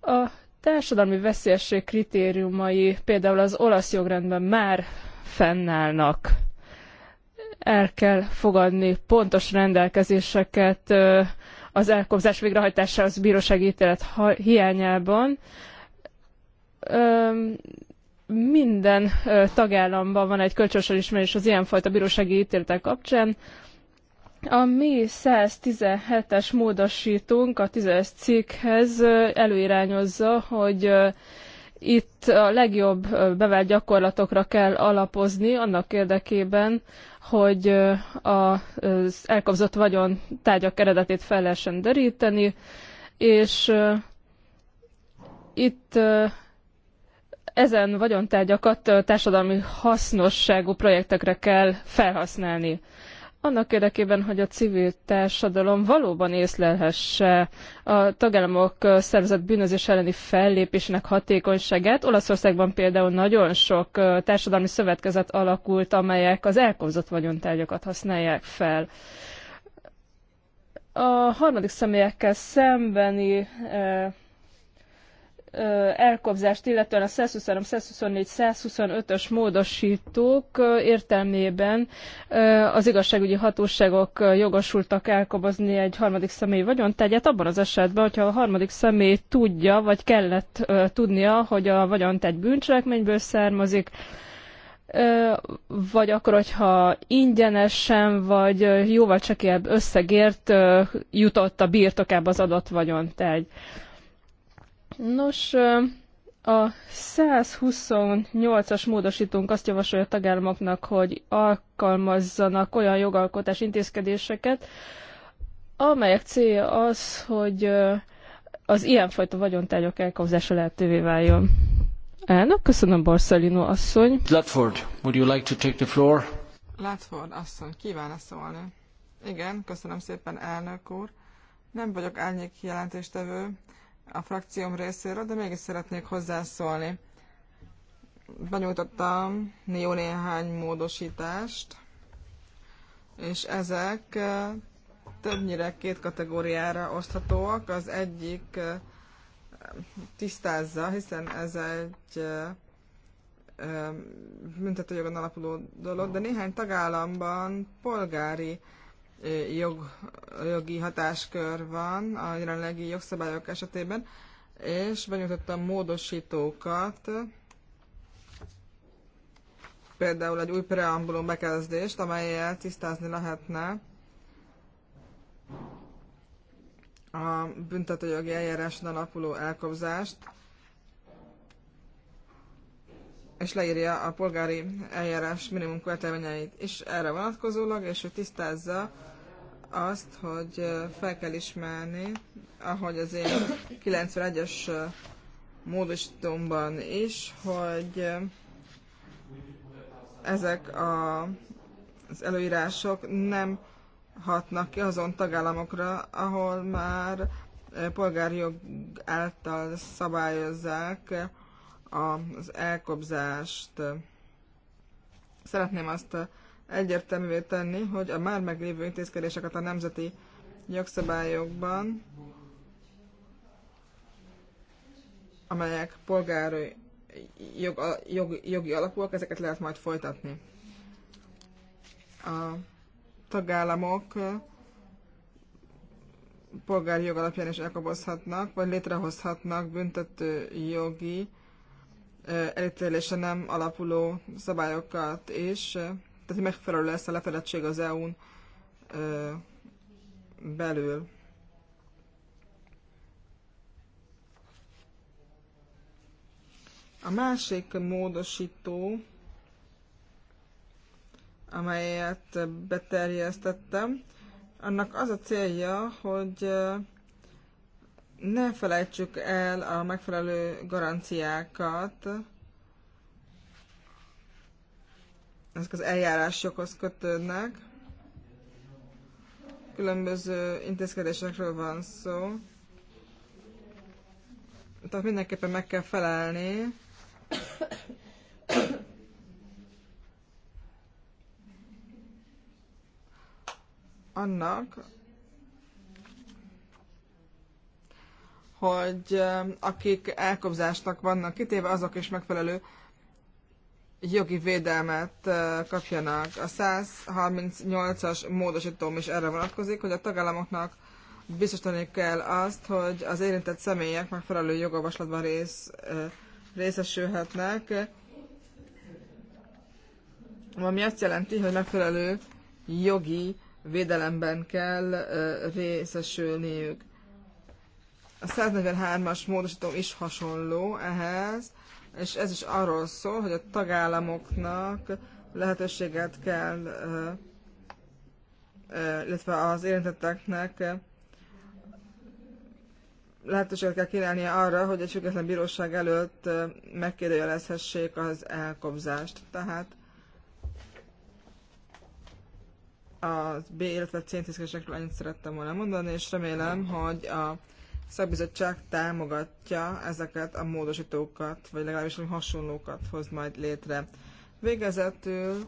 A társadalmi veszélyesség kritériumai például az olasz jogrendben már fennállnak. El kell fogadni pontos rendelkezéseket az elkobzás végrehajtásához bírósági ítélet hiányában minden tagállamban van egy kölcsönös elismerés az ilyenfajta bírósági ítéletek kapcsán. A mi 117-es módosítunk a 10-es cikkhez előirányozza, hogy itt a legjobb bevált gyakorlatokra kell alapozni annak érdekében, hogy az elkobzott vagyon tárgyak eredetét fel lehessen deríteni, és itt ezen vagyontárgyakat társadalmi hasznosságú projektekre kell felhasználni. Annak érdekében, hogy a civil társadalom valóban észlelhesse a tagállamok szervezett bűnözés elleni fellépésének hatékonyságát. Olaszországban például nagyon sok társadalmi szövetkezet alakult, amelyek az elkobzott vagyontárgyakat használják fel a harmadik személyekkel szembeni elkobzást, illetően a 123, 124, 125-ös módosítók értelmében az igazságügyi hatóságok jogosultak elkobozni egy harmadik személy tehát abban az esetben, hogyha a harmadik személy tudja, vagy kellett tudnia, hogy a egy bűncselekményből származik, vagy akkor, hogyha ingyenesen, vagy jóval csekélyebb összegért jutott a birtokába az adott vagyontárgy. Nos, a 128-as módosítónk azt javasolja a tagállamoknak, hogy alkalmazzanak olyan jogalkotás intézkedéseket, amelyek célja az, hogy az ilyenfajta vagyontárgyak elkauzása lehetővé váljon. Elnök, köszönöm Borsalino asszony. Latford, would you like to take the floor? Latford asszony, kíván szólni. Igen, köszönöm szépen elnök úr. Nem vagyok árnyék jelentéstevő, a frakcióm részéről, de mégis szeretnék hozzászólni. Benyújtottam jó néhány módosítást, és ezek eh, többnyire két kategóriára oszthatóak. Az egyik eh, tisztázza, hiszen ez egy eh, büntetőjogon alapuló dolog, de néhány tagállamban polgári jog, jogi hatáskör van a jelenlegi jogszabályok esetében, és benyújtottam módosítókat, például egy új preambulum bekezdést, amelyel tisztázni lehetne a büntetőjogi eljáráson alapuló elkobzást, és leírja a polgári eljárás minimum követelményeit is erre vonatkozólag, és ő tisztázza azt, hogy fel kell ismerni, ahogy az én 91-es módosítomban is, hogy ezek a, az előírások nem hatnak ki azon tagállamokra, ahol már polgárjog által szabályozzák az elkobzást. Szeretném azt egyértelművé tenni, hogy a már meglévő intézkedéseket a nemzeti jogszabályokban, amelyek polgári jog, jog, jogi alapúak, ezeket lehet majd folytatni. A tagállamok polgári jog alapján is elkobozhatnak, vagy létrehozhatnak büntető jogi elítélése nem alapuló szabályokat és tehát megfelelő lesz a lefedettség az EU-n belül. A másik módosító, amelyet beterjesztettem, annak az a célja, hogy ne felejtsük el a megfelelő garanciákat, ezek az eljárásokhoz kötődnek. Különböző intézkedésekről van szó. Tehát mindenképpen meg kell felelni. Annak, hogy akik elkobzásnak vannak kitéve, azok is megfelelő jogi védelmet kapjanak. A 138-as módosítóm is erre vonatkozik, hogy a tagállamoknak biztosítani kell azt, hogy az érintett személyek megfelelő jogavaslatban rész, részesülhetnek, ami azt jelenti, hogy megfelelő jogi védelemben kell részesülniük. A 143-as módosító is hasonló ehhez, és ez is arról szól, hogy a tagállamoknak lehetőséget kell, illetve az érintetteknek lehetőséget kell kínálnia arra, hogy egy független bíróság előtt megkérdőjelezhessék az elkobzást. Tehát a B, illetve C intézkedésekről ennyit szerettem volna mondani, és remélem, hogy a szakbizottság támogatja ezeket a módosítókat, vagy legalábbis hasonlókat hoz majd létre. Végezetül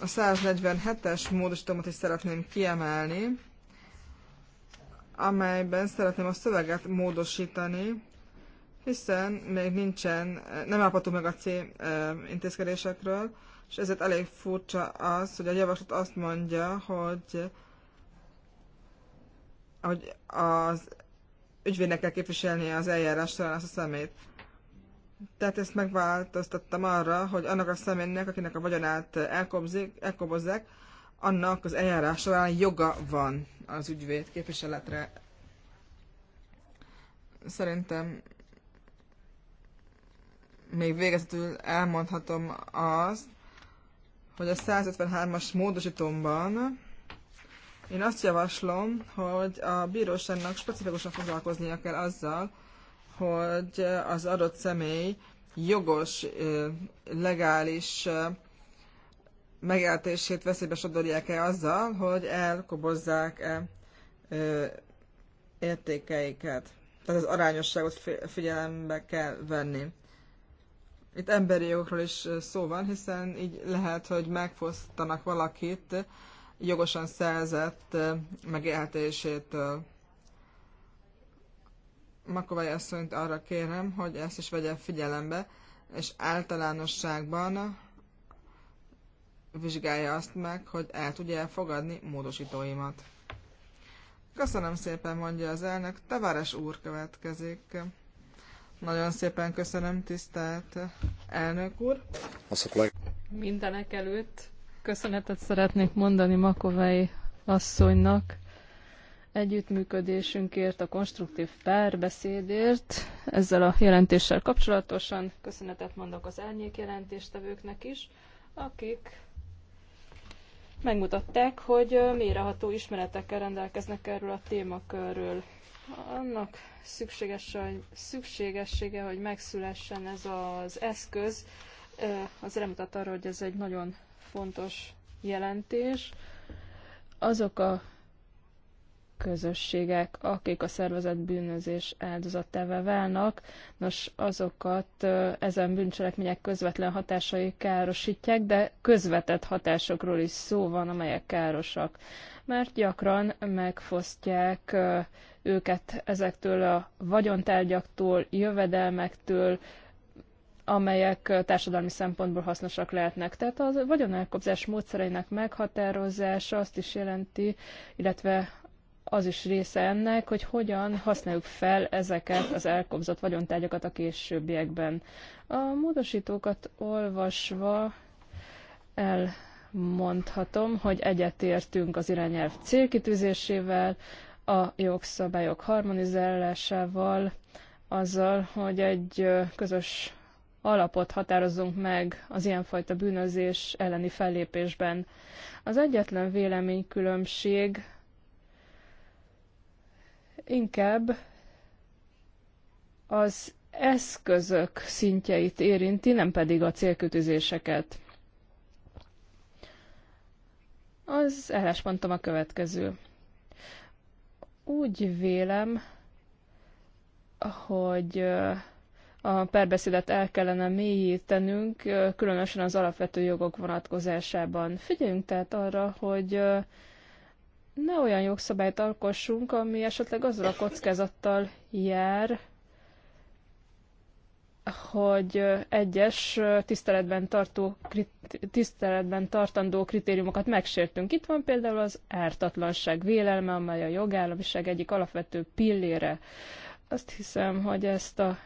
a 147-es módosítómat is szeretném kiemelni, amelyben szeretném a szöveget módosítani, hiszen még nincsen, nem állapodtunk meg a C intézkedésekről, és ezért elég furcsa az, hogy a javaslat azt mondja, hogy, hogy az ügyvédnek kell képviselnie az eljárás során azt a szemét. Tehát ezt megváltoztattam arra, hogy annak a személynek, akinek a vagyonát elkobzik, elkobozzák, annak az eljárás során joga van az ügyvéd képviseletre. Szerintem még végezetül elmondhatom azt, hogy a 153-as módosítomban én azt javaslom, hogy a bíróságnak specifikusan foglalkoznia kell azzal, hogy az adott személy jogos, legális megéltését veszélybe sodorják-e azzal, hogy elkobozzák-e értékeiket. Tehát az arányosságot figyelembe kell venni. Itt emberi jogokról is szó van, hiszen így lehet, hogy megfosztanak valakit jogosan szerzett megélhetését Makovai asszonyt arra kérem, hogy ezt is vegye figyelembe, és általánosságban vizsgálja azt meg, hogy el tudja elfogadni módosítóimat. Köszönöm szépen, mondja az elnök. Tavares úr következik. Nagyon szépen köszönöm, tisztelt elnök úr. Mindenek előtt Köszönetet szeretnék mondani Makovei asszonynak együttműködésünkért, a konstruktív párbeszédért ezzel a jelentéssel kapcsolatosan. Köszönetet mondok az árnyék jelentéstevőknek is, akik megmutatták, hogy méreható ismeretekkel rendelkeznek erről a témakörről. Annak szükséges, szükségessége, hogy megszülessen ez az eszköz, az remutat arra, hogy ez egy nagyon fontos jelentés. Azok a közösségek, akik a szervezet bűnözés áldozatává válnak, nos azokat ezen bűncselekmények közvetlen hatásai károsítják, de közvetett hatásokról is szó van, amelyek károsak, mert gyakran megfosztják őket ezektől a vagyontárgyaktól, jövedelmektől, amelyek társadalmi szempontból hasznosak lehetnek. Tehát a vagyonelkobzás módszereinek meghatározása azt is jelenti, illetve az is része ennek, hogy hogyan használjuk fel ezeket az elkobzott vagyontárgyakat a későbbiekben. A módosítókat olvasva elmondhatom, hogy egyetértünk az irányelv célkitűzésével, a jogszabályok harmonizálásával, azzal, hogy egy közös alapot határozzunk meg az ilyenfajta bűnözés elleni fellépésben. Az egyetlen véleménykülönbség inkább az eszközök szintjeit érinti, nem pedig a célkötözéseket. Az álláspontom a következő. Úgy vélem, hogy a párbeszédet el kellene mélyítenünk, különösen az alapvető jogok vonatkozásában. Figyeljünk tehát arra, hogy ne olyan jogszabályt alkossunk, ami esetleg azzal a kockázattal jár, hogy egyes tiszteletben, tartó, tiszteletben tartandó kritériumokat megsértünk. Itt van például az ártatlanság vélelme, amely a jogállamiság egyik alapvető pillére. Azt hiszem, hogy ezt a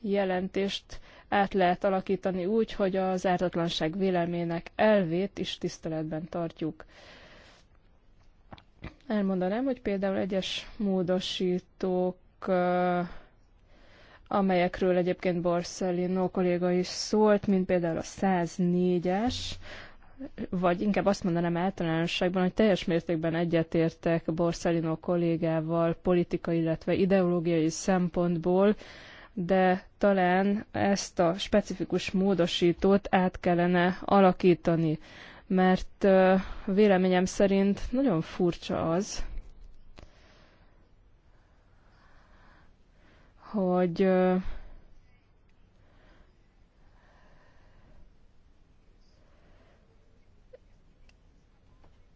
jelentést át lehet alakítani úgy, hogy az ártatlanság vélemének elvét is tiszteletben tartjuk. Elmondanám, hogy például egyes módosítók, amelyekről egyébként Borsellino kolléga is szólt, mint például a 104-es, vagy inkább azt mondanám általánosságban, hogy teljes mértékben egyetértek Borsellino kollégával politikai, illetve ideológiai szempontból, de talán ezt a specifikus módosítót át kellene alakítani, mert véleményem szerint nagyon furcsa az, hogy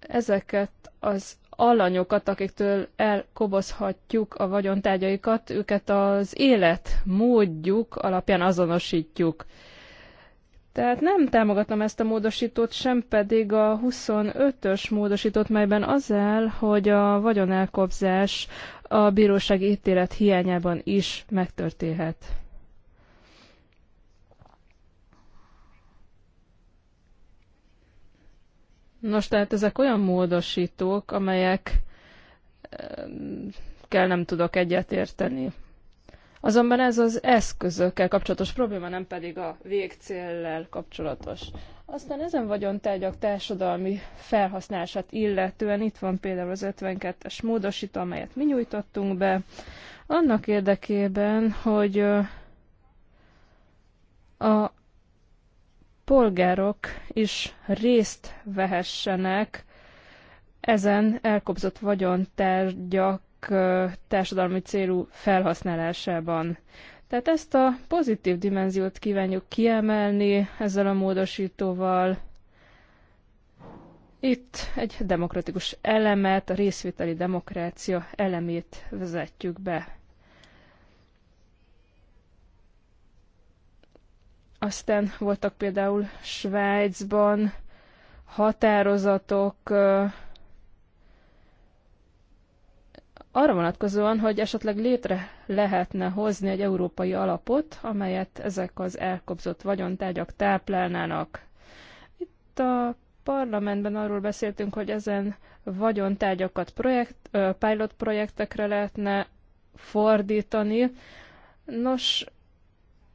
ezeket az alanyokat, akiktől elkobozhatjuk a vagyontárgyaikat, őket az életmódjuk alapján azonosítjuk. Tehát nem támogatom ezt a módosítót, sem pedig a 25-ös módosítót, melyben az el, hogy a vagyonelkobzás a bírósági ítélet hiányában is megtörténhet. Nos, tehát ezek olyan módosítók, amelyek kell nem tudok egyetérteni. Azonban ez az eszközökkel kapcsolatos probléma, nem pedig a végcéllel kapcsolatos. Aztán ezen tárgyak társadalmi felhasználását illetően itt van például az 52-es módosító, amelyet mi nyújtottunk be, annak érdekében, hogy a polgárok is részt vehessenek ezen elkobzott vagyontárgyak társadalmi célú felhasználásában. Tehát ezt a pozitív dimenziót kívánjuk kiemelni ezzel a módosítóval. Itt egy demokratikus elemet, a részvételi demokrácia elemét vezetjük be. Aztán voltak például Svájcban határozatok arra vonatkozóan, hogy esetleg létre lehetne hozni egy európai alapot, amelyet ezek az elkobzott vagyontárgyak táplálnának. Itt a parlamentben arról beszéltünk, hogy ezen vagyontárgyakat projekt, pilot projektekre lehetne fordítani. Nos,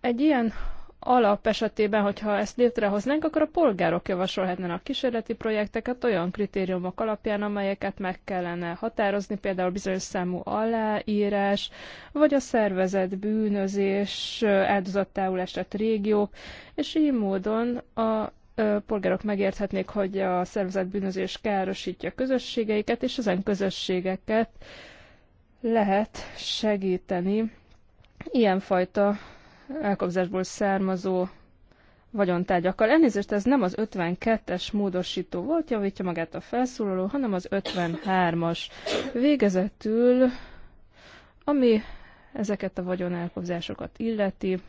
egy ilyen alap esetében, hogyha ezt létrehoznánk, akkor a polgárok javasolhatnának kísérleti projekteket olyan kritériumok alapján, amelyeket meg kellene határozni, például bizonyos számú aláírás, vagy a szervezet bűnözés, áldozattául esett régiók, és így módon a polgárok megérthetnék, hogy a szervezet bűnözés károsítja közösségeiket, és ezen közösségeket lehet segíteni ilyenfajta elkobzásból származó vagyontárgyakkal. Elnézést, ez nem az 52-es módosító volt, javítja magát a felszólaló, hanem az 53-as. Végezetül, ami ezeket a vagyonelkobzásokat illeti,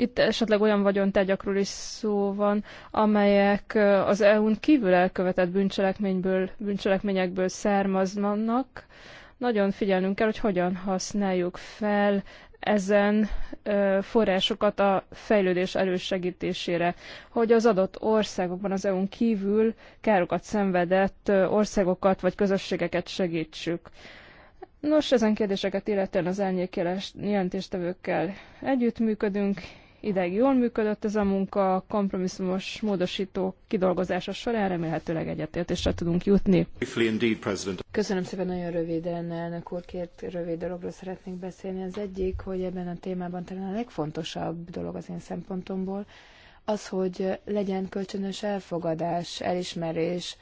itt esetleg olyan vagyontárgyakról is szó van, amelyek az EU-n kívül elkövetett bűncselekményből, bűncselekményekből származnak, nagyon figyelnünk kell, hogy hogyan használjuk fel ezen forrásokat a fejlődés elősegítésére, hogy az adott országokban, az EU-n kívül károkat szenvedett országokat vagy közösségeket segítsük. Nos, ezen kérdéseket illetően az elnyék jelentéstevőkkel együttműködünk, ideig jól működött ez a munka, kompromisszumos módosítók kidolgozása során remélhetőleg egyetértésre tudunk jutni. Köszönöm szépen, nagyon röviden, elnök úr, két rövid dologról szeretnék beszélni. Az egyik, hogy ebben a témában talán a legfontosabb dolog az én szempontomból, az, hogy legyen kölcsönös elfogadás, elismerés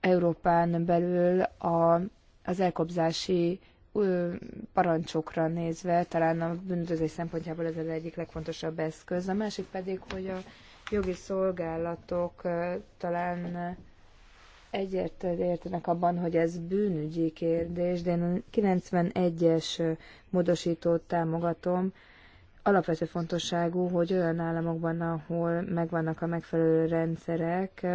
Európán belül a, az elkobzási parancsokra nézve talán a bűnözés szempontjából ez az egyik legfontosabb eszköz. A másik pedig, hogy a jogi szolgálatok talán egyért értenek abban, hogy ez bűnügyi kérdés, de én a 91-es módosítót támogatom. Alapvető fontosságú, hogy olyan államokban, ahol megvannak a megfelelő rendszerek,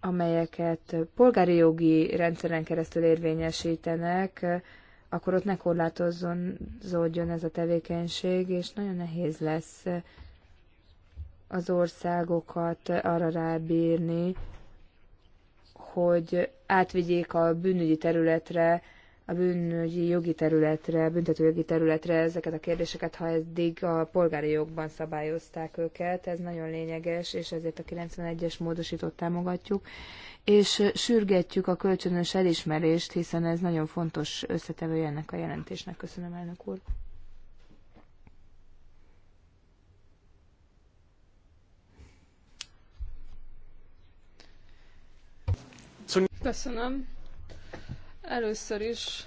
amelyeket polgári jogi rendszeren keresztül érvényesítenek, akkor ott ne korlátozzon, ez a tevékenység, és nagyon nehéz lesz eh, az országokat arra rábírni, hogy átvigyék a bűnügyi területre a bűnügyi jogi területre, büntetőjogi területre ezeket a kérdéseket, ha eddig a polgári jogban szabályozták őket, ez nagyon lényeges, és ezért a 91-es módosítót támogatjuk, és sürgetjük a kölcsönös elismerést, hiszen ez nagyon fontos összetevője ennek a jelentésnek. Köszönöm, elnök úr. Köszönöm. Először is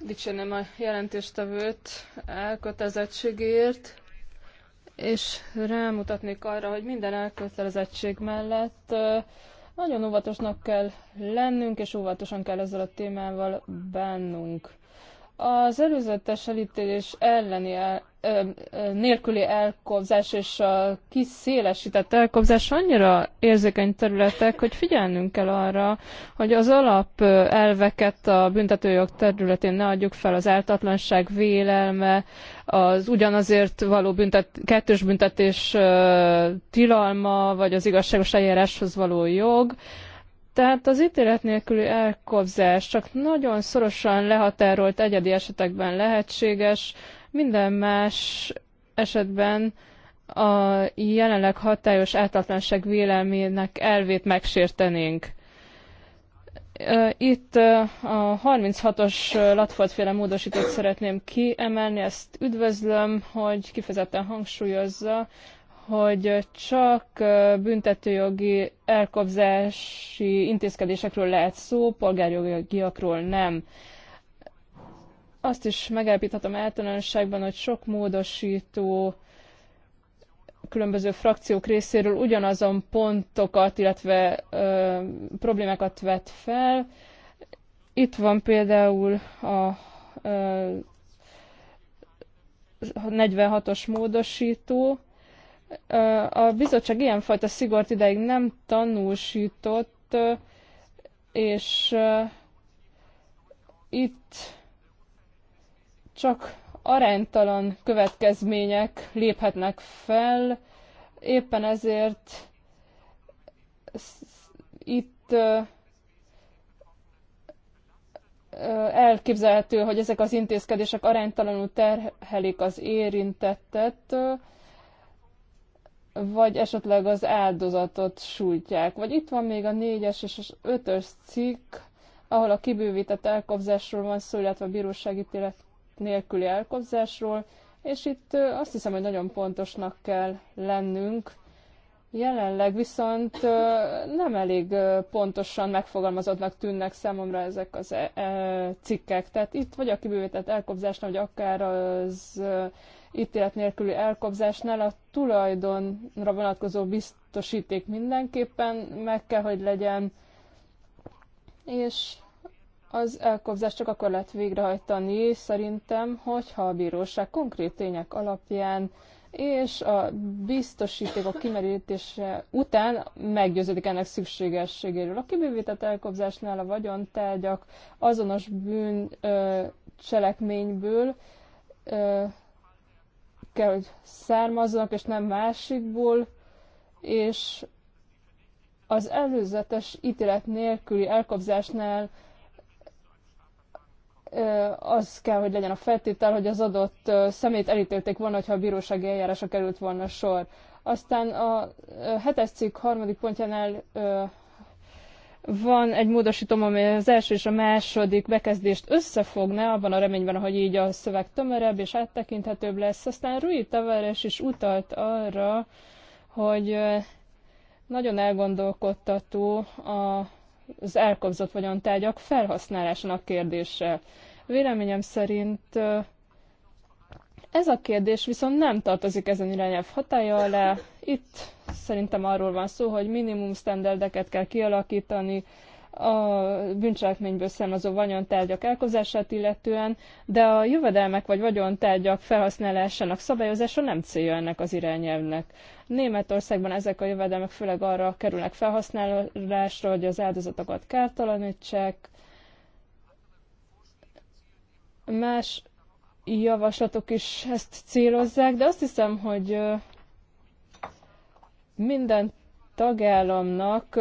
dicsenem a jelentéstevőt elkötelezettségért, és rámutatnék arra, hogy minden elkötelezettség mellett nagyon óvatosnak kell lennünk, és óvatosan kell ezzel a témával bánnunk. Az előzetes elítélés elleni el, ö, ö, nélküli elkobzás és a kiszélesített elkobzás annyira érzékeny területek, hogy figyelnünk kell arra, hogy az alap elveket a büntetőjog területén ne adjuk fel, az ártatlanság vélelme, az ugyanazért való büntet, kettős büntetés ö, tilalma, vagy az igazságos eljáráshoz való jog, ö, tehát az ítélet nélküli elkobzás csak nagyon szorosan lehatárolt egyedi esetekben lehetséges, minden más esetben a jelenleg hatályos általánosság vélelmének elvét megsértenénk. Itt a 36-os Latfordféle módosítót szeretném kiemelni, ezt üdvözlöm, hogy kifejezetten hangsúlyozza, hogy csak büntetőjogi elkobzási intézkedésekről lehet szó, polgárjogiakról nem. Azt is megállapíthatom általánosságban, hogy sok módosító különböző frakciók részéről ugyanazon pontokat, illetve ö, problémákat vet fel. Itt van például a ö, 46-os módosító, a bizottság ilyenfajta szigort ideig nem tanúsított, és itt csak aránytalan következmények léphetnek fel, éppen ezért itt elképzelhető, hogy ezek az intézkedések aránytalanul terhelik az érintettet, vagy esetleg az áldozatot sújtják. Vagy itt van még a négyes és az ötös cikk, ahol a kibővített elkobzásról van szó, illetve a bíróságítélet nélküli elkobzásról, és itt azt hiszem, hogy nagyon pontosnak kell lennünk. Jelenleg viszont nem elég pontosan megfogalmazottnak tűnnek számomra ezek az e, e, cikkek. Tehát itt vagy a kibővített elkobzásnál, vagy akár az ítélet nélküli elkobzásnál a tulajdonra vonatkozó biztosíték mindenképpen meg kell, hogy legyen, és az elkobzás csak akkor lehet végrehajtani, szerintem, hogyha a bíróság konkrét tények alapján és a biztosítékok kimerítése után meggyőződik ennek szükségességéről. A kibővített elkobzásnál a vagyontárgyak azonos bűncselekményből kell, hogy származzanak, és nem másikból, és az előzetes ítélet nélküli elkobzásnál az kell, hogy legyen a feltétel, hogy az adott szemét elítélték volna, hogyha a bírósági eljárásra került volna sor. Aztán a hetes cikk harmadik pontjánál van egy módosítom, amely az első és a második bekezdést összefogna, abban a reményben, hogy így a szöveg tömörebb és áttekinthetőbb lesz. Aztán Rui Tavares is utalt arra, hogy nagyon elgondolkodtató az elkobzott vagyontárgyak felhasználásának kérdése. Véleményem szerint ez a kérdés viszont nem tartozik ezen irányelv hatája alá. Itt szerintem arról van szó, hogy minimum standardeket kell kialakítani a bűncselekményből származó vagyontárgyak elkozását illetően, de a jövedelmek vagy vagyontárgyak felhasználásának szabályozása nem célja ennek az irányelvnek. Németországban ezek a jövedelmek főleg arra kerülnek felhasználásra, hogy az áldozatokat kártalanítsák, más javaslatok is ezt célozzák, de azt hiszem, hogy minden tagállamnak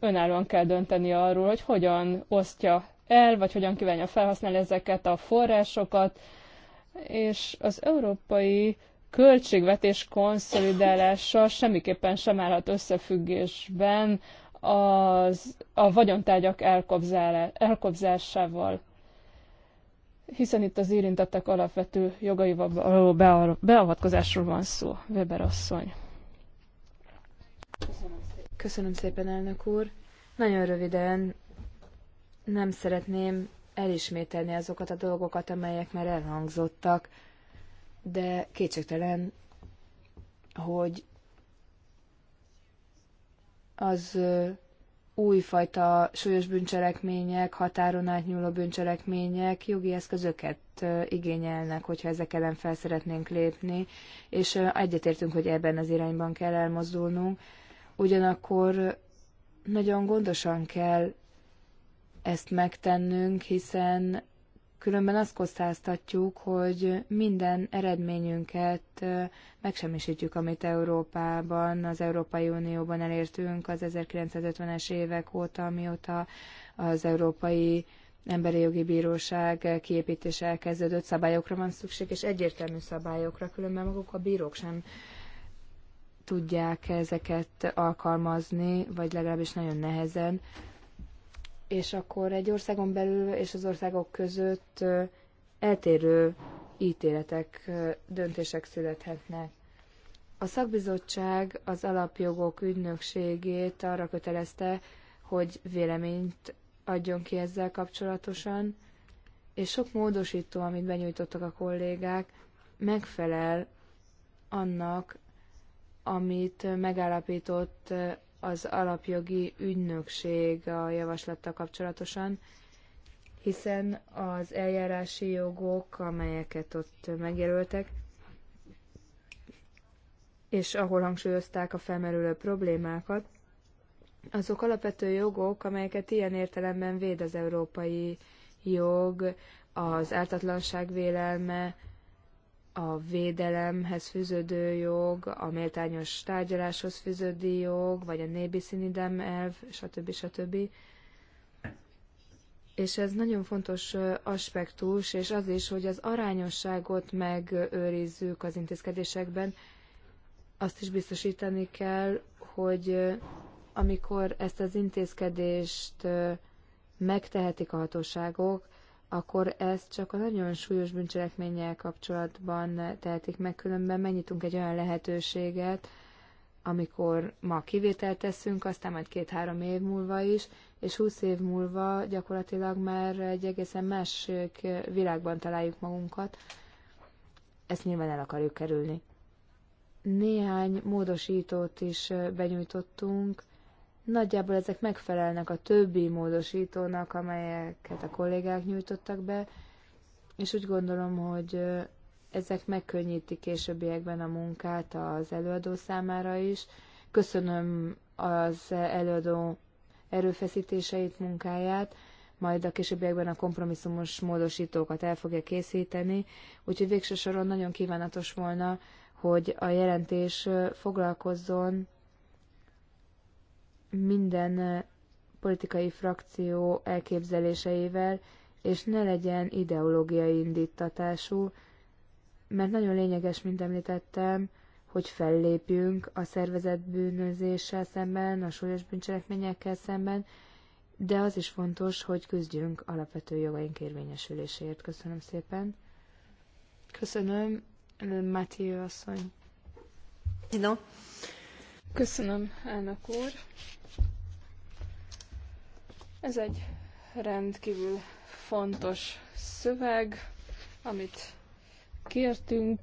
önállóan kell dönteni arról, hogy hogyan osztja el, vagy hogyan kívánja felhasználni ezeket a forrásokat, és az európai költségvetés konszolidálása semmiképpen sem állhat összefüggésben az, a vagyontárgyak elkobzásával hiszen itt az érintettek alapvető jogaival való beavatkozásról van szó, Weber asszony. Köszönöm szépen. elnök úr. Nagyon röviden nem szeretném elismételni azokat a dolgokat, amelyek már elhangzottak, de kétségtelen, hogy az újfajta súlyos bűncselekmények, határon átnyúló bűncselekmények jogi eszközöket igényelnek, hogyha ezek ellen fel szeretnénk lépni, és egyetértünk, hogy ebben az irányban kell elmozdulnunk. Ugyanakkor nagyon gondosan kell ezt megtennünk, hiszen Különben azt kockáztatjuk, hogy minden eredményünket megsemmisítjük, amit Európában, az Európai Unióban elértünk az 1950-es évek óta, mióta az Európai Emberi Jogi Bíróság kiépítése elkezdődött. Szabályokra van szükség, és egyértelmű szabályokra, különben maguk a bírók sem tudják ezeket alkalmazni, vagy legalábbis nagyon nehezen és akkor egy országon belül és az országok között eltérő ítéletek, döntések születhetnek. A szakbizottság az alapjogok ügynökségét arra kötelezte, hogy véleményt adjon ki ezzel kapcsolatosan, és sok módosító, amit benyújtottak a kollégák, megfelel annak, amit megállapított az alapjogi ügynökség a javaslattal kapcsolatosan, hiszen az eljárási jogok, amelyeket ott megjelöltek, és ahol hangsúlyozták a felmerülő problémákat, azok alapvető jogok, amelyeket ilyen értelemben véd az európai jog, az ártatlanság vélelme, a védelemhez fűződő jog, a méltányos tárgyaláshoz fűződő jog, vagy a nébi színidem elv, stb. stb. És ez nagyon fontos aspektus, és az is, hogy az arányosságot megőrizzük az intézkedésekben, azt is biztosítani kell, hogy amikor ezt az intézkedést megtehetik a hatóságok, akkor ezt csak a nagyon súlyos bűncselekménnyel kapcsolatban tehetik meg, különben megnyitunk egy olyan lehetőséget, amikor ma kivételt teszünk, aztán majd két-három év múlva is, és húsz év múlva gyakorlatilag már egy egészen más világban találjuk magunkat. Ezt nyilván el akarjuk kerülni. Néhány módosítót is benyújtottunk, Nagyjából ezek megfelelnek a többi módosítónak, amelyeket a kollégák nyújtottak be, és úgy gondolom, hogy ezek megkönnyítik későbbiekben a munkát az előadó számára is. Köszönöm az előadó erőfeszítéseit, munkáját, majd a későbbiekben a kompromisszumos módosítókat el fogja készíteni, úgyhogy végső soron nagyon kívánatos volna, hogy a jelentés foglalkozzon minden eh, politikai frakció elképzeléseivel, és ne legyen ideológiai indítatású, mert nagyon lényeges, mint említettem, hogy fellépjünk a szervezet bűnözéssel szemben, a súlyos bűncselekményekkel szemben, de az is fontos, hogy küzdjünk alapvető jogaink érvényesüléséért. Köszönöm szépen. Köszönöm, Mathieu asszony. Non. Köszönöm, elnök úr. Ez egy rendkívül fontos szöveg, amit kértünk,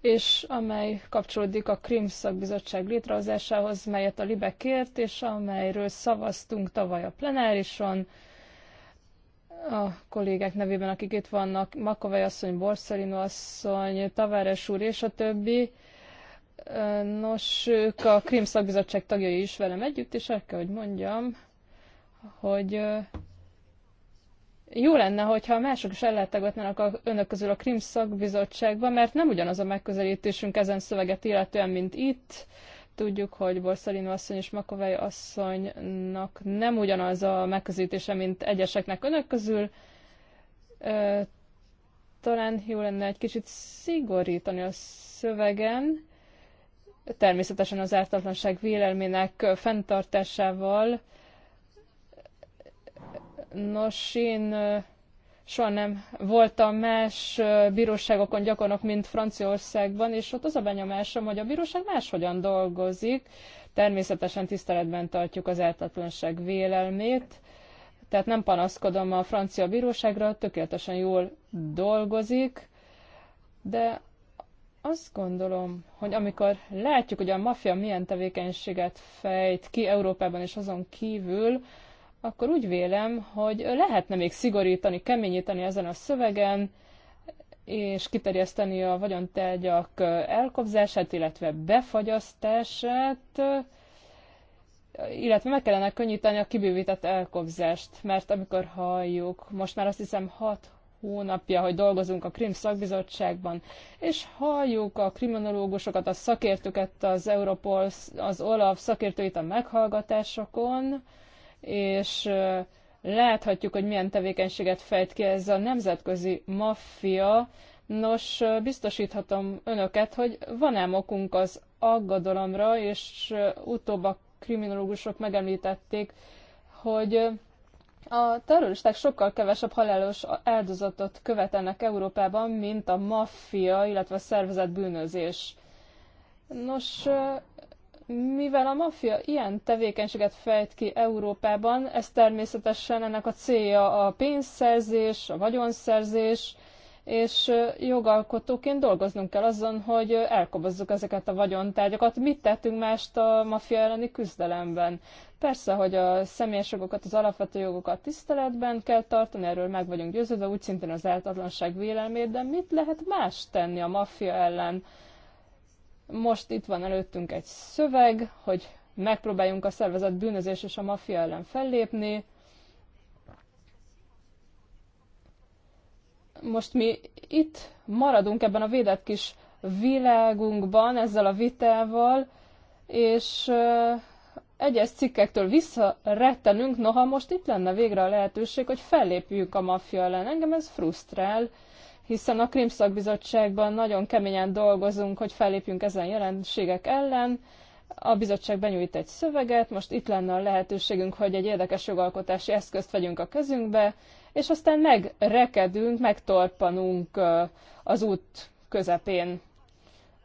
és amely kapcsolódik a Krim szakbizottság létrehozásához, melyet a Libe kért, és amelyről szavaztunk tavaly a plenárison. A kollégák nevében, akik itt vannak, Makovej asszony, Borszalino asszony, Tavares úr és a többi, Nos, ők a Krim szakbizottság tagjai is velem együtt, és el kell, hogy mondjam, hogy jó lenne, hogyha mások is ellátogatnának a, önök közül a Krim szakbizottságba, mert nem ugyanaz a megközelítésünk ezen szöveget illetően, mint itt. Tudjuk, hogy Borszalino asszony és Makovai asszonynak nem ugyanaz a megközelítése, mint egyeseknek önök közül. talán jó lenne egy kicsit szigorítani a szövegen, természetesen az ártatlanság vélelmének fenntartásával. Nos, én soha nem voltam más bíróságokon gyakornok, mint Franciaországban, és ott az a benyomásom, hogy a bíróság máshogyan dolgozik. Természetesen tiszteletben tartjuk az ártatlanság vélelmét, tehát nem panaszkodom a francia bíróságra, tökéletesen jól dolgozik, de azt gondolom, hogy amikor látjuk, hogy a maffia milyen tevékenységet fejt ki Európában és azon kívül, akkor úgy vélem, hogy lehetne még szigorítani, keményíteni ezen a szövegen, és kiterjeszteni a vagyontárgyak elkobzását, illetve befagyasztását, illetve meg kellene könnyíteni a kibővített elkobzást, mert amikor halljuk, most már azt hiszem 6 hónapja, hogy dolgozunk a Krim szakbizottságban, és halljuk a kriminológusokat, a szakértőket, az Europol, az OLAF szakértőit a meghallgatásokon, és láthatjuk, hogy milyen tevékenységet fejt ki ez a nemzetközi maffia. Nos, biztosíthatom önöket, hogy van ám okunk az aggodalomra, és utóbb a kriminológusok megemlítették, hogy a terroristák sokkal kevesebb halálos áldozatot követelnek Európában, mint a maffia, illetve a szervezett bűnözés. Nos, mivel a maffia ilyen tevékenységet fejt ki Európában, ez természetesen ennek a célja a pénzszerzés, a vagyonszerzés, és jogalkotóként dolgoznunk kell azon, hogy elkobozzuk ezeket a vagyontárgyakat. Mit tettünk mást a maffia elleni küzdelemben? Persze, hogy a személyes jogokat, az alapvető jogokat tiszteletben kell tartani, erről meg vagyunk győződve, úgy szintén az ártatlanság vélelmét, de mit lehet más tenni a maffia ellen? Most itt van előttünk egy szöveg, hogy megpróbáljunk a szervezet bűnözés és a maffia ellen fellépni, most mi itt maradunk ebben a védett kis világunkban ezzel a vitával, és egyes cikkektől visszarettenünk, noha most itt lenne végre a lehetőség, hogy fellépjünk a maffia ellen. Engem ez frusztrál, hiszen a Krimszakbizottságban nagyon keményen dolgozunk, hogy fellépjünk ezen jelenségek ellen. A bizottság benyújt egy szöveget, most itt lenne a lehetőségünk, hogy egy érdekes jogalkotási eszközt vegyünk a kezünkbe, és aztán megrekedünk, megtorpanunk az út közepén.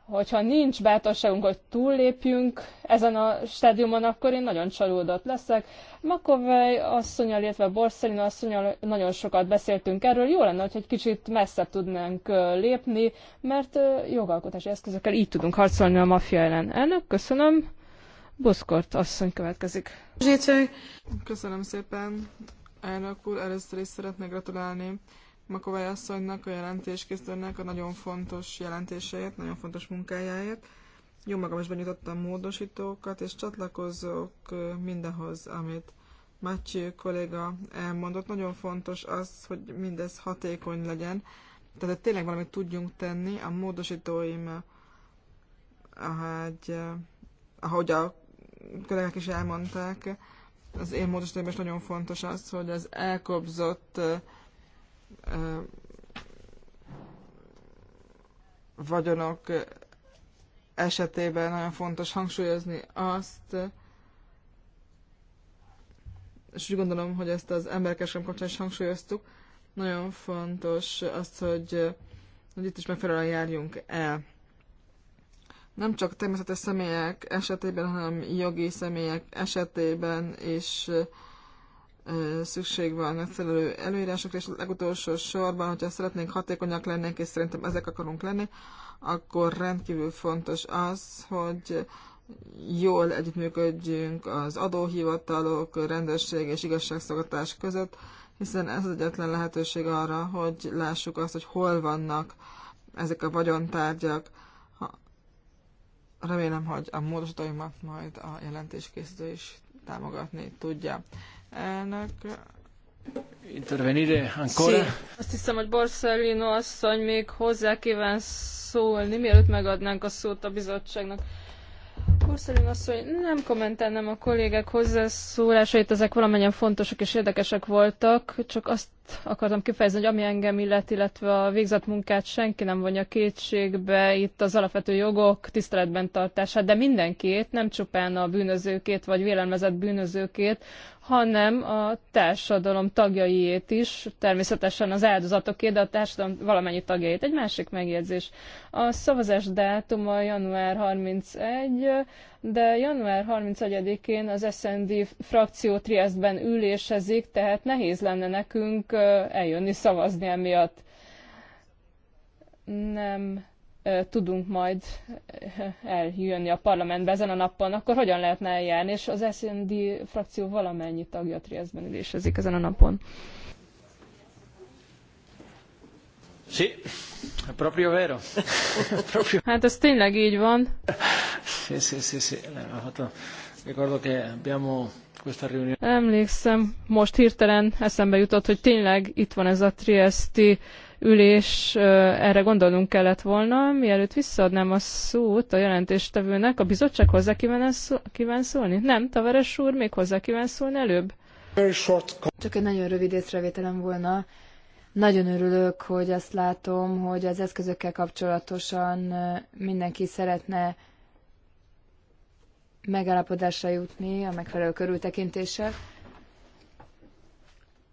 Hogyha nincs bátorságunk, hogy túllépjünk ezen a stádiumon, akkor én nagyon csalódott leszek. Makovej asszonyal, illetve Borszelina asszonyal nagyon sokat beszéltünk erről. Jó lenne, hogy egy kicsit messzebb tudnánk lépni, mert jogalkotási eszközökkel így tudunk harcolni a maffia ellen. Elnök, köszönöm. Buszkort asszony következik. Köszönöm szépen, Elnök úr, először is szeretnék gratulálni Makovály asszonynak, a jelentéskészítőnek a nagyon fontos jelentéséért, nagyon fontos munkájáért. Jó magam is benyújtottam módosítókat, és csatlakozok mindahhoz, amit Matyi kolléga elmondott. Nagyon fontos az, hogy mindez hatékony legyen, tehát hogy tényleg valamit tudjunk tenni. A módosítóim, ahogy, ahogy a kollégák is elmondták, az én módosítom is nagyon fontos az, hogy az elkobzott vagyonok esetében nagyon fontos hangsúlyozni azt, és úgy gondolom, hogy ezt az emberkereskedelem kapcsán is hangsúlyoztuk, nagyon fontos azt, hogy, hogy itt is megfelelően járjunk el nem csak természetes személyek esetében, hanem jogi személyek esetében is szükség van megfelelő előírásokra, és legutolsó sorban, hogyha szeretnénk hatékonyak lenni és szerintem ezek akarunk lenni, akkor rendkívül fontos az, hogy jól együttműködjünk az adóhivatalok, rendőrség és igazságszolgatás között, hiszen ez az egyetlen lehetőség arra, hogy lássuk azt, hogy hol vannak ezek a vagyontárgyak, remélem, hogy a módosítóimat majd a jelentéskészítő is támogatni tudja. Elnök... Intervenire ancora? Sí. Azt hiszem, hogy Borsellino asszony még hozzá kíván szólni, mielőtt megadnánk a szót a bizottságnak. Borsellino asszony, nem kommentálnám a kollégek hozzászólásait, ezek valamennyien fontosak és érdekesek voltak, csak azt akartam kifejezni, hogy ami engem illet, illetve a végzett munkát senki nem vonja kétségbe, itt az alapvető jogok tiszteletben tartását, de mindenkét, nem csupán a bűnözőkét, vagy vélelmezett bűnözőkét, hanem a társadalom tagjaiét is, természetesen az áldozatokét, de a társadalom valamennyi tagjait. Egy másik megjegyzés. A szavazás dátuma január 31, de január 31-én az SND frakció Triestben ülésezik, tehát nehéz lenne nekünk eljönni szavazni emiatt. Nem tudunk majd eljönni a parlamentbe ezen a napon, akkor hogyan lehetne eljárni, és az SND frakció valamennyi tagja Triestben ülésezik ezen a napon. Sí, proprio vero. Hát ez tényleg így van. Sí, sí, sí, sí. Ricordo che abbiamo questa Emlékszem, most hirtelen eszembe jutott, hogy tényleg itt van ez a Triesti ülés, erre gondolnunk kellett volna. Mielőtt visszaadnám a szót a jelentéstevőnek, a bizottság hozzá szó, kíván szólni? Nem, Tavares úr, még hozzá kíván szólni előbb? Csak egy nagyon rövid észrevételem volna. Nagyon örülök, hogy azt látom, hogy az eszközökkel kapcsolatosan mindenki szeretne megállapodásra jutni a megfelelő körültekintéssel.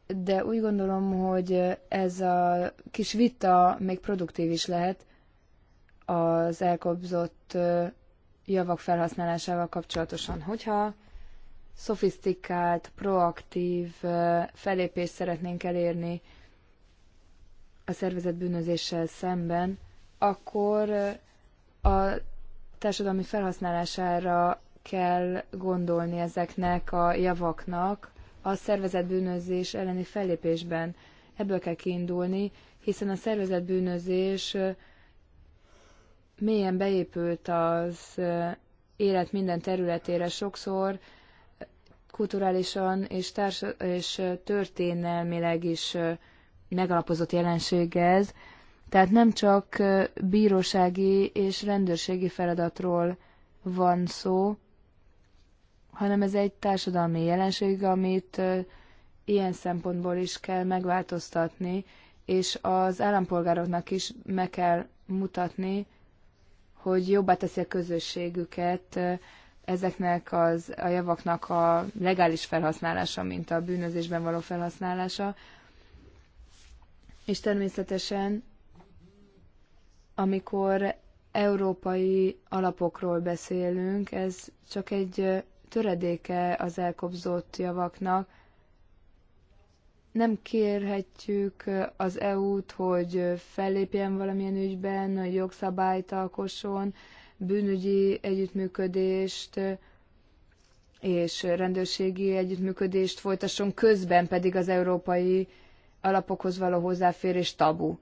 De úgy gondolom, hogy ez a kis vita még produktív is lehet az elkobzott javak felhasználásával kapcsolatosan. Hogyha szofisztikált, proaktív felépést szeretnénk elérni a szervezet bűnözéssel szemben, akkor a társadalmi felhasználására kell gondolni ezeknek a javaknak a szervezet bűnözés elleni fellépésben. Ebből kell kiindulni, hiszen a szervezet bűnözés mélyen beépült az élet minden területére sokszor, kulturálisan és, társa- és történelmileg is megalapozott jelenség ez, tehát nem csak bírósági és rendőrségi feladatról van szó, hanem ez egy társadalmi jelenség, amit ilyen szempontból is kell megváltoztatni, és az állampolgároknak is meg kell mutatni, hogy jobbá teszi a közösségüket ezeknek az, a javaknak a legális felhasználása, mint a bűnözésben való felhasználása, és természetesen, amikor európai alapokról beszélünk, ez csak egy töredéke az elkobzott javaknak. Nem kérhetjük az EU-t, hogy fellépjen valamilyen ügyben, hogy jogszabályt alkosson, bűnügyi együttműködést és rendőrségi együttműködést folytasson, közben pedig az európai alapokhoz való hozzáférés tabu.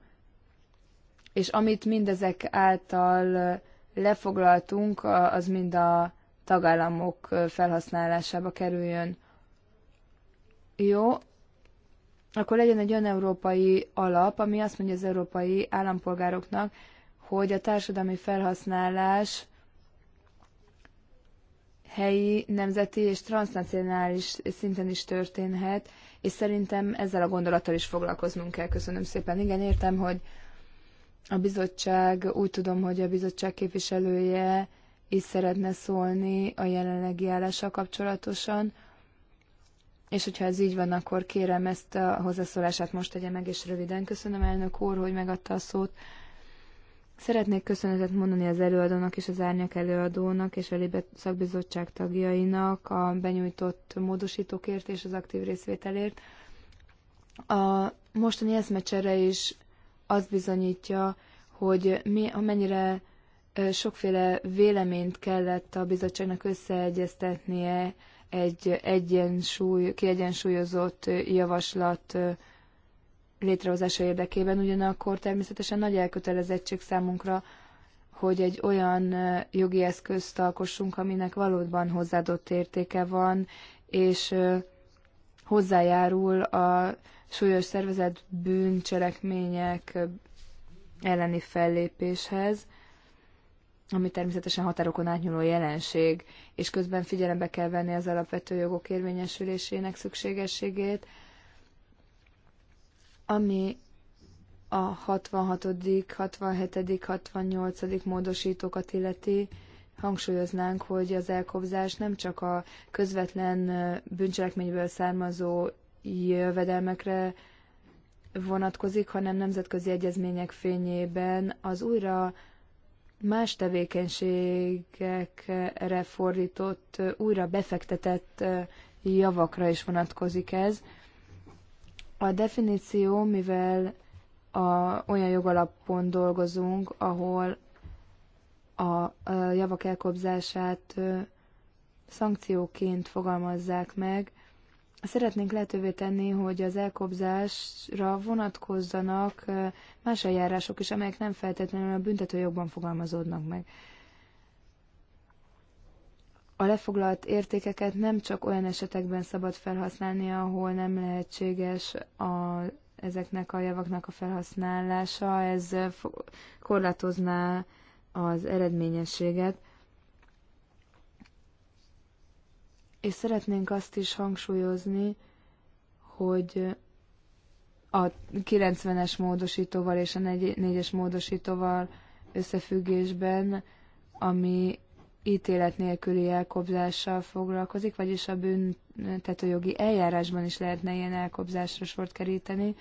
És amit mindezek által lefoglaltunk, az mind a tagállamok felhasználásába kerüljön. Jó, akkor legyen egy olyan európai alap, ami azt mondja az európai állampolgároknak, hogy a társadalmi felhasználás helyi, nemzeti és transnacionális szinten is történhet, és szerintem ezzel a gondolattal is foglalkoznunk kell. Köszönöm szépen. Igen, értem, hogy a bizottság, úgy tudom, hogy a bizottság képviselője is szeretne szólni a jelenlegi állással kapcsolatosan, és hogyha ez így van, akkor kérem ezt a hozzászólását most tegye meg, és röviden köszönöm elnök úr, hogy megadta a szót. Szeretnék köszönetet mondani az előadónak és az árnyak előadónak és a Libet szakbizottság tagjainak a benyújtott módosítókért és az aktív részvételért. A mostani eszmecsere is az bizonyítja, hogy mi, mennyire sokféle véleményt kellett a bizottságnak összeegyeztetnie egy egyensúly, kiegyensúlyozott javaslat létrehozása érdekében, ugyanakkor természetesen nagy elkötelezettség számunkra, hogy egy olyan jogi eszközt alkossunk, aminek valóban hozzáadott értéke van, és hozzájárul a súlyos szervezet bűncselekmények elleni fellépéshez, ami természetesen határokon átnyúló jelenség, és közben figyelembe kell venni az alapvető jogok érvényesülésének szükségességét, ami a 66., 67., 68. módosítókat illeti, hangsúlyoznánk, hogy az elkobzás nem csak a közvetlen bűncselekményből származó jövedelmekre vonatkozik, hanem nemzetközi egyezmények fényében az újra más tevékenységekre fordított, újra befektetett javakra is vonatkozik ez. A definíció, mivel a, olyan jogalapon dolgozunk, ahol a, a javak elkobzását ö, szankcióként fogalmazzák meg, Szeretnénk lehetővé tenni, hogy az elkobzásra vonatkozzanak más eljárások is, amelyek nem feltétlenül a büntetőjogban fogalmazódnak meg a lefoglalt értékeket nem csak olyan esetekben szabad felhasználni, ahol nem lehetséges a, ezeknek a javaknak a felhasználása, ez korlátozná az eredményességet. És szeretnénk azt is hangsúlyozni, hogy a 90-es módosítóval és a 4-es módosítóval összefüggésben, ami ítélet nélküli elkobzással foglalkozik, vagyis a büntetőjogi eljárásban is lehetne ilyen elkobzásra sort keríteni.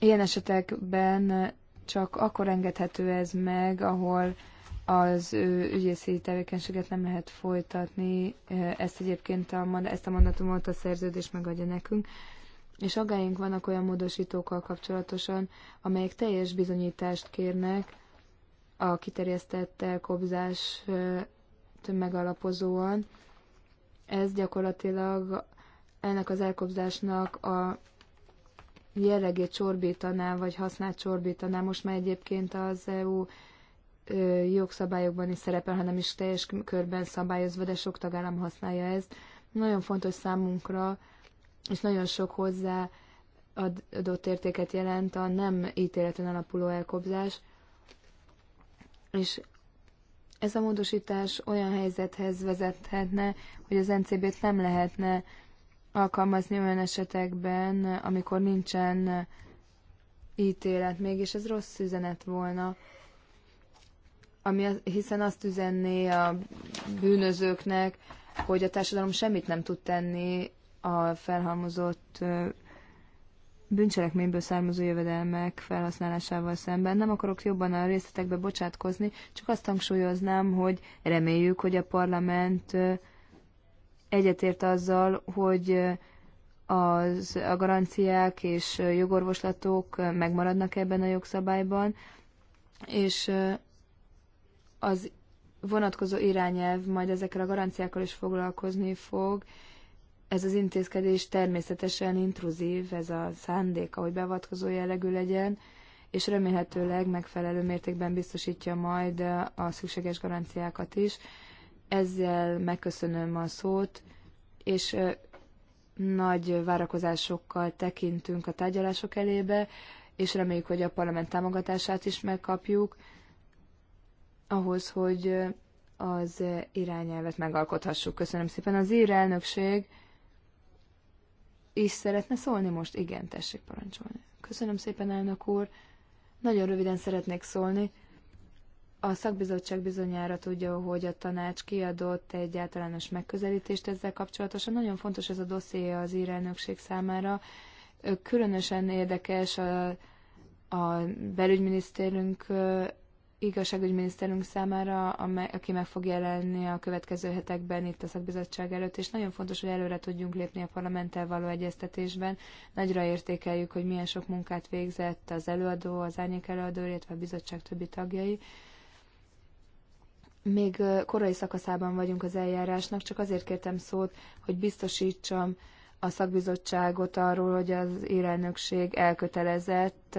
Ilyen esetekben csak akkor engedhető ez meg, ahol az ő ügyészi tevékenységet nem lehet folytatni. Ezt egyébként a, ezt a mandatumot a szerződés megadja nekünk. És agáink vannak olyan módosítókkal kapcsolatosan, amelyek teljes bizonyítást kérnek, a kiterjesztett elkobzás megalapozóan. Ez gyakorlatilag ennek az elkobzásnak a jellegét csorbítaná, vagy hasznát csorbítaná. Most már egyébként az EU jogszabályokban is szerepel, hanem is teljes körben szabályozva, de sok tagállam használja ezt. Nagyon fontos számunkra, és nagyon sok hozzá adott értéket jelent a nem ítéleten alapuló elkobzás és ez a módosítás olyan helyzethez vezethetne, hogy az NCB-t nem lehetne alkalmazni olyan esetekben, amikor nincsen ítélet, mégis ez rossz üzenet volna, ami, hiszen azt üzenné a bűnözőknek, hogy a társadalom semmit nem tud tenni a felhalmozott bűncselekményből származó jövedelmek felhasználásával szemben. Nem akarok jobban a részletekbe bocsátkozni, csak azt hangsúlyoznám, hogy reméljük, hogy a parlament egyetért azzal, hogy az, a garanciák és jogorvoslatok megmaradnak ebben a jogszabályban, és az vonatkozó irányelv majd ezekkel a garanciákkal is foglalkozni fog, ez az intézkedés természetesen intruzív, ez a szándék, hogy beavatkozó jellegű legyen, és remélhetőleg megfelelő mértékben biztosítja majd a szükséges garanciákat is. Ezzel megköszönöm a szót, és nagy várakozásokkal tekintünk a tárgyalások elébe, és reméljük, hogy a parlament támogatását is megkapjuk ahhoz, hogy az irányelvet megalkothassuk. Köszönöm szépen. Az ír elnökség is szeretne szólni most? Igen, tessék parancsolni. Köszönöm szépen, elnök úr. Nagyon röviden szeretnék szólni. A szakbizottság bizonyára tudja, hogy a tanács kiadott egy általános megközelítést ezzel kapcsolatosan. Nagyon fontos ez a dosszié az írelnökség számára. Különösen érdekes a, a belügyminisztérünk igazságügyminiszterünk számára, amely, aki meg fog jelenni a következő hetekben itt a szakbizottság előtt, és nagyon fontos, hogy előre tudjunk lépni a parlamenttel való egyeztetésben. Nagyra értékeljük, hogy milyen sok munkát végzett az előadó, az árnyék előadó, illetve a bizottság többi tagjai. Még korai szakaszában vagyunk az eljárásnak, csak azért kértem szót, hogy biztosítsam a szakbizottságot arról, hogy az írelnökség elkötelezett,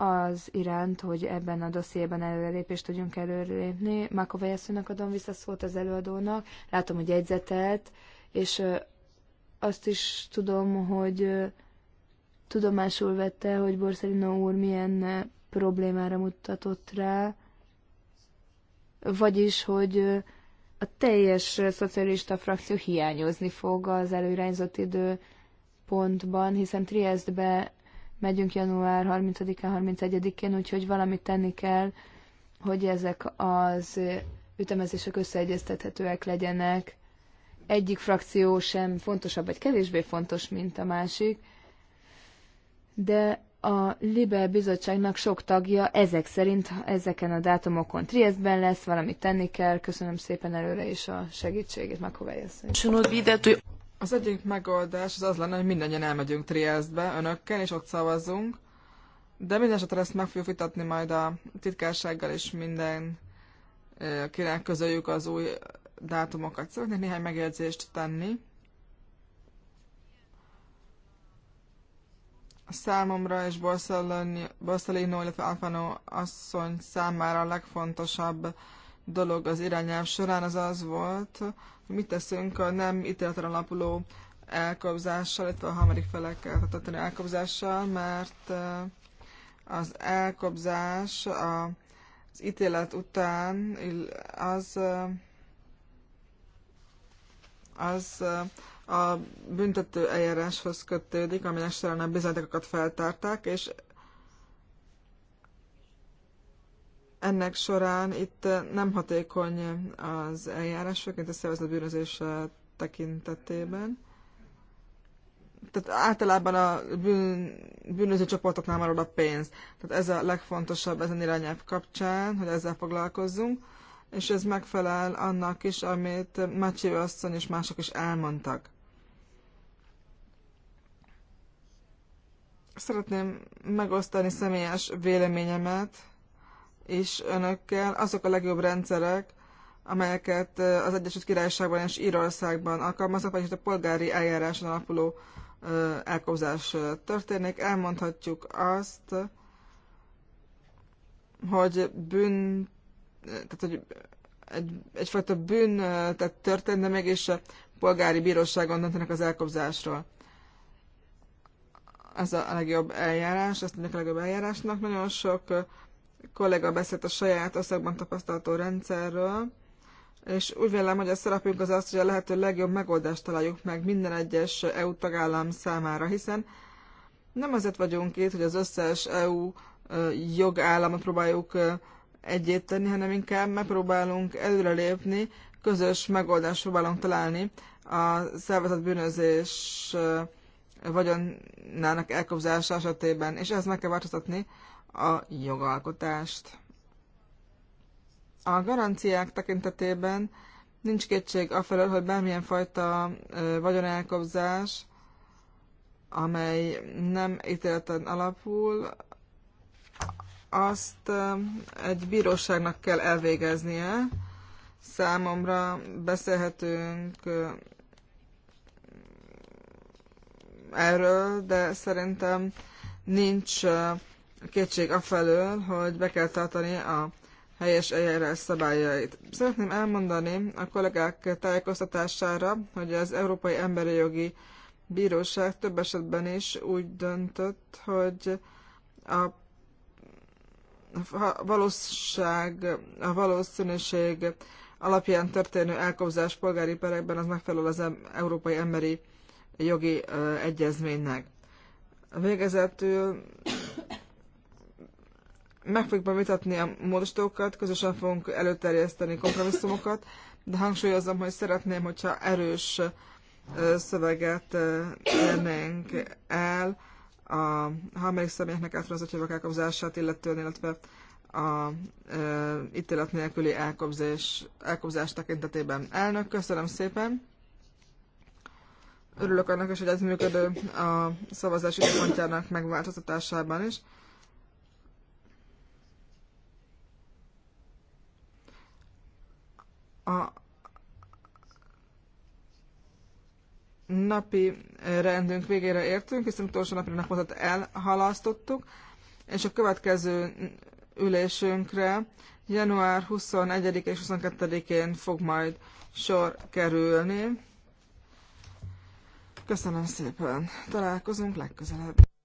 az iránt, hogy ebben a dossziében előrelépést tudjunk előrelépni. Mákovai asszonynak adom vissza szót az előadónak, látom, hogy jegyzetelt, és azt is tudom, hogy tudomásul vette, hogy Borsellino úr milyen problémára mutatott rá, vagyis, hogy a teljes szocialista frakció hiányozni fog az előirányzott idő pontban, hiszen Triestbe megyünk január 30-án, 31-én, úgyhogy valamit tenni kell, hogy ezek az ütemezések összeegyeztethetőek legyenek. Egyik frakció sem fontosabb, vagy kevésbé fontos, mint a másik, de a Libe bizottságnak sok tagja ezek szerint ezeken a dátumokon Triestben lesz, valamit tenni kell. Köszönöm szépen előre is a segítségét, Makovály asszony. Az egyik megoldás az az lenne, hogy mindannyian elmegyünk Triestbe önökkel, és ott szavazzunk, de minden esetre ezt meg fogjuk vitatni majd a titkársággal, és minden kinek közöljük az új dátumokat. Szeretnék néhány megjegyzést tenni. Számomra és Borsellino, illetve Alfano asszony számára a legfontosabb dolog az irányelv során az az volt, mit teszünk a nem ítéletre alapuló elkobzással, illetve a harmadik felekkel tartani elkobzással, mert eh, az elkobzás az ítélet után az eh, az eh, a büntető eljáráshoz kötődik, aminek során a bizonyítékokat feltárták, és ennek során itt eh, nem hatékony az eljárás, főként a szervezett bűnözés tekintetében. Tehát általában a bűn, bűnöző csoportoknál marad a pénz. Tehát ez a legfontosabb ezen irányelv kapcsán, hogy ezzel foglalkozzunk, és ez megfelel annak is, amit Macsi asszony és mások is elmondtak. Szeretném megosztani személyes véleményemet és önökkel, azok a legjobb rendszerek, amelyeket az Egyesült Királyságban és Írországban alkalmaznak, vagyis a polgári eljáráson alapuló elkobzás történik. Elmondhatjuk azt, hogy bűn, tehát hogy egy, egyfajta bűn tehát történt, de mégis a polgári bíróságon döntenek az elkobzásról. Ez a legjobb eljárás, ezt mondjuk a legjobb eljárásnak. Nagyon sok kollega beszélt a saját országban tapasztalató rendszerről, és úgy vélem, hogy a szerepünk az az, hogy a lehető legjobb megoldást találjuk meg minden egyes EU tagállam számára, hiszen nem azért vagyunk itt, hogy az összes EU jogállamot próbáljuk egyét tenni, hanem inkább megpróbálunk előrelépni, közös megoldást próbálunk találni a szervezett bűnözés vagyonának elkobzása esetében, és ezt meg kell változtatni a jogalkotást. A garanciák tekintetében nincs kétség afelől, hogy bármilyen fajta vagyonelkobzás, amely nem ítéleten alapul, azt egy bíróságnak kell elvégeznie. Számomra beszélhetünk erről, de szerintem nincs kétség afelől, hogy be kell tartani a helyes eljárás szabályait. Szeretném elmondani a kollégák tájékoztatására, hogy az Európai Emberi Jogi Bíróság több esetben is úgy döntött, hogy a valóság, a valószínűség alapján történő elkobzás polgári perekben az megfelel az Európai Emberi Jogi Egyezménynek. Végezetül meg fogjuk bevitatni a módosítókat, közösen fogunk előterjeszteni kompromisszumokat, de hangsúlyozom, hogy szeretném, hogyha erős szöveget érnénk el a harmadik személyeknek átrazott jövök elkobzását, illetően, illetve a e, ítélet nélküli elkobzás, elkobzás tekintetében. Elnök, köszönöm szépen! Örülök annak is, hogy ez működő a szavazási időpontjának megváltoztatásában is. a napi rendünk végére értünk, hiszen utolsó napi napot elhalasztottuk, és a következő ülésünkre január 21 és 22-én fog majd sor kerülni. Köszönöm szépen, találkozunk legközelebb.